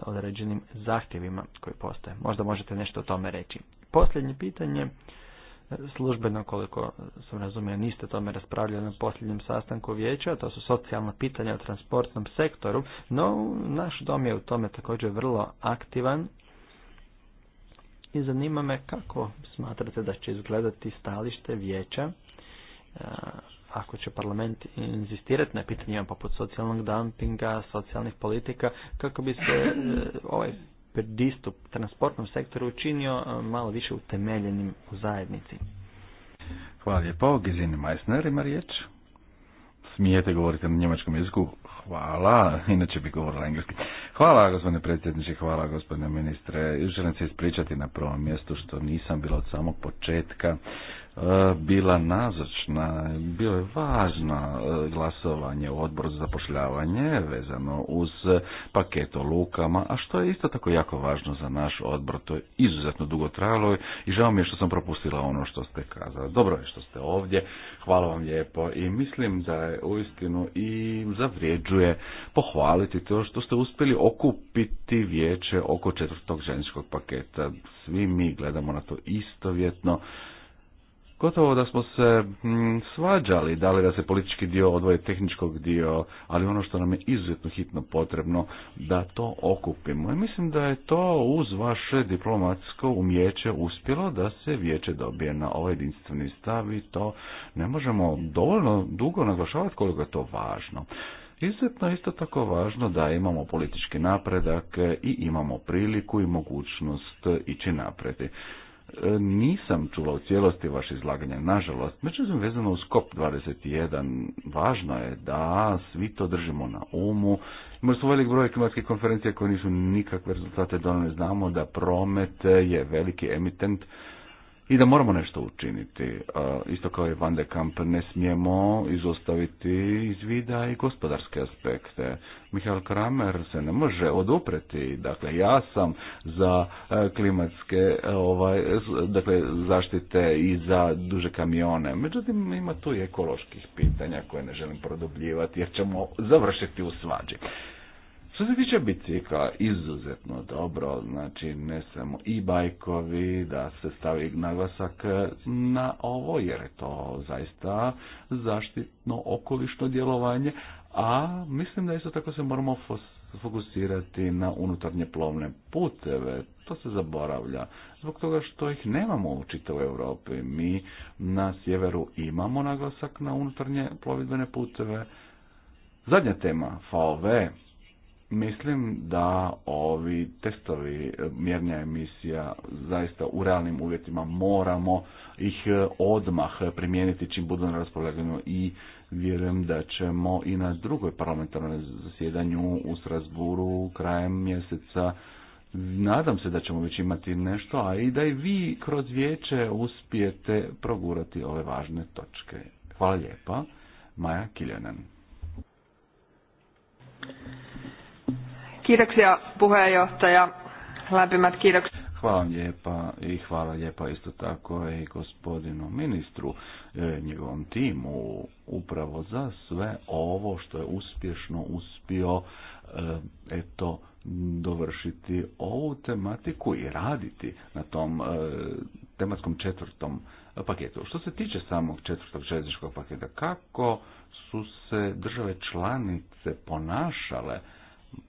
[SPEAKER 2] određenim zahtjevima koji postoje? Možda možete nešto o tome reći. Posljednje pitanje, službeno koliko sam razumio niste tome raspravljali na posljednjem sastanku vijeća, to su socijalna pitanja o transportnom sektoru, no naš dom je u tome također vrlo aktivan i zanima me kako smatrate da će izgledati stalište vijeća ako će parlament inzistirati na pitanjima poput socijalnog dumpinga, socijalnih politika, kako bi se e, ovaj pristup transportnom sektoru učinio e, malo više utemeljenim u zajednici. Hvala lijepo. Gizine
[SPEAKER 4] Meissner ima riječ. Smijete govoriti na njemačkom jeziku?
[SPEAKER 2] Hvala.
[SPEAKER 4] Inače bi govorila engleski. Hvala gospodine predsjedniče, hvala gospodine ministre. Želim se ispričati na prvom mjestu što nisam bilo od samog početka Eh, bila nazočna, bilo je važno eh, glasovanje u odboru za zapošljavanje vezano uz paket o lukama, a što je isto tako jako važno za naš odbor, to je izuzetno dugo trajalo i žao mi je što sam propustila ono što ste kazali. Dobro je što ste ovdje, hvala vam lijepo i mislim da je uistinu i zavrijeđuje pohvaliti to što ste uspjeli okupiti vijeće oko četvrtog ženskog paketa. Svi mi gledamo na to istovjetno gotovo da smo se mm, svađali, da li da se politički dio odvoje tehničkog dio, ali ono što nam je izuzetno hitno potrebno, da to okupimo. I mislim da je to uz vaše diplomatsko umjeće uspjelo da se vijeće dobije na ovaj jedinstveni stav i to ne možemo dovoljno dugo naglašavati koliko je to važno. Izuzetno isto tako važno da imamo politički napredak i imamo priliku i mogućnost ići napredi. E, nisam čula u cijelosti vaše izlaganje, nažalost. Međutim, vezano uz Skop 21 važno je da svi to držimo na umu. Imali smo velik broj klimatskih konferencija koje nisu nikakve rezultate donali. Znamo da promet je veliki emitent i da moramo nešto učiniti. Isto kao i Van de Kamp, ne smijemo izostaviti iz vida i gospodarske aspekte. Mihael Kramer se ne može odupreti. Dakle, ja sam za e, klimatske e, ovaj, dakle, zaštite i za duže kamione. Međutim, ima tu i ekoloških pitanja koje ne želim produbljivati jer ćemo završiti u svađi. Što se tiče bicikla, izuzetno dobro, znači ne samo i bajkovi, da se stavi naglasak na ovo, jer je to zaista zaštitno okolišno djelovanje, a mislim da isto tako se moramo fokusirati na unutarnje plovne puteve, to se zaboravlja, zbog toga što ih nemamo u Europi. Mi na sjeveru imamo naglasak na unutarnje plovidbene puteve. Zadnja tema, FAOV, Mislim da ovi testovi e, mjernja emisija zaista u realnim uvjetima moramo ih e, odmah primijeniti čim budu na raspolaganju i vjerujem da ćemo i na drugoj parlamentarnoj zasjedanju u Strasburu krajem mjeseca nadam se da ćemo već imati nešto, a i da i vi kroz vijeće uspijete progurati ove važne točke. Hvala lijepa. Maja Kiljanen.
[SPEAKER 2] Kiitoksia puheenjohtaja. Lämpimät kiitokset.
[SPEAKER 4] Hvala lijepa i hvala lijepa isto tako i gospodinu ministru, e, njegovom timu, upravo za sve ovo što je uspješno uspio e, eto dovršiti ovu tematiku i raditi na tom e, tematskom četvrtom paketu. Što se tiče samog četvrtog željezničkog paketa, kako su se države članice ponašale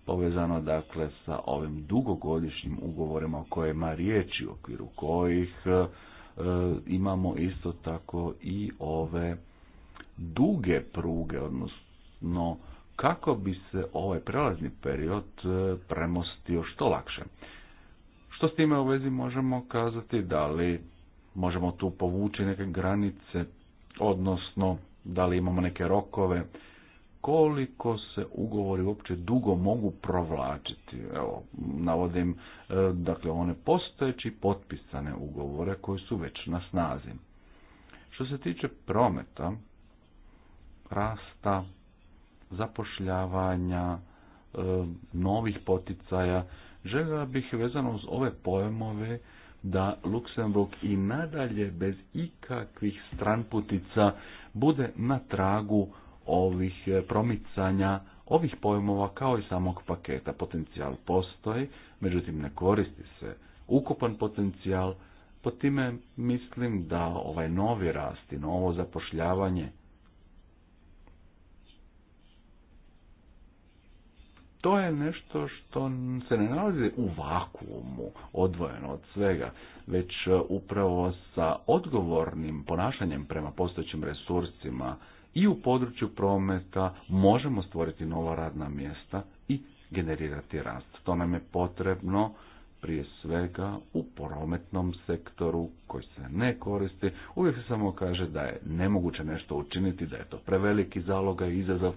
[SPEAKER 4] povezano dakle sa ovim dugogodišnjim ugovorima o kojima riječi u okviru kojih e, imamo isto tako i ove duge pruge odnosno kako bi se ovaj prelazni period e, premostio što lakše. Što s time u vezi možemo kazati, da li možemo tu povući neke granice, odnosno da li imamo neke rokove, koliko se ugovori uopće dugo mogu provlačiti. Evo, navodim, e, dakle, one postojeći potpisane ugovore koji su već na snazi. Što se tiče prometa, rasta, zapošljavanja, e, novih poticaja, želja bih vezano uz ove pojmove da Luksemburg i nadalje bez ikakvih stranputica bude na tragu ovih e, promicanja ovih pojmova kao i samog paketa. Potencijal postoji, međutim ne koristi se ukupan potencijal, po time mislim da ovaj novi rast i novo zapošljavanje to je nešto što se ne nalazi u vakuumu, odvojeno od svega, već e, upravo sa odgovornim ponašanjem prema postojećim resursima, i u području prometa možemo stvoriti nova radna mjesta i generirati rast. To nam je potrebno prije svega u prometnom sektoru koji se ne koristi, uvijek se samo kaže da je nemoguće nešto učiniti, da je to preveliki zaloga i izazov.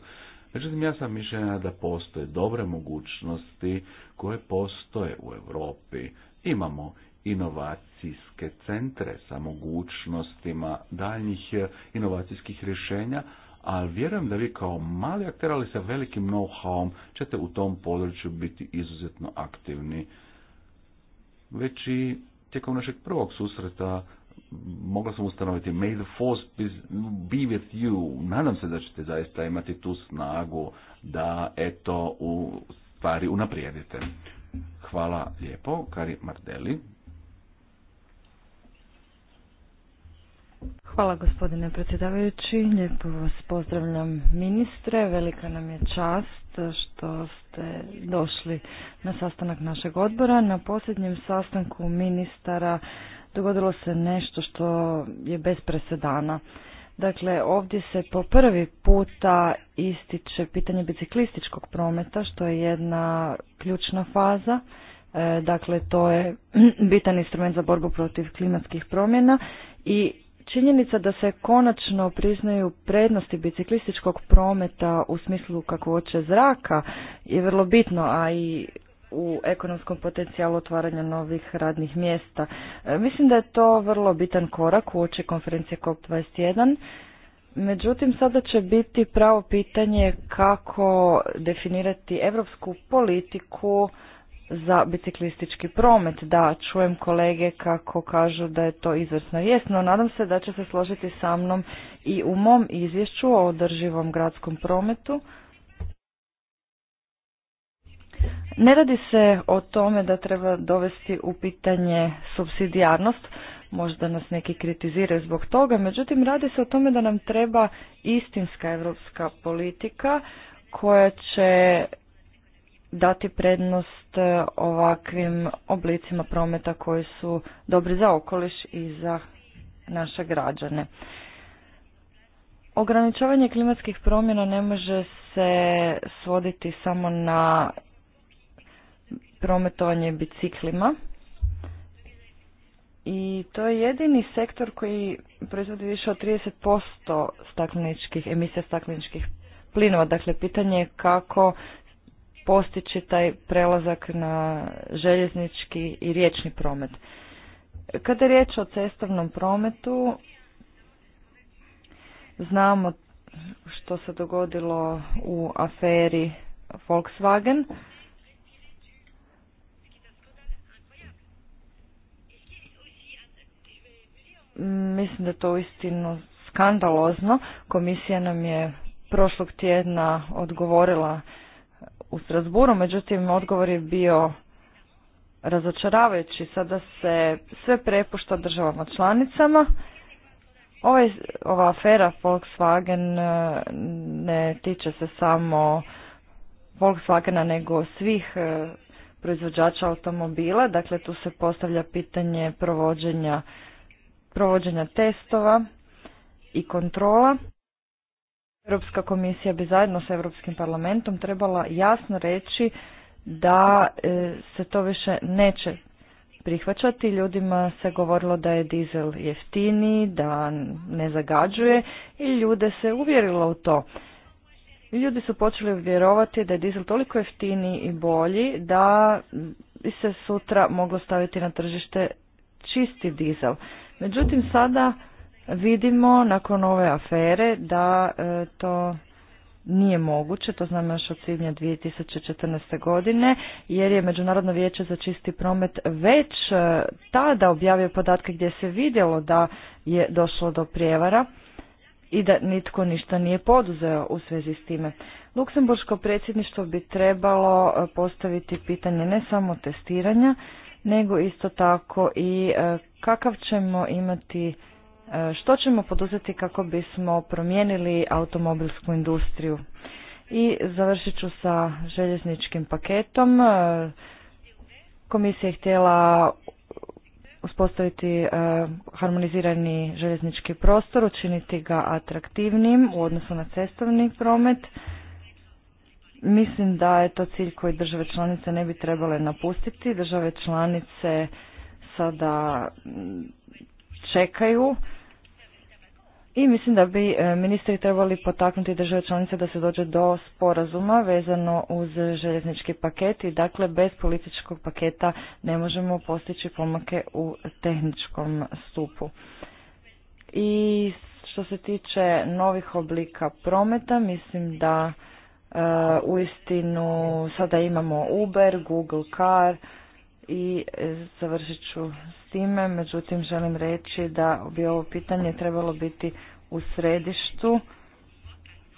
[SPEAKER 4] Međutim, ja sam mišljenja da postoje dobre mogućnosti koje postoje u Europi. Imamo inovacijske centre sa mogućnostima daljnjih inovacijskih rješenja, ali vjerujem da vi kao mali akter, sa velikim know-howom, ćete u tom području biti izuzetno aktivni. Već i tijekom našeg prvog susreta mogla sam ustanoviti May the force be with you. Nadam se da ćete zaista imati tu snagu da eto u stvari unaprijedite. Hvala lijepo, Kari Mardeli.
[SPEAKER 5] Hvala gospodine predsjedavajući, lijepo vas pozdravljam ministre, velika nam je čast što ste došli na sastanak našeg odbora. Na posljednjem sastanku ministara dogodilo se nešto što je bez presedana. Dakle, ovdje se po prvi puta ističe pitanje biciklističkog prometa, što je jedna ključna faza. E, dakle, to je bitan instrument za borbu protiv klimatskih promjena i Činjenica da se konačno priznaju prednosti biciklističkog prometa u smislu kakvoće zraka je vrlo bitno, a i u ekonomskom potencijalu otvaranja novih radnih mjesta. E, mislim da je to vrlo bitan korak u oči konferencije COP21. Međutim, sada će biti pravo pitanje kako definirati evropsku politiku za biciklistički promet. Da, čujem kolege kako kažu da je to izvrsno vijest, no nadam se da će se složiti sa mnom i u mom izvješću o održivom gradskom prometu. Ne radi se o tome da treba dovesti u pitanje subsidijarnost, možda nas neki kritiziraju zbog toga, međutim radi se o tome da nam treba istinska europska politika koja će dati prednost e, ovakvim oblicima prometa koji su dobri za okoliš i za naše građane. Ograničavanje klimatskih promjena ne može se svoditi samo na prometovanje biciklima. I to je jedini sektor koji proizvodi više od 30% stakleničkih emisija stakleničkih plinova. Dakle, pitanje je kako postići taj prelazak na željeznički i riječni promet. Kada je riječ o cestovnom prometu, znamo što se dogodilo u aferi Volkswagen. Mislim da je to uistinu skandalozno. Komisija nam je prošlog tjedna odgovorila u Strasburu, međutim odgovor je bio razočaravajući. Sada se sve prepušta državama članicama. Ovaj, ova afera Volkswagen e, ne tiče se samo Volkswagena nego svih e, proizvođača automobila. Dakle, tu se postavlja pitanje provođenja, provođenja testova i kontrola. Europska komisija bi zajedno sa Europskim parlamentom trebala jasno reći da e, se to više neće prihvaćati. Ljudima se govorilo da je dizel jeftiniji, da ne zagađuje i ljude se uvjerilo u to. Ljudi su počeli vjerovati da je dizel toliko jeftiniji i bolji da bi se sutra moglo staviti na tržište čisti dizel. Međutim, sada Vidimo nakon ove afere da e, to nije moguće, to znamo još od svibnja 2014. godine, jer je Međunarodno vijeće za čisti promet već e, tada objavio podatke gdje se vidjelo da je došlo do prijevara i da nitko ništa nije poduzeo u svezi s time. Luksemburško predsjedništvo bi trebalo e, postaviti pitanje ne samo testiranja, nego isto tako i kakav ćemo imati što ćemo poduzeti kako bismo promijenili automobilsku industriju? I završit ću sa željezničkim paketom. E, Komisija je htjela uspostaviti e, harmonizirani željeznički prostor, učiniti ga atraktivnim u odnosu na cestovni promet. Mislim da je to cilj koji države članice ne bi trebale napustiti. Države članice sada čekaju i mislim da bi e, ministri trebali potaknuti države članice da se dođe do sporazuma vezano uz željeznički paket i dakle bez političkog paketa ne možemo postići pomake u tehničkom stupu. I što se tiče novih oblika prometa, mislim da e, uistinu sada imamo Uber, Google Car, i završit ću s time. Međutim, želim reći da bi ovo pitanje trebalo biti u središtu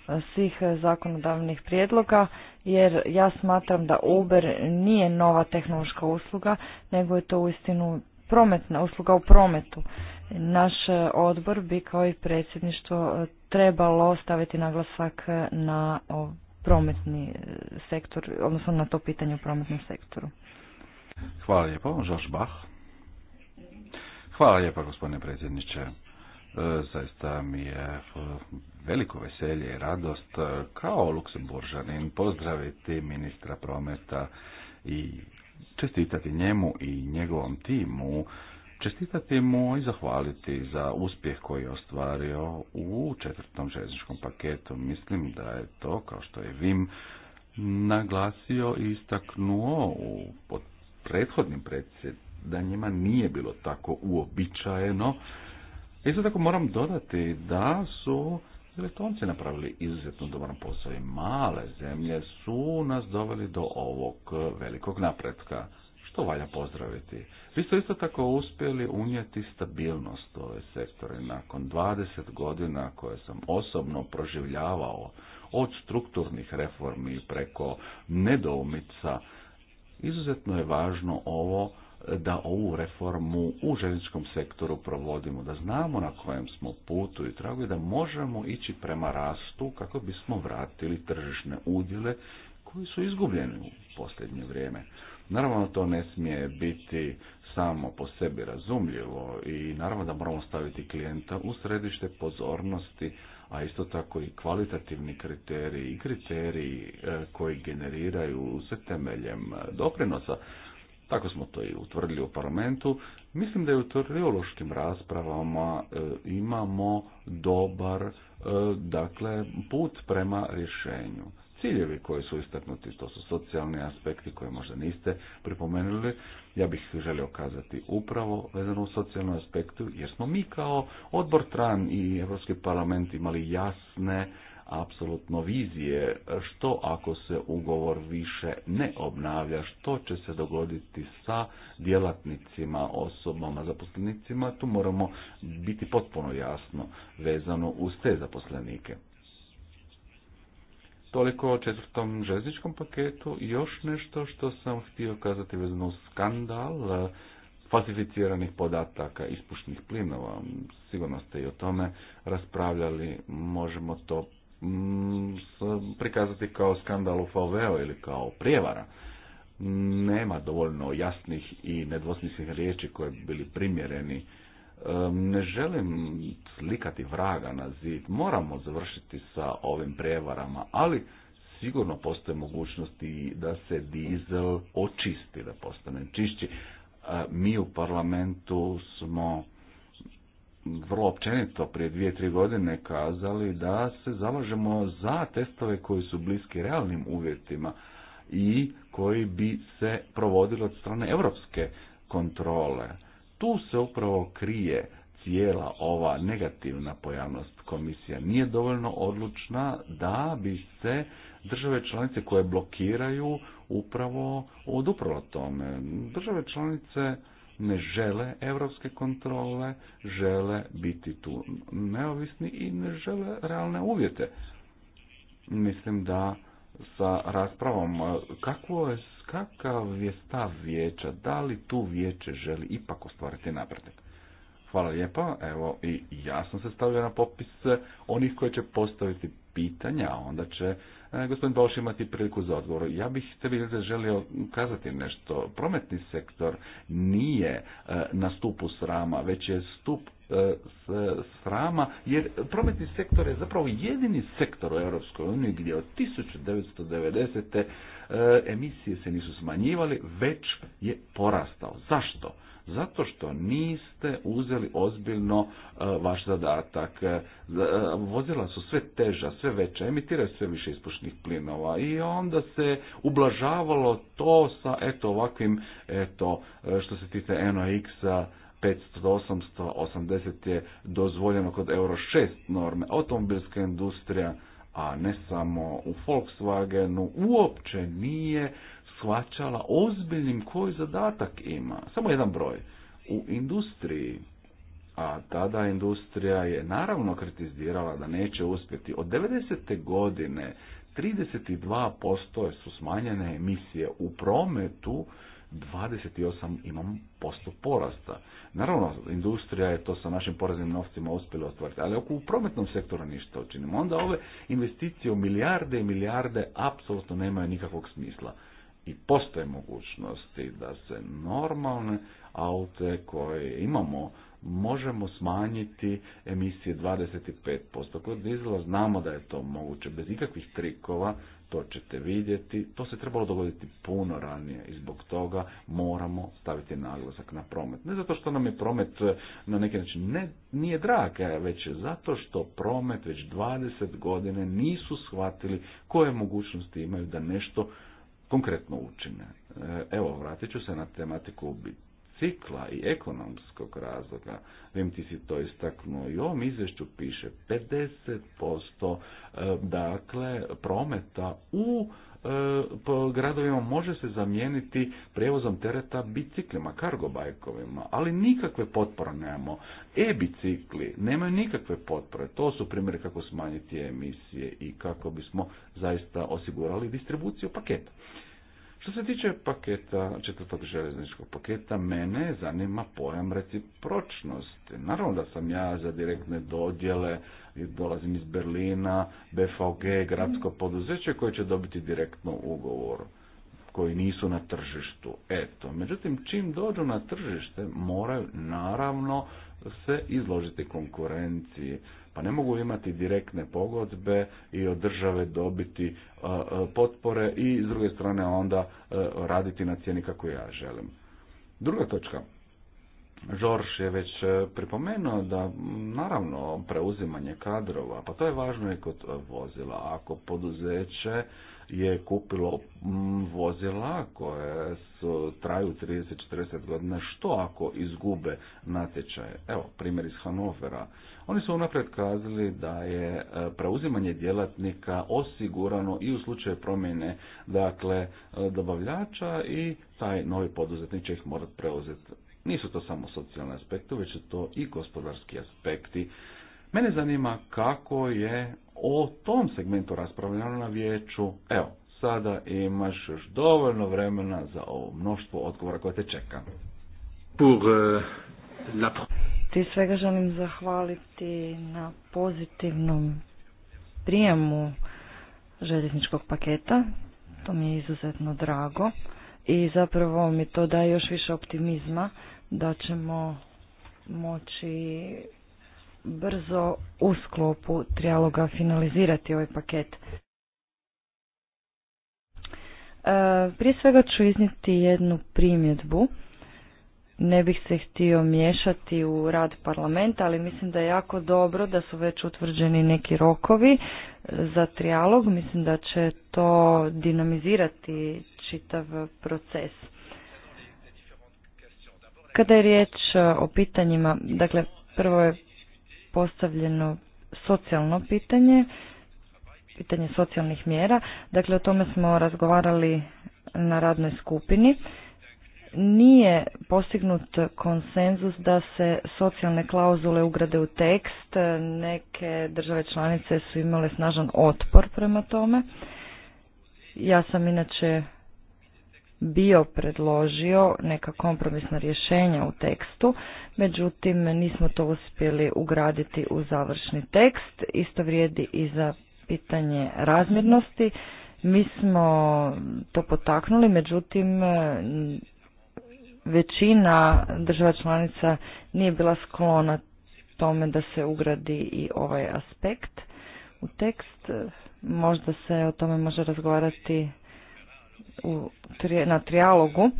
[SPEAKER 5] e, svih zakonodavnih prijedloga, jer ja smatram da Uber nije nova tehnološka usluga, nego je to uistinu prometna usluga u prometu. Naš odbor bi kao i predsjedništvo trebalo staviti naglasak na prometni sektor, odnosno na to pitanje u prometnom sektoru.
[SPEAKER 4] Hvala lijepo, Žoš Bach. Hvala lijepa gospodine predsjedniče. E, zaista mi je veliko veselje i radost e, kao luksemburžanin pozdraviti ministra prometa i čestitati njemu i njegovom timu čestitati mu i zahvaliti za uspjeh koji je ostvario u četvrtom željezničkom paketu. Mislim da je to, kao što je Vim naglasio i istaknuo u prethodnim predsjedanjima nije bilo tako uobičajeno. Isto tako moram dodati da su Letonci napravili izuzetno dobar posao i male zemlje su nas doveli do ovog velikog napretka, što valja pozdraviti. Vi ste isto tako uspjeli unijeti stabilnost u ove sektore. Nakon 20 godina koje sam osobno proživljavao od strukturnih reformi preko nedoumica Izuzetno je važno ovo eh, da ovu reformu u željezničkom sektoru provodimo, da znamo na kojem smo putu i tragu i da možemo ići prema rastu kako bismo vratili tržišne udjele koji su izgubljeni u posljednje vrijeme. Naravno to ne smije biti samo po sebi razumljivo i naravno da moramo staviti klijenta u središte pozornosti a isto tako i kvalitativni kriteriji i kriteriji e, koji generiraju se temeljem e, doprinosa, tako smo to i utvrdili u parlamentu, mislim da je u teoriološkim raspravama e, imamo dobar dakle put prema rješenju ciljevi koji su istaknuti, to su socijalni aspekti koje možda niste pripomenuli. Ja bih želio kazati upravo vezano u socijalnom aspektu, jer smo mi kao odbor TRAN i Europski parlament imali jasne apsolutno vizije što ako se ugovor više ne obnavlja, što će se dogoditi sa djelatnicima, osobama, zaposlenicima, tu moramo biti potpuno jasno vezano uz te zaposlenike. Toliko o četvrtom željezničkom paketu. Još nešto što sam htio kazati vezano uz skandal e, falsificiranih podataka, ispušnih plinova. Sigurno ste i o tome raspravljali. Možemo to mm, prikazati kao skandal u VV-u ili kao prijevara. Nema dovoljno jasnih i nedvosmislenih riječi koje bi bili primjereni ne želim slikati vraga na zid, moramo završiti sa ovim prevarama, ali sigurno postoje mogućnosti da se dizel očisti, da postane čišći. Mi u parlamentu smo vrlo općenito prije dvije, tri godine kazali da se zalažemo za testove koji su bliski realnim uvjetima i koji bi se provodili od strane europske kontrole tu se upravo krije cijela ova negativna pojavnost komisija nije dovoljno odlučna da bi se države članice koje blokiraju upravo oduprlo tome. Države članice ne žele europske kontrole, žele biti tu neovisni i ne žele realne uvjete. Mislim da sa raspravom. Kako je, kakav je stav vijeća? Da li tu vijeće želi ipak ostvariti napredak? Hvala lijepa. Evo i ja sam se stavio na popis onih koji će postaviti pitanja, a onda će E, gospodin Boš imati priliku za odgovor. Ja bih tebi želio kazati nešto. Prometni sektor nije e, na stupu srama, već je stup e, srama, jer prometni sektor je zapravo jedini sektor u Europskoj uniji gdje od 1990. emisije se nisu smanjivali, već je porastao. Zašto? Zato što niste uzeli ozbiljno e, vaš zadatak. E, e, vozila su sve teža, sve veća, emitiraju sve više ispušnih plinova i onda se ublažavalo to sa eto ovakvim, eto, što se tiče NOx-a, 500 880 je dozvoljeno kod Euro 6 norme, automobilska industrija, a ne samo u Volkswagenu, uopće nije shvaćala ozbiljnim koji zadatak ima. Samo jedan broj. U industriji, a tada industrija je naravno kritizirala da neće uspjeti. Od 90. godine 32% su smanjene emisije u prometu, 28 imam posto porasta. Naravno, industrija je to sa našim poreznim novcima uspjela ostvariti, ali ako u prometnom sektoru ništa učinimo, onda ove investicije u milijarde i milijarde apsolutno nemaju nikakvog smisla i postoje mogućnosti da se normalne aute koje imamo možemo smanjiti emisije 25%. Kod dizela znamo da je to moguće bez ikakvih trikova, to ćete vidjeti. To se trebalo dogoditi puno ranije i zbog toga moramo staviti naglasak na promet. Ne zato što nam je promet eh, na neki način ne, nije drag, eh, već zato što promet već 20 godine nisu shvatili koje mogućnosti imaju da nešto konkretno učine. E, evo, vratit ću se na tematiku bicikla i ekonomskog razloga. Vim ti si to istaknuo i ovom izvješću piše 50% e, dakle prometa u E, po gradovima može se zamijeniti prijevozom tereta biciklima, kargobajkovima, bajkovima, ali nikakve potpore nemamo. E-bicikli nemaju nikakve potpore. To su primjeri kako smanjiti emisije i kako bismo zaista osigurali distribuciju paketa. Što se tiče paketa, četvrtog željezničkog paketa, mene zanima pojam recipročnosti. Naravno da sam ja za direktne dodjele, dolazim iz Berlina, BVG, gradsko mhm. poduzeće koje će dobiti direktno ugovor koji nisu na tržištu. Eto, međutim, čim dođu na tržište, moraju naravno se izložiti konkurenciji. Pa ne mogu imati direktne pogodbe i od države dobiti e, e, potpore i s druge strane onda e, raditi na cijeni kako ja želim. Druga točka. Žorš je već pripomenuo da naravno preuzimanje kadrova, pa to je važno i kod vozila. Ako poduzeće je kupilo vozila koje su, traju 30-40 godina. Što ako izgube natječaje? Evo, primjer iz Hanovera. Oni su unaprijed kazali da je e, preuzimanje djelatnika osigurano i u slučaju promjene dakle, e, dobavljača i taj novi poduzetnik će ih morati preuzeti. Nisu to samo socijalni aspekti, već su to i gospodarski aspekti Mene zanima kako je o tom segmentu raspravljano na vijeću. Evo, sada imaš još dovoljno vremena za ovo mnoštvo odgovora koje te čeka. Ti
[SPEAKER 5] eh, svega želim zahvaliti na pozitivnom prijemu željezničkog paketa. To mi je izuzetno drago i zapravo mi to daje još više optimizma da ćemo moći brzo u sklopu trijaloga finalizirati ovaj paket. E, prije svega ću iznijeti jednu primjedbu. Ne bih se htio miješati u rad parlamenta, ali mislim da je jako dobro da su već utvrđeni neki rokovi e, za trijalog. Mislim da će to dinamizirati čitav proces. Kada je riječ e, o pitanjima, dakle, prvo je postavljeno socijalno pitanje, pitanje socijalnih mjera. Dakle, o tome smo razgovarali na radnoj skupini. Nije postignut konsenzus da se socijalne klauzule ugrade u tekst. Neke države članice su imale snažan otpor prema tome. Ja sam inače bio predložio neka kompromisna rješenja u tekstu, međutim nismo to uspjeli ugraditi u završni tekst. Isto vrijedi i za pitanje razmjernosti. Mi smo to potaknuli, međutim većina država članica nije bila sklona tome da se ugradi i ovaj aspekt u tekst. Možda se o tome može razgovarati u, na trijalogu.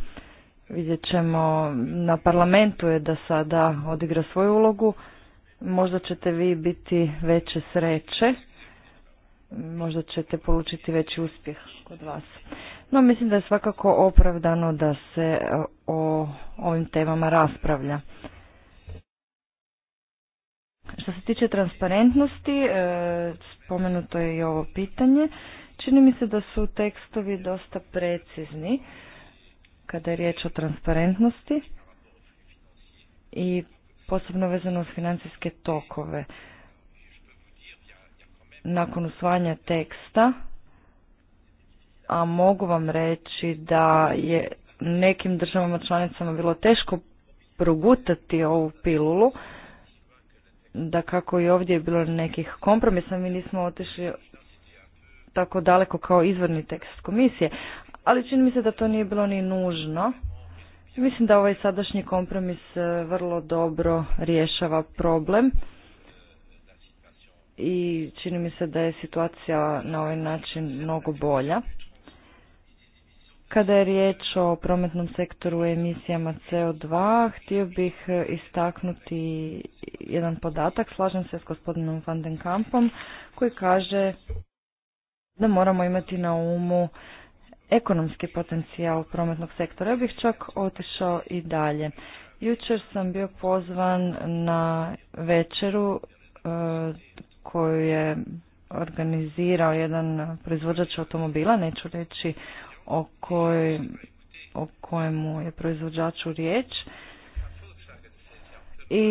[SPEAKER 5] Vidjet ćemo, na parlamentu je da sada odigra svoju ulogu. Možda ćete vi biti veće sreće, možda ćete polučiti veći uspjeh kod vas. No mislim da je svakako opravdano da se e, o ovim temama raspravlja. Što se tiče transparentnosti, e, spomenuto je i ovo pitanje. Čini mi se da su tekstovi dosta precizni kada je riječ o transparentnosti i posebno vezano uz financijske tokove. Nakon usvajanja teksta, a mogu vam reći da je nekim državama članicama bilo teško progutati ovu pilulu, da kako i ovdje je bilo nekih kompromisa, mi nismo otišli tako daleko kao izvorni tekst komisije, ali čini mi se da to nije bilo ni nužno. Mislim da ovaj sadašnji kompromis e, vrlo dobro rješava problem i čini mi se da je situacija na ovaj način mnogo bolja. Kada je riječ o prometnom sektoru i emisijama CO2, htio bih e, istaknuti jedan podatak. Slažem se s gospodinom Van Kampom koji kaže da moramo imati na umu ekonomski potencijal prometnog sektora. Ja bih čak otišao i dalje. Jučer sam bio pozvan na večeru e, koju je organizirao jedan proizvođač automobila, neću reći o, koj, o kojemu je proizvođaču riječ. I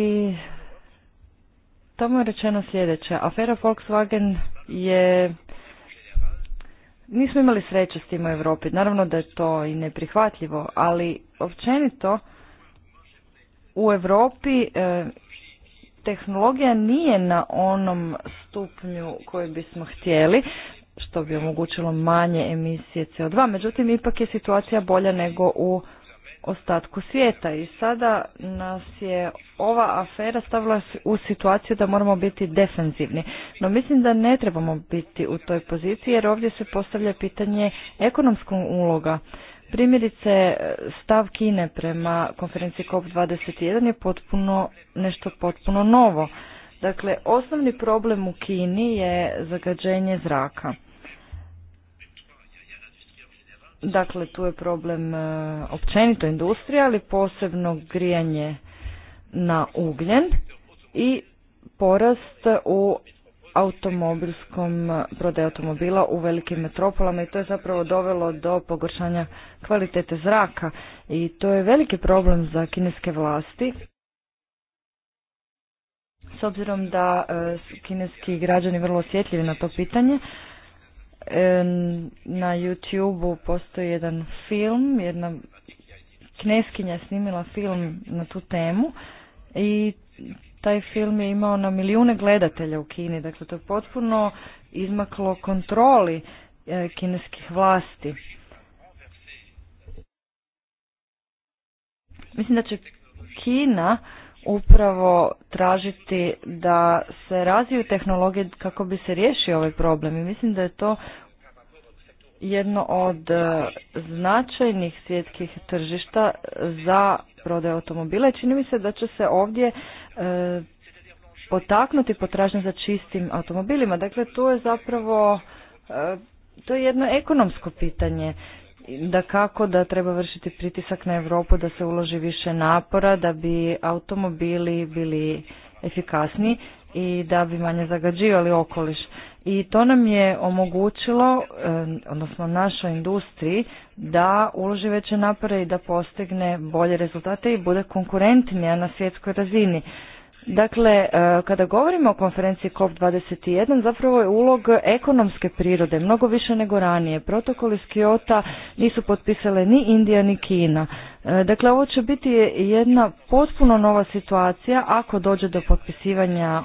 [SPEAKER 5] tomu je rečeno sljedeće. Afera Volkswagen je nismo imali sreće s tim u Europi. Naravno da je to i neprihvatljivo, ali općenito u Europi e, tehnologija nije na onom stupnju koji bismo htjeli, što bi omogućilo manje emisije CO2, međutim ipak je situacija bolja nego u ostatku svijeta i sada nas je ova afera stavila u situaciju da moramo biti defensivni. No mislim da ne trebamo biti u toj poziciji jer ovdje se postavlja pitanje ekonomskog uloga. Primjerice, stav Kine prema konferenciji COP21 je potpuno, nešto potpuno novo. Dakle, osnovni problem u Kini je zagađenje zraka. Dakle, tu je problem e, općenito industrija, ali posebno grijanje na ugljen i porast u automobilskom, prode automobila u velikim metropolama i to je zapravo dovelo do pogoršanja kvalitete zraka i to je veliki problem za kineske vlasti. S obzirom da e, kineski građani vrlo osjetljivi na to pitanje, na YouTube-u postoji jedan film, jedna kneskinja je snimila film na tu temu i taj film je imao na milijune gledatelja u Kini, dakle to je potpuno izmaklo kontroli e, kineskih vlasti. Mislim da će Kina upravo tražiti da se razviju tehnologije kako bi se riješio ovaj problem i mislim da je to jedno od e, značajnih svjetskih tržišta za prodaju automobila i čini mi se da će se ovdje e, potaknuti potražnja za čistim automobilima. Dakle, to je zapravo, e, to je jedno ekonomsko pitanje da kako da treba vršiti pritisak na Europu da se uloži više napora da bi automobili bili efikasni i da bi manje zagađivali okoliš. I to nam je omogućilo, odnosno našoj industriji, da uloži veće napore i da postigne bolje rezultate i bude konkurentnija na svjetskoj razini. Dakle, e, kada govorimo o konferenciji COP21, zapravo je ulog ekonomske prirode, mnogo više nego ranije. protokoli iz Kiota nisu potpisale ni Indija ni Kina. E, dakle, ovo će biti jedna potpuno nova situacija ako dođe do potpisivanja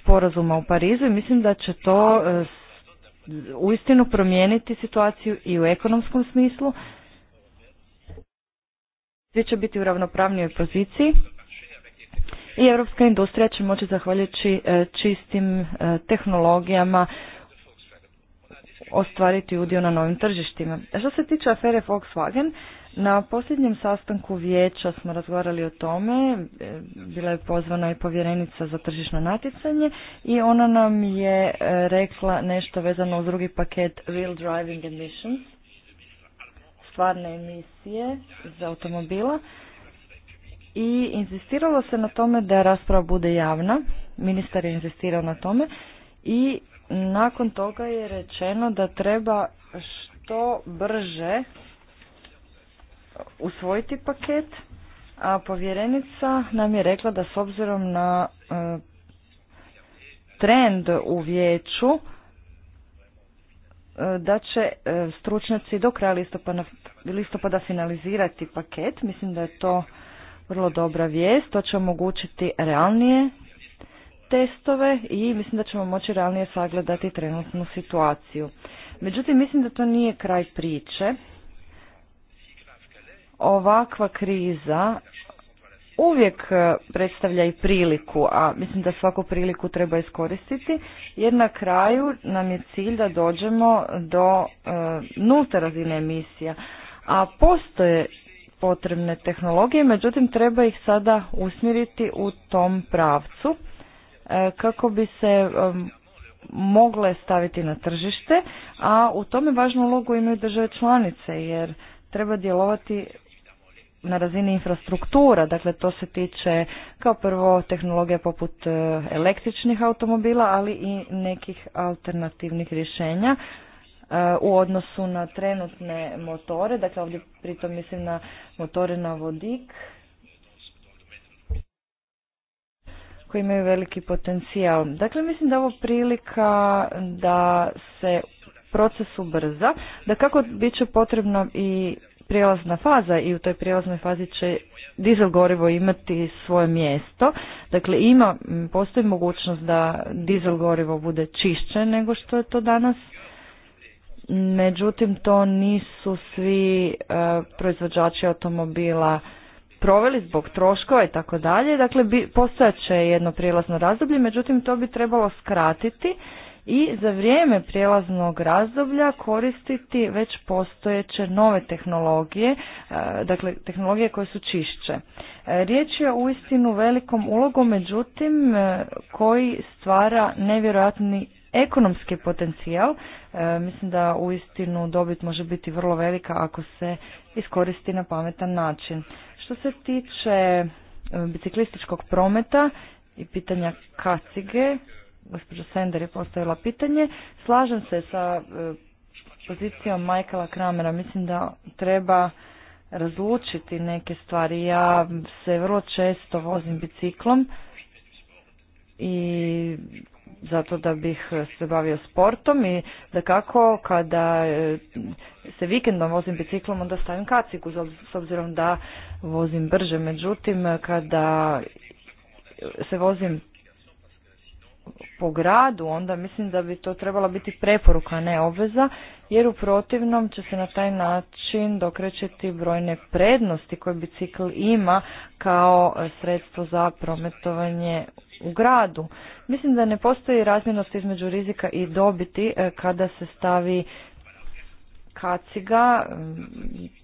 [SPEAKER 5] sporazuma u Parizu i mislim da će to e, uistinu promijeniti situaciju i u ekonomskom smislu. Svi će biti u ravnopravnijoj poziciji i europska industrija će moći zahvaljujući e, čistim e, tehnologijama ostvariti udio na novim tržištima. Što se tiče afere Volkswagen, na posljednjem sastanku vijeća smo razgovarali o tome, e, bila je pozvana i povjerenica za tržišno natjecanje i ona nam je rekla nešto vezano uz drugi paket Real Driving Emissions, stvarne emisije za automobila i inzistiralo se na tome da rasprava bude javna. Ministar je inzistirao na tome i nakon toga je rečeno da treba što brže usvojiti paket, a povjerenica nam je rekla da s obzirom na e, trend u vijeću e, da će e, stručnjaci do kraja listopada finalizirati paket. Mislim da je to vrlo dobra vijest. To će omogućiti realnije testove i mislim da ćemo moći realnije sagledati trenutnu situaciju. Međutim, mislim da to nije kraj priče. Ovakva kriza uvijek predstavlja i priliku, a mislim da svaku priliku treba iskoristiti, jer na kraju nam je cilj da dođemo do e, nulte razine emisija. A postoje potrebne tehnologije, međutim treba ih sada usmjeriti u tom pravcu e, kako bi se e, mogle staviti na tržište, a u tome važnu ulogu imaju države članice jer treba djelovati na razini infrastruktura, dakle to se tiče kao prvo tehnologija poput e, električnih automobila, ali i nekih alternativnih rješenja u odnosu na trenutne motore, dakle ovdje pritom mislim na motore na vodik koji imaju veliki potencijal. Dakle, mislim da je ovo prilika da se proces ubrza, da kako bit će potrebna i prijelazna faza i u toj prijelaznoj fazi će dizel gorivo imati svoje mjesto. Dakle, ima, postoji mogućnost da dizel gorivo bude čišće nego što je to danas međutim to nisu svi e, proizvođači automobila proveli zbog troškova i tako dalje. Dakle, postojat će jedno prijelazno razdoblje, međutim to bi trebalo skratiti i za vrijeme prijelaznog razdoblja koristiti već postojeće nove tehnologije, e, dakle tehnologije koje su čišće. E, riječ je u istinu velikom ulogom, međutim koji stvara nevjerojatni ekonomski potencijal. E, mislim da uistinu dobit može biti vrlo velika ako se iskoristi na pametan način. Što se tiče e, biciklističkog prometa i pitanja kacige, gospođa Sender je postavila pitanje, slažem se sa e, pozicijom Michaela Kramera, mislim da treba razlučiti neke stvari. Ja se vrlo često vozim biciklom i zato da bih se bavio sportom i da kako kada e, se vikendom vozim biciklom onda stavim kaciku s obzirom da vozim brže. Međutim, kada se vozim po gradu, onda mislim da bi to trebala biti preporuka, ne obveza, jer u protivnom će se na taj način dokrećeti brojne prednosti koje bicikl ima kao e, sredstvo za prometovanje u gradu. Mislim da ne postoji razmjernost između rizika i dobiti e, kada se stavi kaciga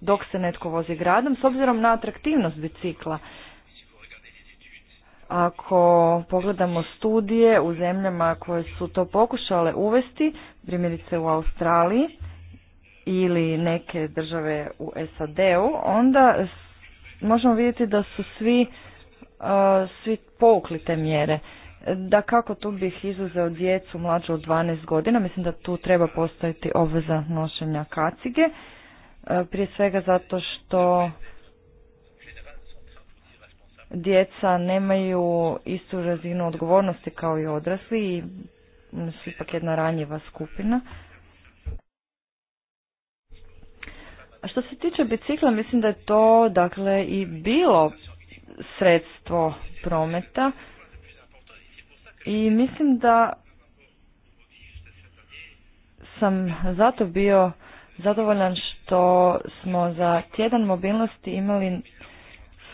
[SPEAKER 5] dok se netko vozi gradom s obzirom na atraktivnost bicikla. Ako pogledamo studije u zemljama koje su to pokušale uvesti, primjerice u Australiji ili neke države u SAD-u, onda možemo vidjeti da su svi, uh, svi povukli te mjere. Da kako tu bih izuzeo djecu mlađu od 12 godina, mislim da tu treba postaviti obveza nošenja kacige, uh, prije svega zato što djeca nemaju istu razinu odgovornosti kao i odrasli i su ipak jedna ranjiva skupina. A što se tiče bicikla, mislim da je to dakle i bilo sredstvo prometa i mislim da sam zato bio zadovoljan što smo za tjedan mobilnosti imali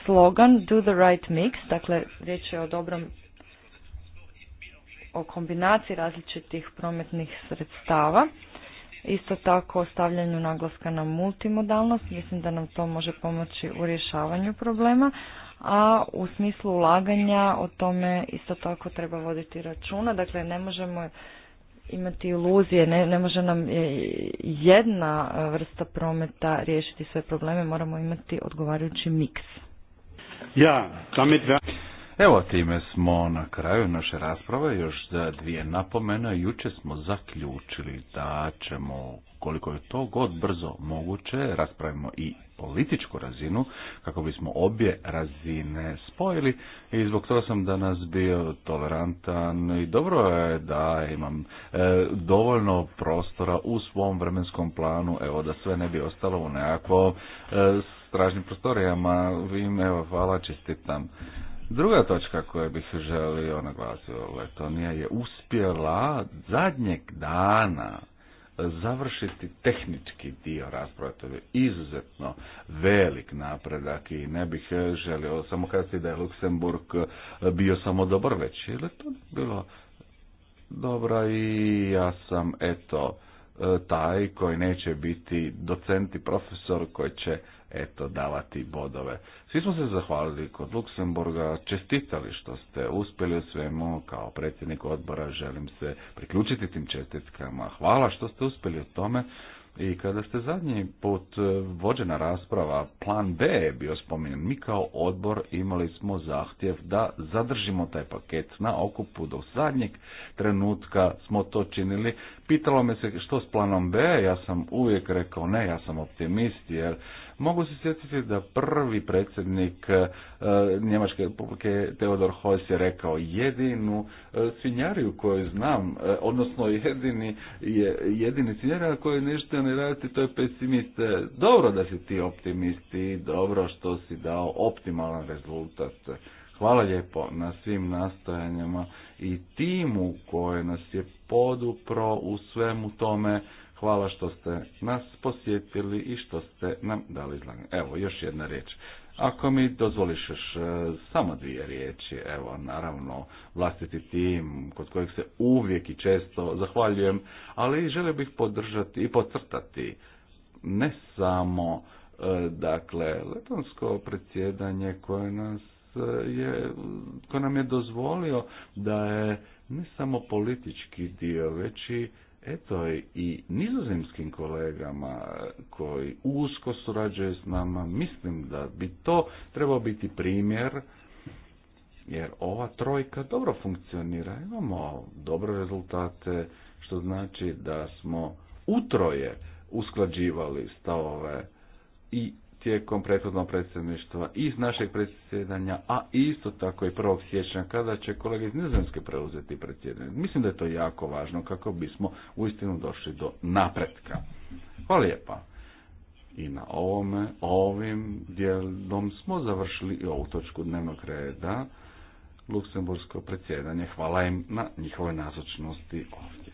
[SPEAKER 5] slogan Do the right mix, dakle riječ je o dobrom o kombinaciji različitih prometnih sredstava. Isto tako o stavljanju naglaska na multimodalnost, mislim da nam to može pomoći u rješavanju problema, a u smislu ulaganja o tome isto tako treba voditi računa, dakle ne možemo imati iluzije, ne, ne može nam jedna vrsta prometa riješiti sve probleme, moramo imati odgovarajući miks.
[SPEAKER 4] Ja, damit Evo time smo na kraju naše rasprave, još da dvije napomena. Juče smo zaključili da ćemo, koliko je to god brzo moguće, raspravimo i političku razinu, kako bismo obje razine spojili i zbog toga sam danas bio tolerantan i dobro je da imam e, dovoljno prostora u svom vremenskom planu, evo da sve ne bi ostalo u nekakvo e, stražnim prostorijama. im evo, hvala, čestitam. Druga točka koju bih želio naglasio, Letonija je uspjela zadnjeg dana završiti tehnički dio rasprave. To je izuzetno velik napredak i ne bih želio samo kazati da je Luksemburg bio samo dobar, već je to bilo dobra i ja sam eto e, taj koji neće biti docent i profesor koji će eto davati bodove. Svi smo se zahvalili kod Luksemburga, čestitali što ste uspjeli u svemu, kao predsjednik odbora želim se priključiti tim čestitkama. Hvala što ste uspjeli u tome. I kada ste zadnji put e, vođena rasprava, plan B je bio spomenut. Mi kao odbor imali smo zahtjev da zadržimo taj paket na okupu do zadnjeg trenutka smo to činili. Pitalo me se što s planom B, ja sam uvijek rekao ne, ja sam optimist jer Mogu se sjetiti da prvi predsjednik e, Njemačke republike Teodor Hojs je rekao jedinu e, svinjariju koju znam, e, odnosno jedini, jedini svinjarija koji ništa ne radi, to je pesimist. Dobro da si ti optimisti, dobro što si dao optimalan rezultat. Hvala lijepo na svim nastojanjima i timu koje nas je podupro u svemu tome. Hvala što ste nas posjetili i što ste nam dali izlaganje. Evo, još jedna riječ. Ako mi dozvoliš još e, samo dvije riječi, evo, naravno, vlastiti tim kod kojeg se uvijek i često zahvaljujem, ali želio bih podržati i podcrtati ne samo, e, dakle, letonsko predsjedanje koje nas e, je, koje nam je dozvolio da je ne samo politički dio, već i eto i nizozemskim kolegama koji usko surađuju s nama, mislim da bi to trebao biti primjer jer ova trojka dobro funkcionira, imamo dobre rezultate, što znači da smo utroje usklađivali stavove i tijekom prethodnog predsjedništva iz našeg predsjedanja, a isto tako i prvog siječnja kada će kolege iz Nizozemske preuzeti predsjedanje. Mislim da je to jako važno kako bismo uistinu došli do napretka. Hvala lijepa. I na ovome, ovim dijelom smo završili i ovu točku dnevnog reda. Luksemburgsko predsjedanje. Hvala im na njihovoj nazočnosti ovdje.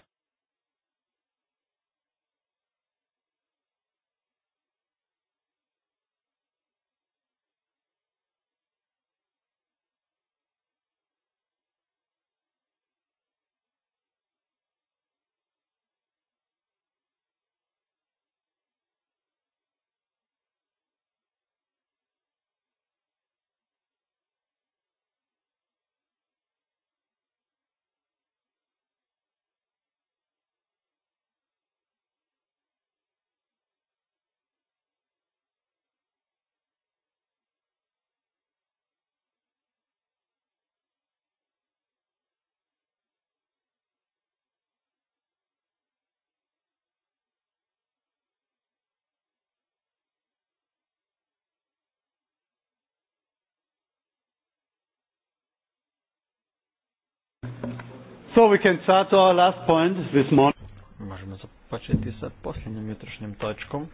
[SPEAKER 2] So we can start our last point this morning. Možemo započeti sa posljednjom jutrošnjom točkom.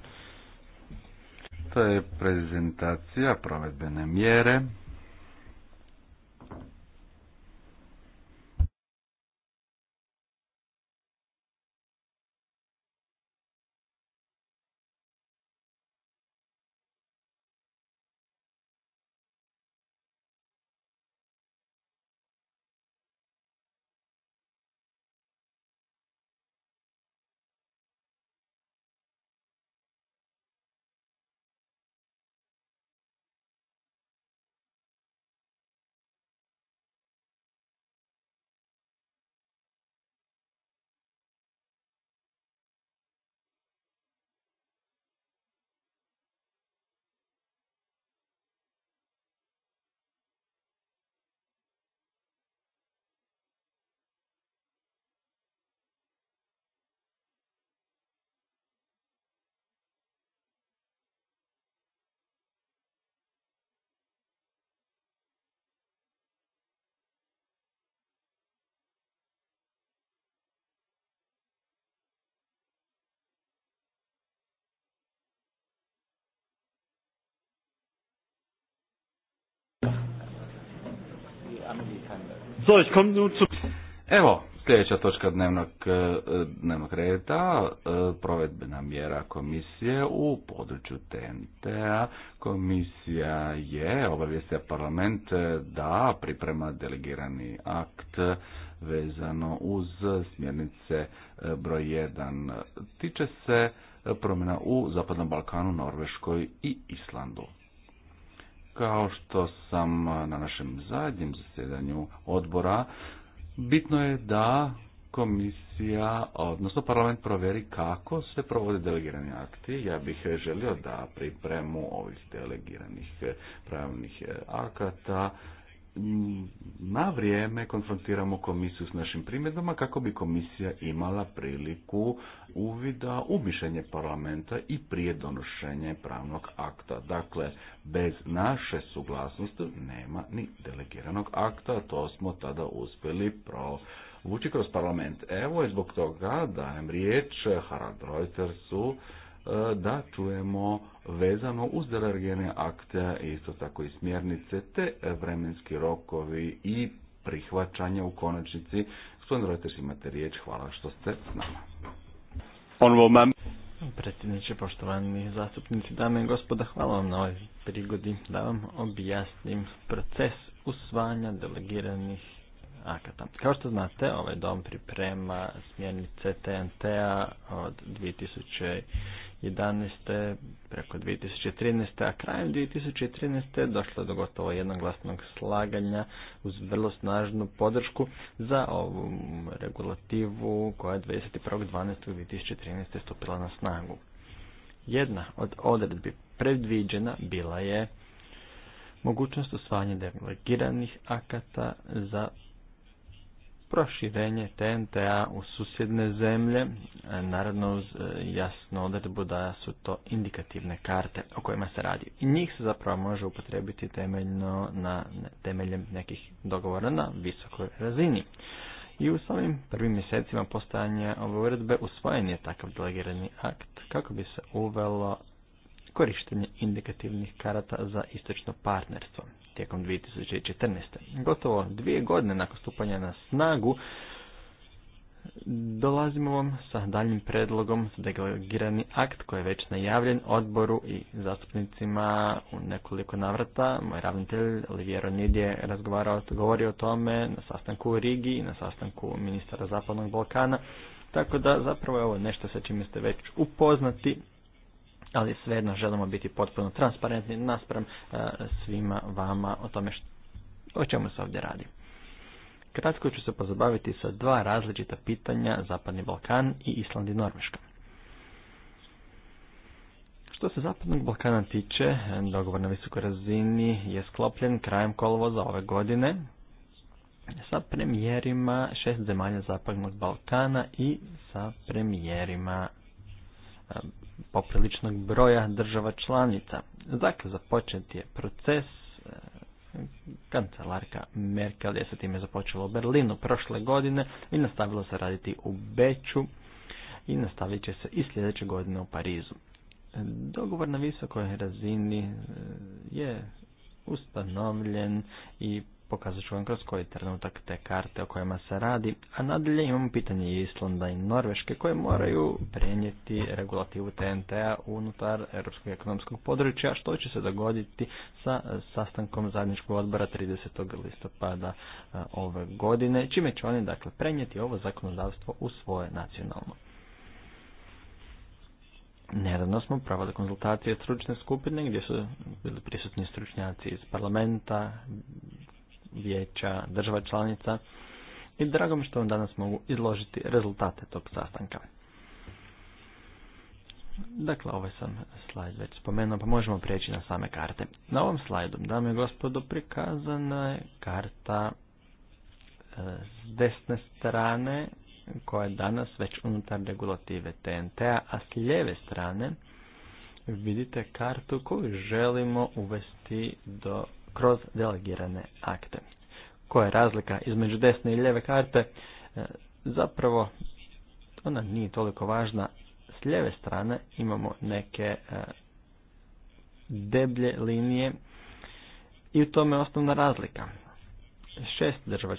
[SPEAKER 4] To je prezentacija provedbene mjere
[SPEAKER 1] So, ich komme zu...
[SPEAKER 4] Evo, sljedeća točka dnevnog, e, dnevnog reda, e, provedbena mjera komisije u području TNT-a. Komisija je obavijestila parlament e, da priprema delegirani akt vezano uz smjernice broj 1. Tiče se promjena u Zapadnom Balkanu, Norveškoj i Islandu. Kao što sam na našem zadnjem zasjedanju odbora, bitno je da komisija, odnosno parlament proveri kako se provode delegirani akti. Ja bih želio da pripremu ovih delegiranih pravnih akata na vrijeme konfrontiramo komisiju s našim primjedbama kako bi komisija imala priliku uvida u mišljenje parlamenta i prije donošenje pravnog akta. Dakle, bez naše suglasnosti nema ni delegiranog akta, to smo tada uspjeli provući kroz parlament. Evo je zbog toga dajem riječ Harald Reutersu e, da čujemo vezano uz delegirane akte, isto tako i smjernice, te vremenski rokovi i prihvaćanja u konačnici. Gospodin Reuters, imate riječ, hvala što ste s nama.
[SPEAKER 2] Predsjedniče, poštovani zastupnici, dame i gospoda, hvala vam na ovoj prigodi da vam objasnim proces usvajanja delegiranih akata. Kao što znate, ovaj dom priprema smjernice TNT-a od 2000 2011. preko 2013. a krajem 2013. došlo do gotovo jednoglasnog slaganja uz vrlo snažnu podršku za ovu regulativu koja je 21.12.2013. stupila na snagu. Jedna od odredbi predviđena bila je mogućnost usvajanja delegiranih akata za proširenje TNTA u susjedne zemlje, e, naravno uz e, jasnu odredbu da su to indikativne karte o kojima se radi. I njih se zapravo može upotrebiti temeljno na temeljem nekih dogovora na visokoj razini. I u samim prvim mjesecima postojanja ove uredbe usvojen je takav delegirani akt kako bi se uvelo korištenje indikativnih karata za istočno partnerstvo tijekom 2014. Gotovo dvije godine nakon stupanja na snagu dolazimo vam sa daljim predlogom za delegirani akt koji je već najavljen odboru i zastupnicima u nekoliko navrata. Moj ravnitelj Oliviero Nid je razgovarao, govorio o tome na sastanku u Rigi i na sastanku ministara Zapadnog Balkana. Tako da zapravo je ovo nešto sa čime ste već upoznati ali svejedno želimo biti potpuno transparentni naspram e, svima vama o tome o čemu se ovdje radi. Kratko ću se pozabaviti sa dva različita pitanja, Zapadni Balkan i Island i Norveška. Što se Zapadnog Balkana tiče, dogovor na visokoj razini je sklopljen krajem kolovoza ove godine sa premijerima šest zemalja Zapadnog Balkana i sa premijerima popriličnog broja država članica. Dakle, započet je proces. E, kancelarka Merkel je sa time započela u Berlinu prošle godine i nastavilo se raditi u Beću i nastavit će se i sljedeće godine u Parizu. Dogovor na visokoj razini e, je ustanovljen i pokazat ću vam kroz koji trenutak te karte o kojima se radi, a nadalje imamo pitanje Islanda i Norveške koje moraju prenijeti regulativu tnt unutar Europskog ekonomskog područja, što će se dogoditi sa sastankom zajedničkog odbora 30. listopada ove godine, čime će oni dakle prenijeti ovo zakonodavstvo u svoje nacionalno. Nedavno smo provali konzultacije stručne skupine gdje su bili prisutni stručnjaci iz parlamenta, vijeća država članica i drago mi što vam danas mogu izložiti rezultate tog sastanka. Dakle, ovaj sam slajd već spomenuo, pa možemo prijeći na same karte. Na ovom slajdu, dame i gospodo, prikazana je karta e, s desne strane, koja je danas već unutar regulative TNT-a, a s lijeve strane vidite kartu koju želimo uvesti do kroz delegirane akte. Koja je razlika između desne i lijeve karte? E, zapravo, ona nije toliko važna. S lijeve strane imamo neke e, deblje linije i u tome je osnovna razlika. Šest država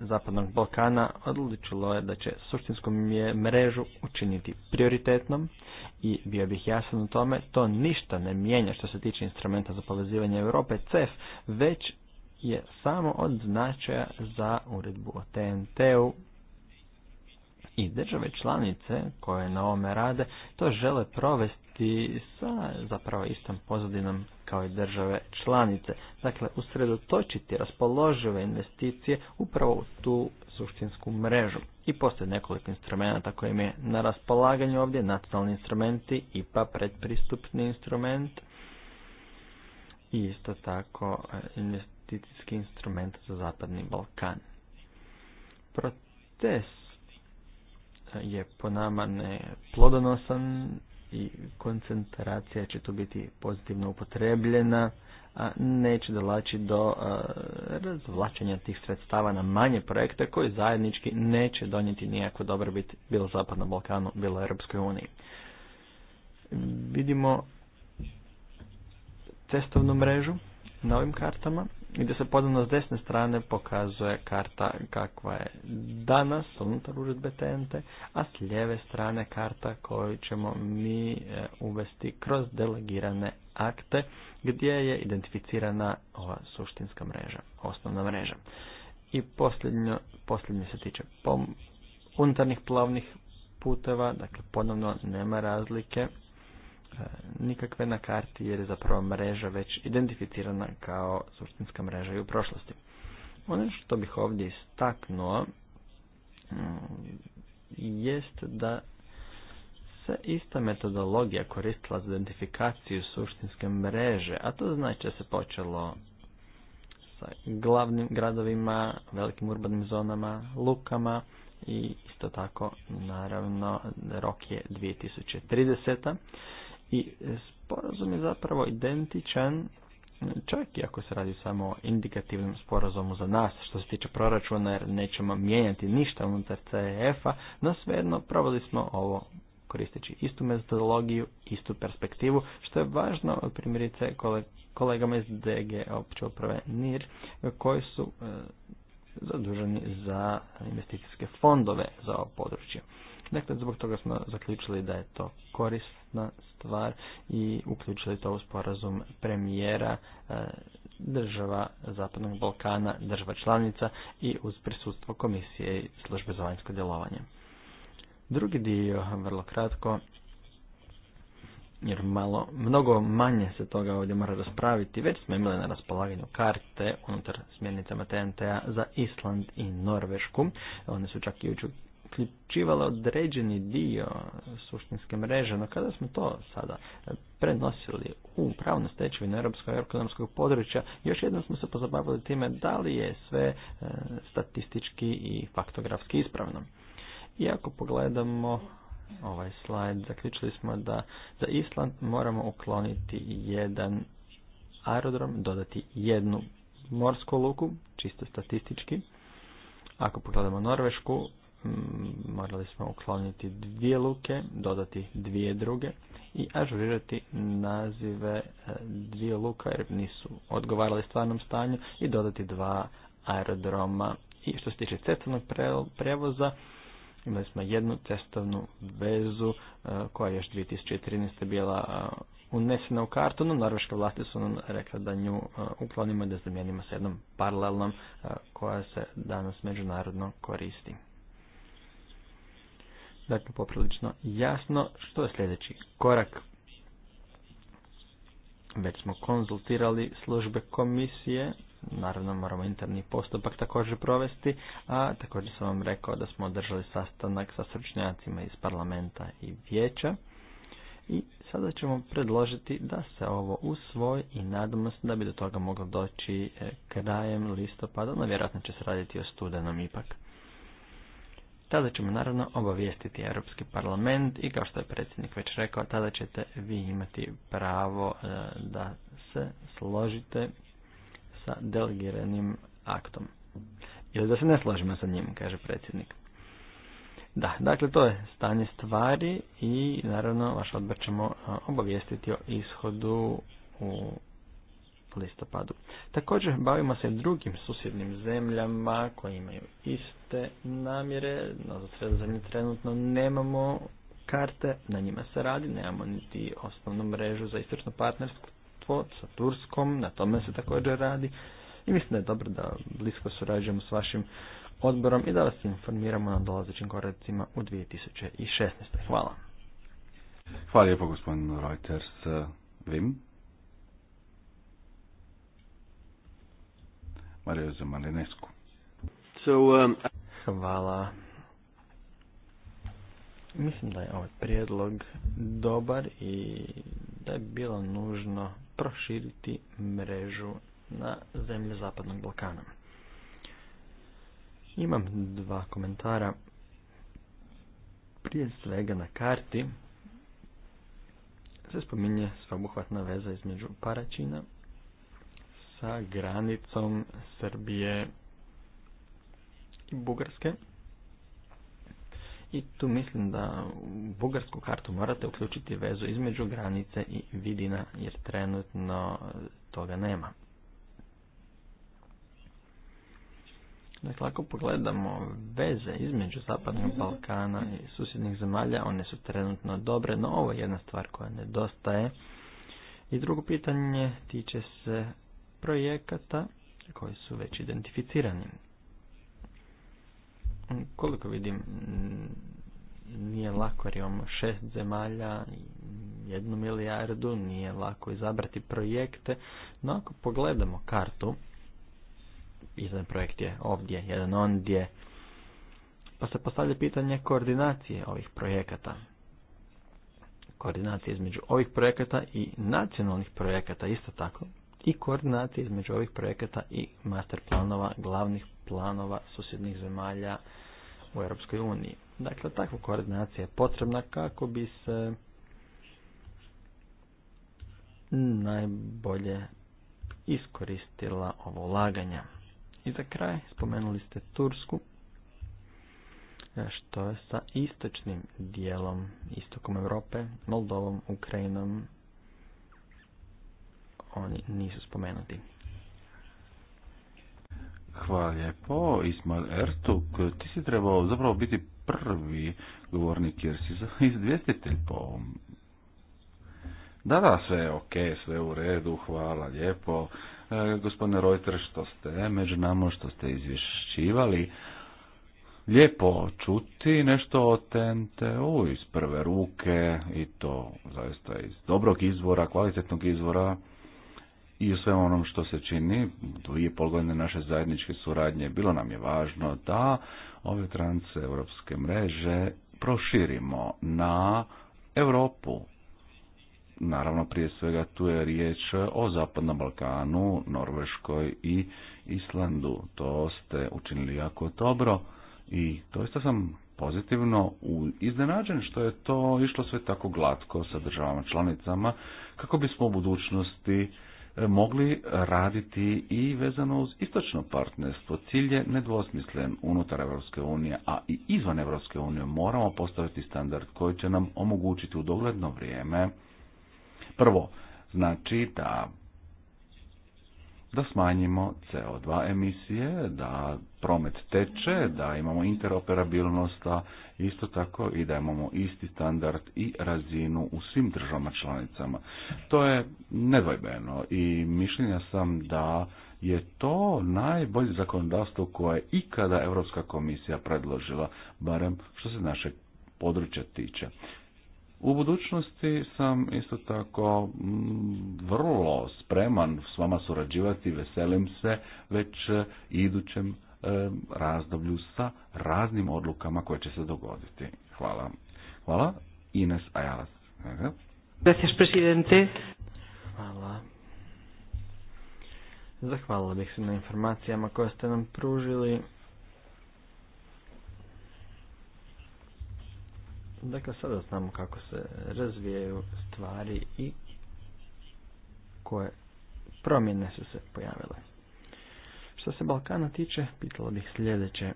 [SPEAKER 2] Zapadnog Balkana odlučilo je da će suštinsku mrežu učiniti prioritetnom i bio bih jasan u tome, to ništa ne mijenja što se tiče instrumenta za povezivanje Europe CEF, već je samo od značaja za uredbu o TNT-u i države članice koje na ovome rade to žele provesti biti sa zapravo istom pozadinom kao i države članice. Dakle, usredotočiti raspoložive investicije upravo u tu suštinsku mrežu. I postoje nekoliko instrumenta im je na raspolaganju ovdje nacionalni instrumenti, i pa predpristupni instrument i isto tako e, investicijski instrument za Zapadni Balkan. Protest e, je po nama ne plodonosan i koncentracija će tu biti pozitivno upotrebljena, a neće dolaći do e, razvlačenja tih sredstava na manje projekte koji zajednički neće donijeti nikakvu dobrobit bilo Zapadnom Balkanu, bilo Europskoj uniji. Vidimo cestovnu mrežu na ovim kartama gdje se podano s desne strane pokazuje karta kakva je danas unutar uredbe TNT, a s lijeve strane karta koju ćemo mi e, uvesti kroz delegirane akte gdje je identificirana ova suštinska mreža, osnovna mreža. I posljednje, posljednje se tiče unutarnjih plavnih puteva, dakle ponovno nema razlike E, nikakve na karti jer je zapravo mreža već identificirana kao suštinska mreža i u prošlosti. Ono što bih ovdje istaknuo mm, jest da se ista metodologija koristila za identifikaciju suštinske mreže, a to znači da se počelo sa glavnim gradovima, velikim urbanim zonama, lukama i isto tako naravno rok je 2030. I e, sporazum je zapravo identičan, e, čak i ako se radi samo o indikativnom sporazumu za nas što se tiče proračuna jer nećemo mijenjati ništa unutar CEF-a, no svejedno proveli smo ovo koristeći istu metodologiju, istu perspektivu, što je važno primjerice kolegama iz DG opće uprave NIR koji su e, zaduženi za investicijske fondove za ovo područje. Dakle, zbog toga smo zaključili da je to korisna stvar i uključili to u sporazum premijera e, država Zapadnog Balkana, država članica i uz prisustvo komisije i službe za vanjsko djelovanje. Drugi dio, vrlo kratko, jer malo, mnogo manje se toga ovdje mora raspraviti, već smo imali na raspolaganju karte unutar smjernicama TNT-a za Island i Norvešku. One su čak i uključivala određeni dio suštinske mreže, no kada smo to sada prenosili u pravnu stečevinu europskog ekonomskog područja, još jednom smo se pozabavili time da li je sve e, statistički i faktografski ispravno. I ako pogledamo ovaj slajd, zaključili smo da za Island moramo ukloniti jedan aerodrom, dodati jednu morsku luku, čisto statistički. Ako pogledamo Norvešku, Mm, morali smo ukloniti dvije luke, dodati dvije druge i ažurirati nazive e, dvije luka jer nisu odgovarali stvarnom stanju i dodati dva aerodroma. I što se tiče cestovnog prevoza, imali smo jednu cestovnu vezu e, koja je još 2013. bila e, unesena u kartu, no norveške vlasti su nam rekla da nju uklonimo i da zamijenimo s jednom paralelnom koja se danas međunarodno koristi dakle poprilično jasno što je sljedeći korak. Već smo konzultirali službe komisije, naravno moramo interni postupak također provesti, a također sam vam rekao da smo održali sastanak sa stručnjacima iz parlamenta i vijeća i sada ćemo predložiti da se ovo usvoji i nadamo se da bi do toga moglo doći eh, krajem listopada, no vjerojatno će se raditi o studenom ipak tada ćemo naravno obavijestiti Europski parlament i kao što je predsjednik već rekao, tada ćete vi imati pravo e, da se složite sa delegiranim aktom. Ili da se ne složimo sa njim, kaže predsjednik. Da, dakle to je stanje stvari i naravno vaš odbor ćemo e, obavijestiti o ishodu u listopadu. Također bavimo se drugim susjednim zemljama koje imaju iste namjere, no za trenutno nemamo karte, na njima se radi, nemamo niti osnovnu mrežu za istočno partnerstvo sa Turskom, na tome se također radi i mislim da je dobro da blisko surađujemo s vašim odborom i da vas informiramo na dolazećim koracima u 2016. Hvala. Hvala lijepo gospodin Reuters. Vim. Eh, Mariju Zamalinesku. So, um, Hvala. Mislim da je ovaj prijedlog dobar i da je bilo nužno proširiti mrežu na zemlje Zapadnog Balkana. Imam dva komentara. Prije svega na karti se spominje sveobuhvatna veza između Paračina sa granicom Srbije i Bugarske. I tu mislim da u bugarsku kartu morate uključiti vezu između granice i vidina jer trenutno toga nema. Dakle, ako pogledamo veze između Zapadnog Balkana i susjednih zemalja, one su trenutno dobre, no ovo je jedna stvar koja nedostaje. I drugo pitanje tiče se projekata koji su već identificirani. Koliko vidim, nije lako jer imamo šest zemalja, jednu milijardu, nije lako izabrati projekte, no ako pogledamo kartu, jedan projekt je ovdje, jedan ondje, pa se postavlja pitanje koordinacije ovih projekata. Koordinacije između ovih projekata i nacionalnih projekata isto tako, i koordinacija između ovih projekata i master planova, glavnih planova susjednih zemalja u Europskoj uniji. Dakle, takva koordinacija je potrebna kako bi se najbolje iskoristila ovo ulaganje. I za kraj spomenuli ste Tursku, e, što je sa istočnim dijelom, istokom Europe, Moldovom, Ukrajinom, oni nisu spomenuti.
[SPEAKER 4] Hvala lijepo, Ismail Ertug. Ti si trebao zapravo biti prvi govornik jer si izvjestitelj po ovom. Da, da, sve je ok, sve u redu, hvala lijepo. E, gospodine Reuter, što ste među nama, što ste izvješćivali. Lijepo čuti nešto o tnt iz prve ruke i to zaista iz dobrog izvora, kvalitetnog izvora i u svemu onom što se čini, dvije pol naše zajedničke suradnje, bilo nam je važno da ove trance europske mreže proširimo na Europu. Naravno, prije svega tu je riječ o Zapadnom Balkanu, Norveškoj i Islandu. To ste učinili jako dobro i to doista sam pozitivno iznenađen što je to išlo sve tako glatko sa državama članicama kako bismo u budućnosti mogli raditi i vezano uz istočno partnerstvo. Cilj je nedvosmislen unutar Europske unije, a i izvan Europske unije moramo postaviti standard koji će nam omogućiti u dogledno vrijeme prvo znači da da smanjimo CO2 emisije, da promet teče, da imamo interoperabilnost, isto tako i da imamo isti standard i razinu u svim državama članicama. To je nedvojbeno i mišljenja sam da je to najbolje zakonodavstvo koje je ikada Europska komisija predložila, barem što se našeg područja tiče. U budućnosti sam isto tako mm, vrlo spreman s vama surađivati, veselim se već e, idućem e, razdoblju sa raznim odlukama koje će se dogoditi. Hvala. Hvala. Ines Ajalas.
[SPEAKER 2] Gracias, presidente. Hvala. Zahvalila bih se na informacijama koje ste nam pružili. Dakle, sada znamo kako se razvijaju stvari i koje promjene su se pojavile. Što se Balkana tiče, pitalo bih sljedeće.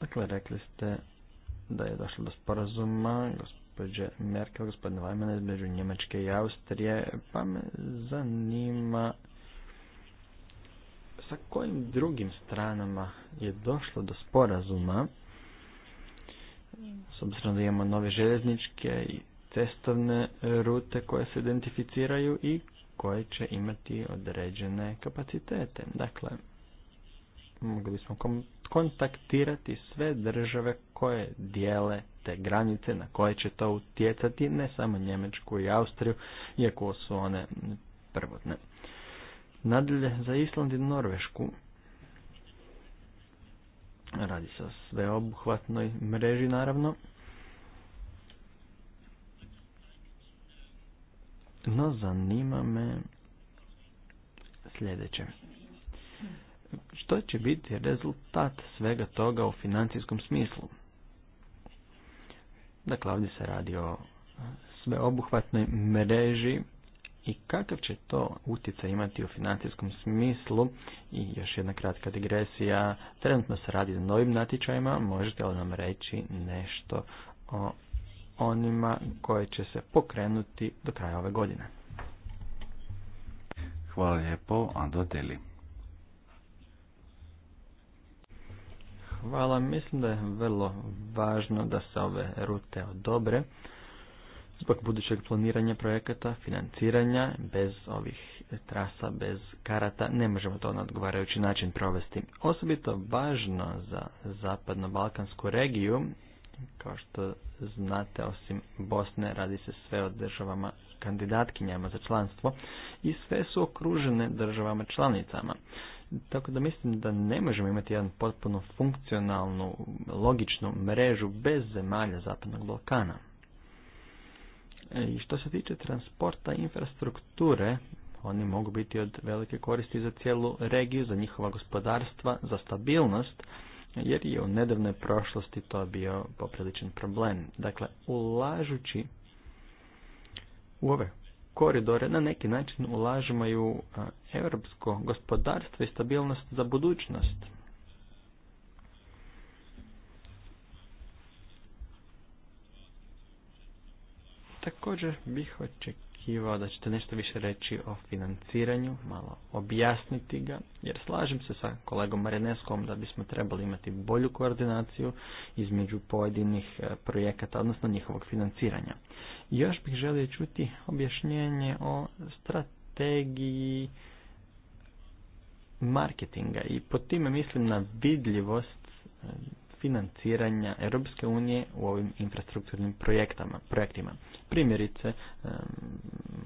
[SPEAKER 2] Dakle, rekli ste da je došlo do sporazuma gospođe Merkel, gospodine Vajmane, između Njemačke i Austrije, pa me zanima sa kojim drugim stranama je došlo do sporazuma, s obzirom da imamo nove željezničke i cestovne rute koje se identificiraju i koje će imati određene kapacitete. Dakle, mogli bismo kontaktirati sve države koje dijele te granice na koje će to utjecati, ne samo Njemečku i Austriju, iako su one prvotne. Nadalje, za Island i Norvešku radi se o sveobuhvatnoj mreži naravno. No, zanima me sljedeće. Što će biti rezultat svega toga u financijskom smislu? Dakle, ovdje se radi o sveobuhvatnoj mreži i kakav će to utjecaj imati u financijskom smislu i još jedna kratka digresija, trenutno se radi na novim natječajima, možete li nam reći nešto o onima koje će se pokrenuti do kraja ove godine. Hvala lijepo, a deli. Hvala, mislim da je vrlo važno da se ove rute odobre zbog budućeg planiranja projekata, financiranja, bez ovih trasa, bez karata, ne možemo to na odgovarajući način provesti. Osobito važno za zapadno-balkansku regiju, kao što znate, osim Bosne radi se sve o državama kandidatkinjama za članstvo i sve su okružene državama članicama. Tako da mislim da ne možemo imati jedan potpuno funkcionalnu, logičnu mrežu bez zemalja Zapadnog Balkana. E, I što se tiče transporta infrastrukture, oni mogu biti od velike koristi za cijelu regiju, za njihova gospodarstva, za stabilnost, jer je u nedavnoj prošlosti to bio popriličan problem. Dakle, ulažući u ove koridore, na neki način ulažemo i u europsko gospodarstvo i stabilnost za budućnost. Također bih očekivao da ćete nešto više reći o financiranju, malo objasniti ga, jer slažem se sa kolegom Mareneskom da bismo trebali imati bolju koordinaciju između pojedinih e, projekata, odnosno njihovog financiranja. još bih želio čuti objašnjenje o strategiji marketinga i pod time mislim na vidljivost e, financiranja Europske unije u ovim infrastrukturnim projektima. Primjerice,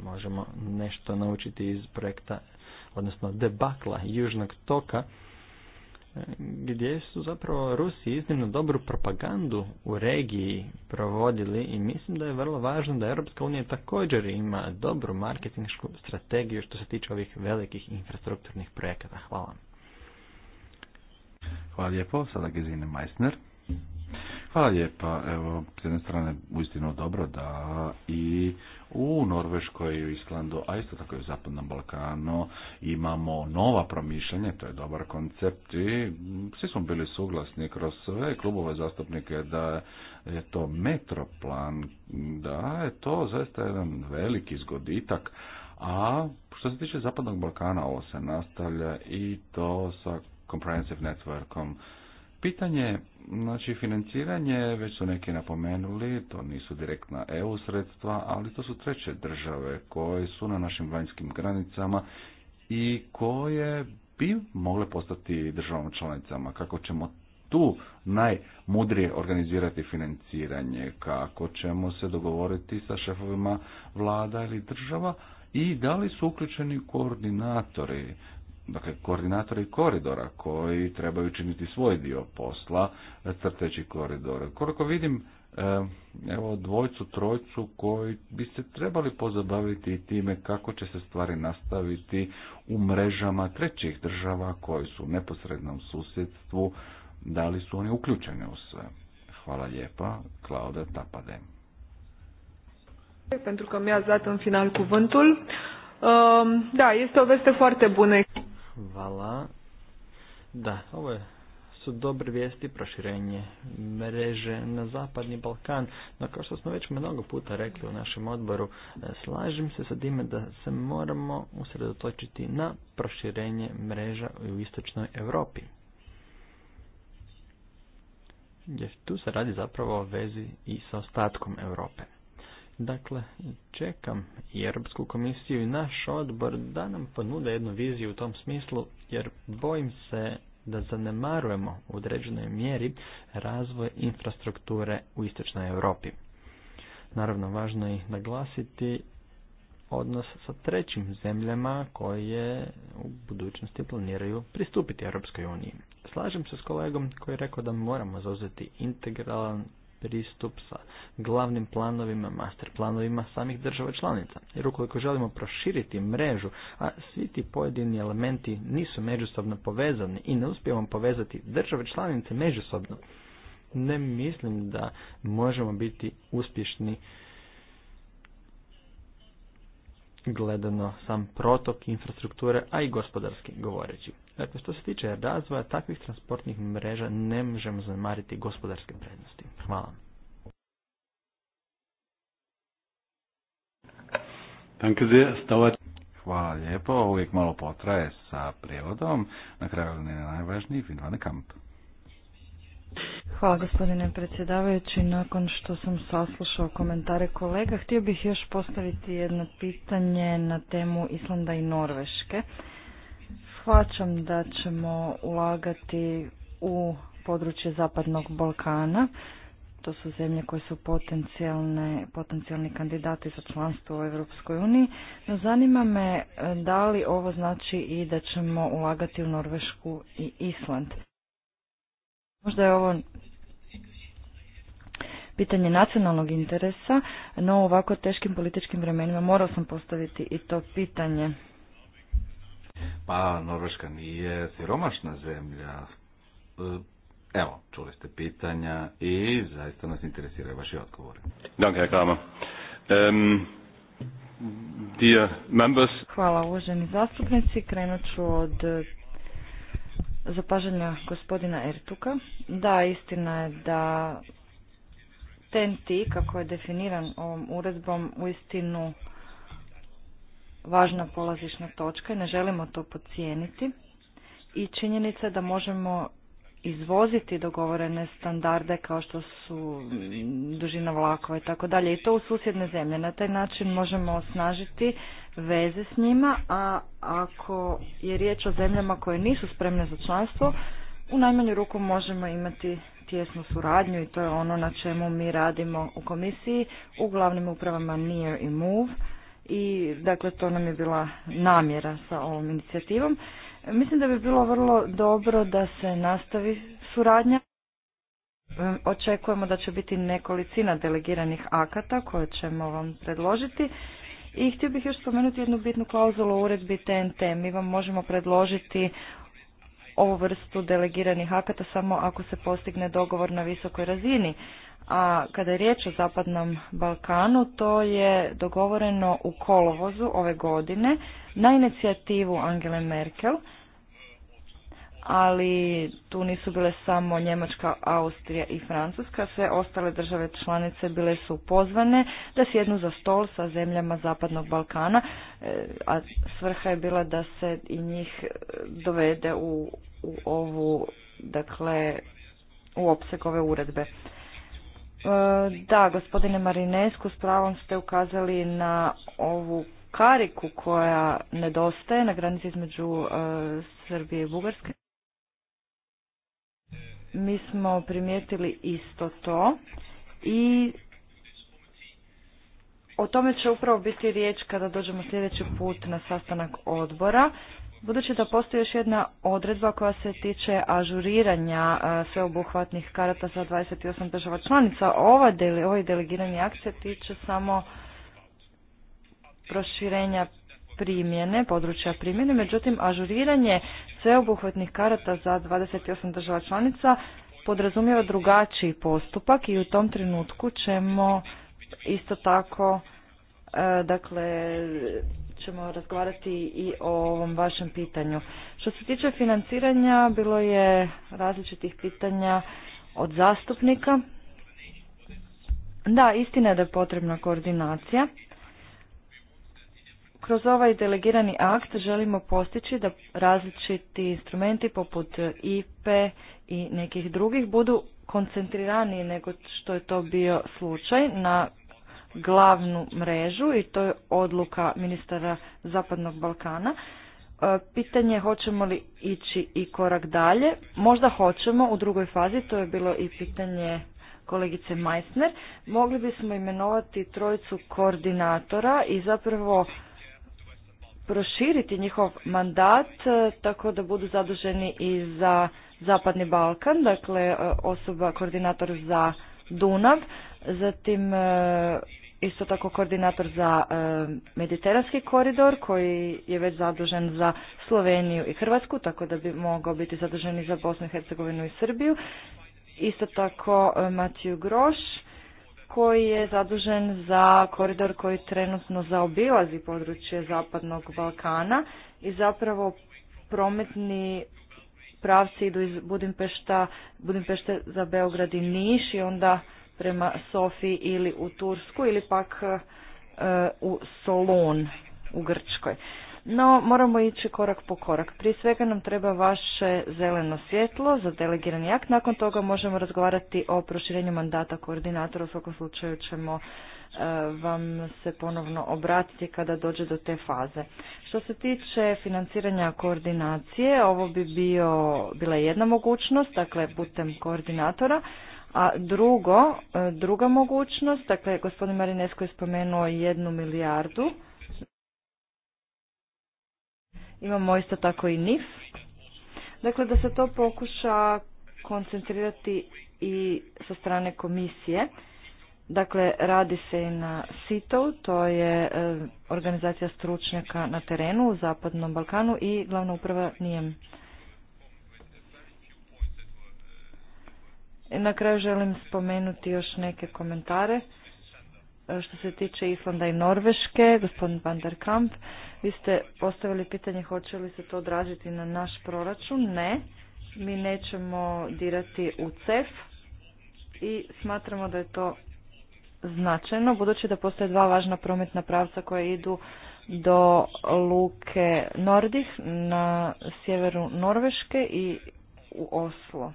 [SPEAKER 2] možemo nešto naučiti iz projekta, odnosno debakla Južnog toka, gdje su zapravo Rusi iznimno dobru propagandu u regiji provodili i mislim da je vrlo važno da Europska unija također ima dobru marketinšku strategiju što se tiče ovih velikih infrastrukturnih projekata. Hvala.
[SPEAKER 4] Hvala lijepo. Sada Gezine Meissner. Hvala lijepa. Evo, s jedne strane, uistinu dobro da i u Norveškoj i u Islandu, a isto tako i u Zapadnom Balkanu imamo nova promišljanja, to je dobar koncept i svi smo bili suglasni kroz sve klubove zastupnike da je to metroplan, da je to zaista jedan veliki zgoditak, a što se tiče Zapadnog Balkana, ovo se nastavlja i to sa comprehensive networkom. Pitanje, znači financiranje, već su neki napomenuli, to nisu direktna EU sredstva, ali to su treće države koje su na našim vanjskim granicama i koje bi mogle postati državom članicama. Kako ćemo tu najmudrije organizirati financiranje, kako ćemo se dogovoriti sa šefovima vlada ili država i da li su uključeni koordinatori dakle, koordinatori koridora koji trebaju činiti svoj dio posla, crteći koridore. Koliko vidim, eh, evo dvojcu, trojcu koji bi se trebali pozabaviti time kako će se stvari nastaviti u mrežama trećih država koji su u neposrednom susjedstvu, da li su oni uključeni u sve. Hvala lijepa, Klauda Tapade.
[SPEAKER 5] Pentru că mi-ați
[SPEAKER 3] dat în final cuvântul. Um, da, este o veste foarte bună.
[SPEAKER 2] Hvala. Da, ovo su dobre vijesti proširenje mreže na Zapadni Balkan. No kao što smo već mnogo puta rekli u našem odboru, e, slažem se sa time da se moramo usredotočiti na proširenje mreža u istočnoj Europi. Jer tu se radi zapravo o vezi i sa ostatkom Europe. Dakle, čekam i Europsku komisiju i naš odbor da nam ponude jednu viziju u tom smislu, jer bojim se da zanemarujemo u određenoj mjeri razvoj infrastrukture u istočnoj Europi. Naravno, važno je naglasiti odnos sa trećim zemljama koje u budućnosti planiraju pristupiti Europskoj uniji. Slažem se s kolegom koji je rekao da moramo zauzeti integralan pristup sa glavnim planovima, master planovima samih država članica. Jer ukoliko želimo proširiti mrežu, a svi ti pojedini elementi nisu međusobno povezani i ne uspijemo povezati države članice međusobno, ne mislim da možemo biti uspješni gledano sam protok infrastrukture, a i gospodarski govoreći. Dakle, što se tiče razvoja takvih transportnih mreža, ne možemo zanemariti gospodarske prednosti. Hvala.
[SPEAKER 4] Hvala lijepo, uvijek malo potraje sa prijevodom. Na kraju ne najvažniji, Finvane Kamp.
[SPEAKER 5] Hvala gospodine predsjedavajući. Nakon što sam saslušao komentare kolega, htio bih još postaviti jedno pitanje na temu Islanda i Norveške. Shvaćam da ćemo ulagati u područje Zapadnog Balkana. To su zemlje koje su potencijalni kandidati za članstvo u Europskoj uniji. No, zanima me e, da li ovo znači i da ćemo ulagati u Norvešku i Island. Možda je ovo pitanje nacionalnog interesa, no u ovako teškim političkim vremenima morao sam postaviti i to pitanje.
[SPEAKER 4] Pa Norveška nije siromašna zemlja. E, evo, čuli ste pitanja i zaista nas interesiraju vaše odgovore. Danke, ähm,
[SPEAKER 1] members.
[SPEAKER 5] Hvala uvaženi zastupnici. Krenut ću od e, zapažanja gospodina Ertuka. Da, istina je da TNT, kako je definiran ovom uredbom, u istinu važna polazišna točka i ne želimo to podcijeniti. I činjenica je da možemo izvoziti dogovorene standarde kao što su mm, dužina vlakova i tako dalje i to u susjedne zemlje. Na taj način možemo osnažiti veze s njima, a ako je riječ o zemljama koje nisu spremne za članstvo, u najmanju ruku možemo imati tjesnu suradnju i to je ono na čemu mi radimo u komisiji u glavnim upravama NEAR i MOVE i dakle to nam je bila namjera sa ovom inicijativom. Mislim da bi bilo vrlo dobro da se nastavi suradnja. Očekujemo da će biti nekolicina delegiranih akata koje ćemo vam predložiti. I htio bih još spomenuti jednu bitnu klauzulu u uredbi TNT. Mi vam možemo predložiti ovu vrstu delegiranih akata samo ako se postigne dogovor na visokoj razini a kada je riječ o Zapadnom Balkanu, to je dogovoreno u kolovozu ove godine na inicijativu Angele Merkel, ali tu nisu bile samo Njemačka, Austrija i Francuska, sve ostale države članice bile su pozvane da sjednu za stol sa zemljama Zapadnog Balkana, e, a svrha je bila da se i njih e, dovede u, u ovu, dakle, u opseg ove uredbe. E, da, gospodine Marinesku, s pravom ste ukazali na ovu kariku koja nedostaje na granici između e, Srbije i Bugarske. Mi smo primijetili isto to i o tome će upravo biti riječ kada dođemo sljedeći put na sastanak odbora. Budući da postoji još jedna odredba koja se tiče ažuriranja e, sveobuhvatnih karata za 28 država članica, ovaj delegirani akt se tiče samo proširenja primjene, područja primjene, međutim ažuriranje sveobuhvatnih karata za 28 država članica podrazumijeva drugačiji postupak i u tom trenutku ćemo isto tako e, dakle ćemo razgovarati i o ovom vašem pitanju. Što se tiče financiranja, bilo je različitih pitanja od zastupnika. Da, istina je da je potrebna koordinacija. Kroz ovaj delegirani akt želimo postići da različiti instrumenti poput IPE i nekih drugih budu koncentrirani nego što je to bio slučaj na glavnu mrežu i to je odluka ministara Zapadnog Balkana. E, pitanje je hoćemo li ići i korak dalje. Možda hoćemo u drugoj fazi, to je bilo i pitanje kolegice Meissner. Mogli bismo imenovati trojicu koordinatora i zapravo proširiti njihov mandat e, tako da budu zaduženi i za Zapadni Balkan, dakle e, osoba koordinator za Dunav, zatim isto tako koordinator za e, mediteranski koridor koji je već zadužen za Sloveniju i Hrvatsku, tako da bi mogao biti zadužen i za Bosnu i Hercegovinu i Srbiju. Isto tako e, Matiju Groš koji je zadužen za koridor koji trenutno zaobilazi područje Zapadnog Balkana i zapravo prometni pravci idu iz Budimpešta, Budimpešte za Beograd i Niš i onda prema Sofiji ili u Tursku ili pak e, u Solun u Grčkoj. No, moramo ići korak po korak. Prije svega nam treba vaše zeleno svjetlo za delegirani akt. Nakon toga možemo razgovarati o proširenju mandata koordinatora. U svakom slučaju ćemo e, vam se ponovno obratiti kada dođe do te faze. Što se tiče financiranja koordinacije, ovo bi bio, bila jedna mogućnost, dakle putem koordinatora. A drugo, e, druga mogućnost, dakle gospodin Marinesko je spomenuo jednu milijardu. Imamo isto tako i NIF. Dakle, da se to pokuša koncentrirati i sa strane komisije. Dakle, radi se i na SITO, to je e, organizacija stručnjaka na terenu u Zapadnom Balkanu i glavna uprava NIEM. Na kraju želim spomenuti još neke komentare. E, što se tiče Islanda i Norveške, gospodin Van der Kamp, vi ste postavili pitanje hoće li se to odraziti na naš proračun. Ne, mi nećemo dirati u CEF i smatramo da je to značajno, budući da postoje dva važna prometna pravca koja idu do luke Nordih na sjeveru Norveške i u Oslo.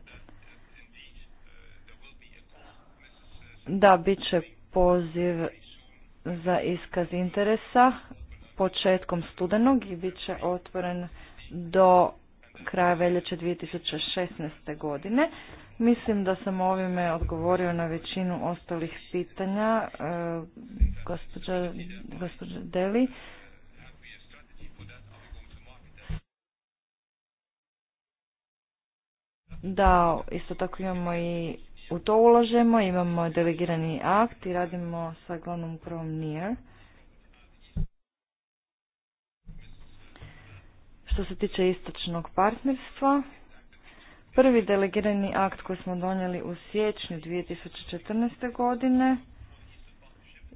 [SPEAKER 5] Da, bit će poziv za iskaz interesa početkom studenog i bit će otvoren do kraja veljače 2016. godine. Mislim da sam ovime odgovorio na većinu ostalih pitanja. E, gospođa Deli. Da, isto tako imamo i u to ulažemo, imamo delegirani akt i radimo sa glavnom upravom NIR. Što se tiče istočnog partnerstva, prvi delegirani akt koji smo donijeli u siječnju 2014. godine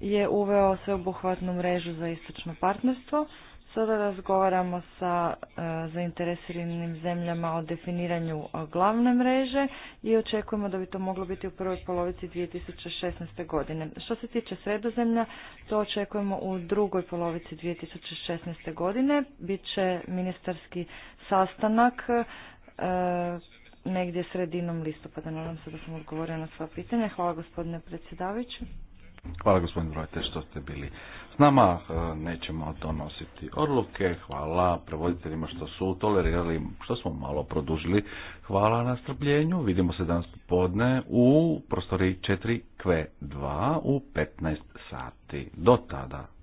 [SPEAKER 5] je uveo sveobuhvatnu mrežu za istočno partnerstvo. Sada razgovaramo sa e, zainteresiranim zemljama o definiranju e, glavne mreže i očekujemo da bi to moglo biti u prvoj polovici 2016. godine. Što se tiče sredozemlja, to očekujemo u drugoj polovici 2016. godine. Biće ministarski sastanak e, negdje sredinom listopada. Nadam se da sam odgovorila na sva pitanja. Hvala gospodine predsjedavajući.
[SPEAKER 4] Hvala gospodin Brojte što ste bili s nama. E, nećemo donositi odluke. Hvala prevoditeljima što su tolerirali, što smo malo produžili. Hvala na strpljenju. Vidimo se danas popodne u prostori 4Q2 u 15 sati. Do tada.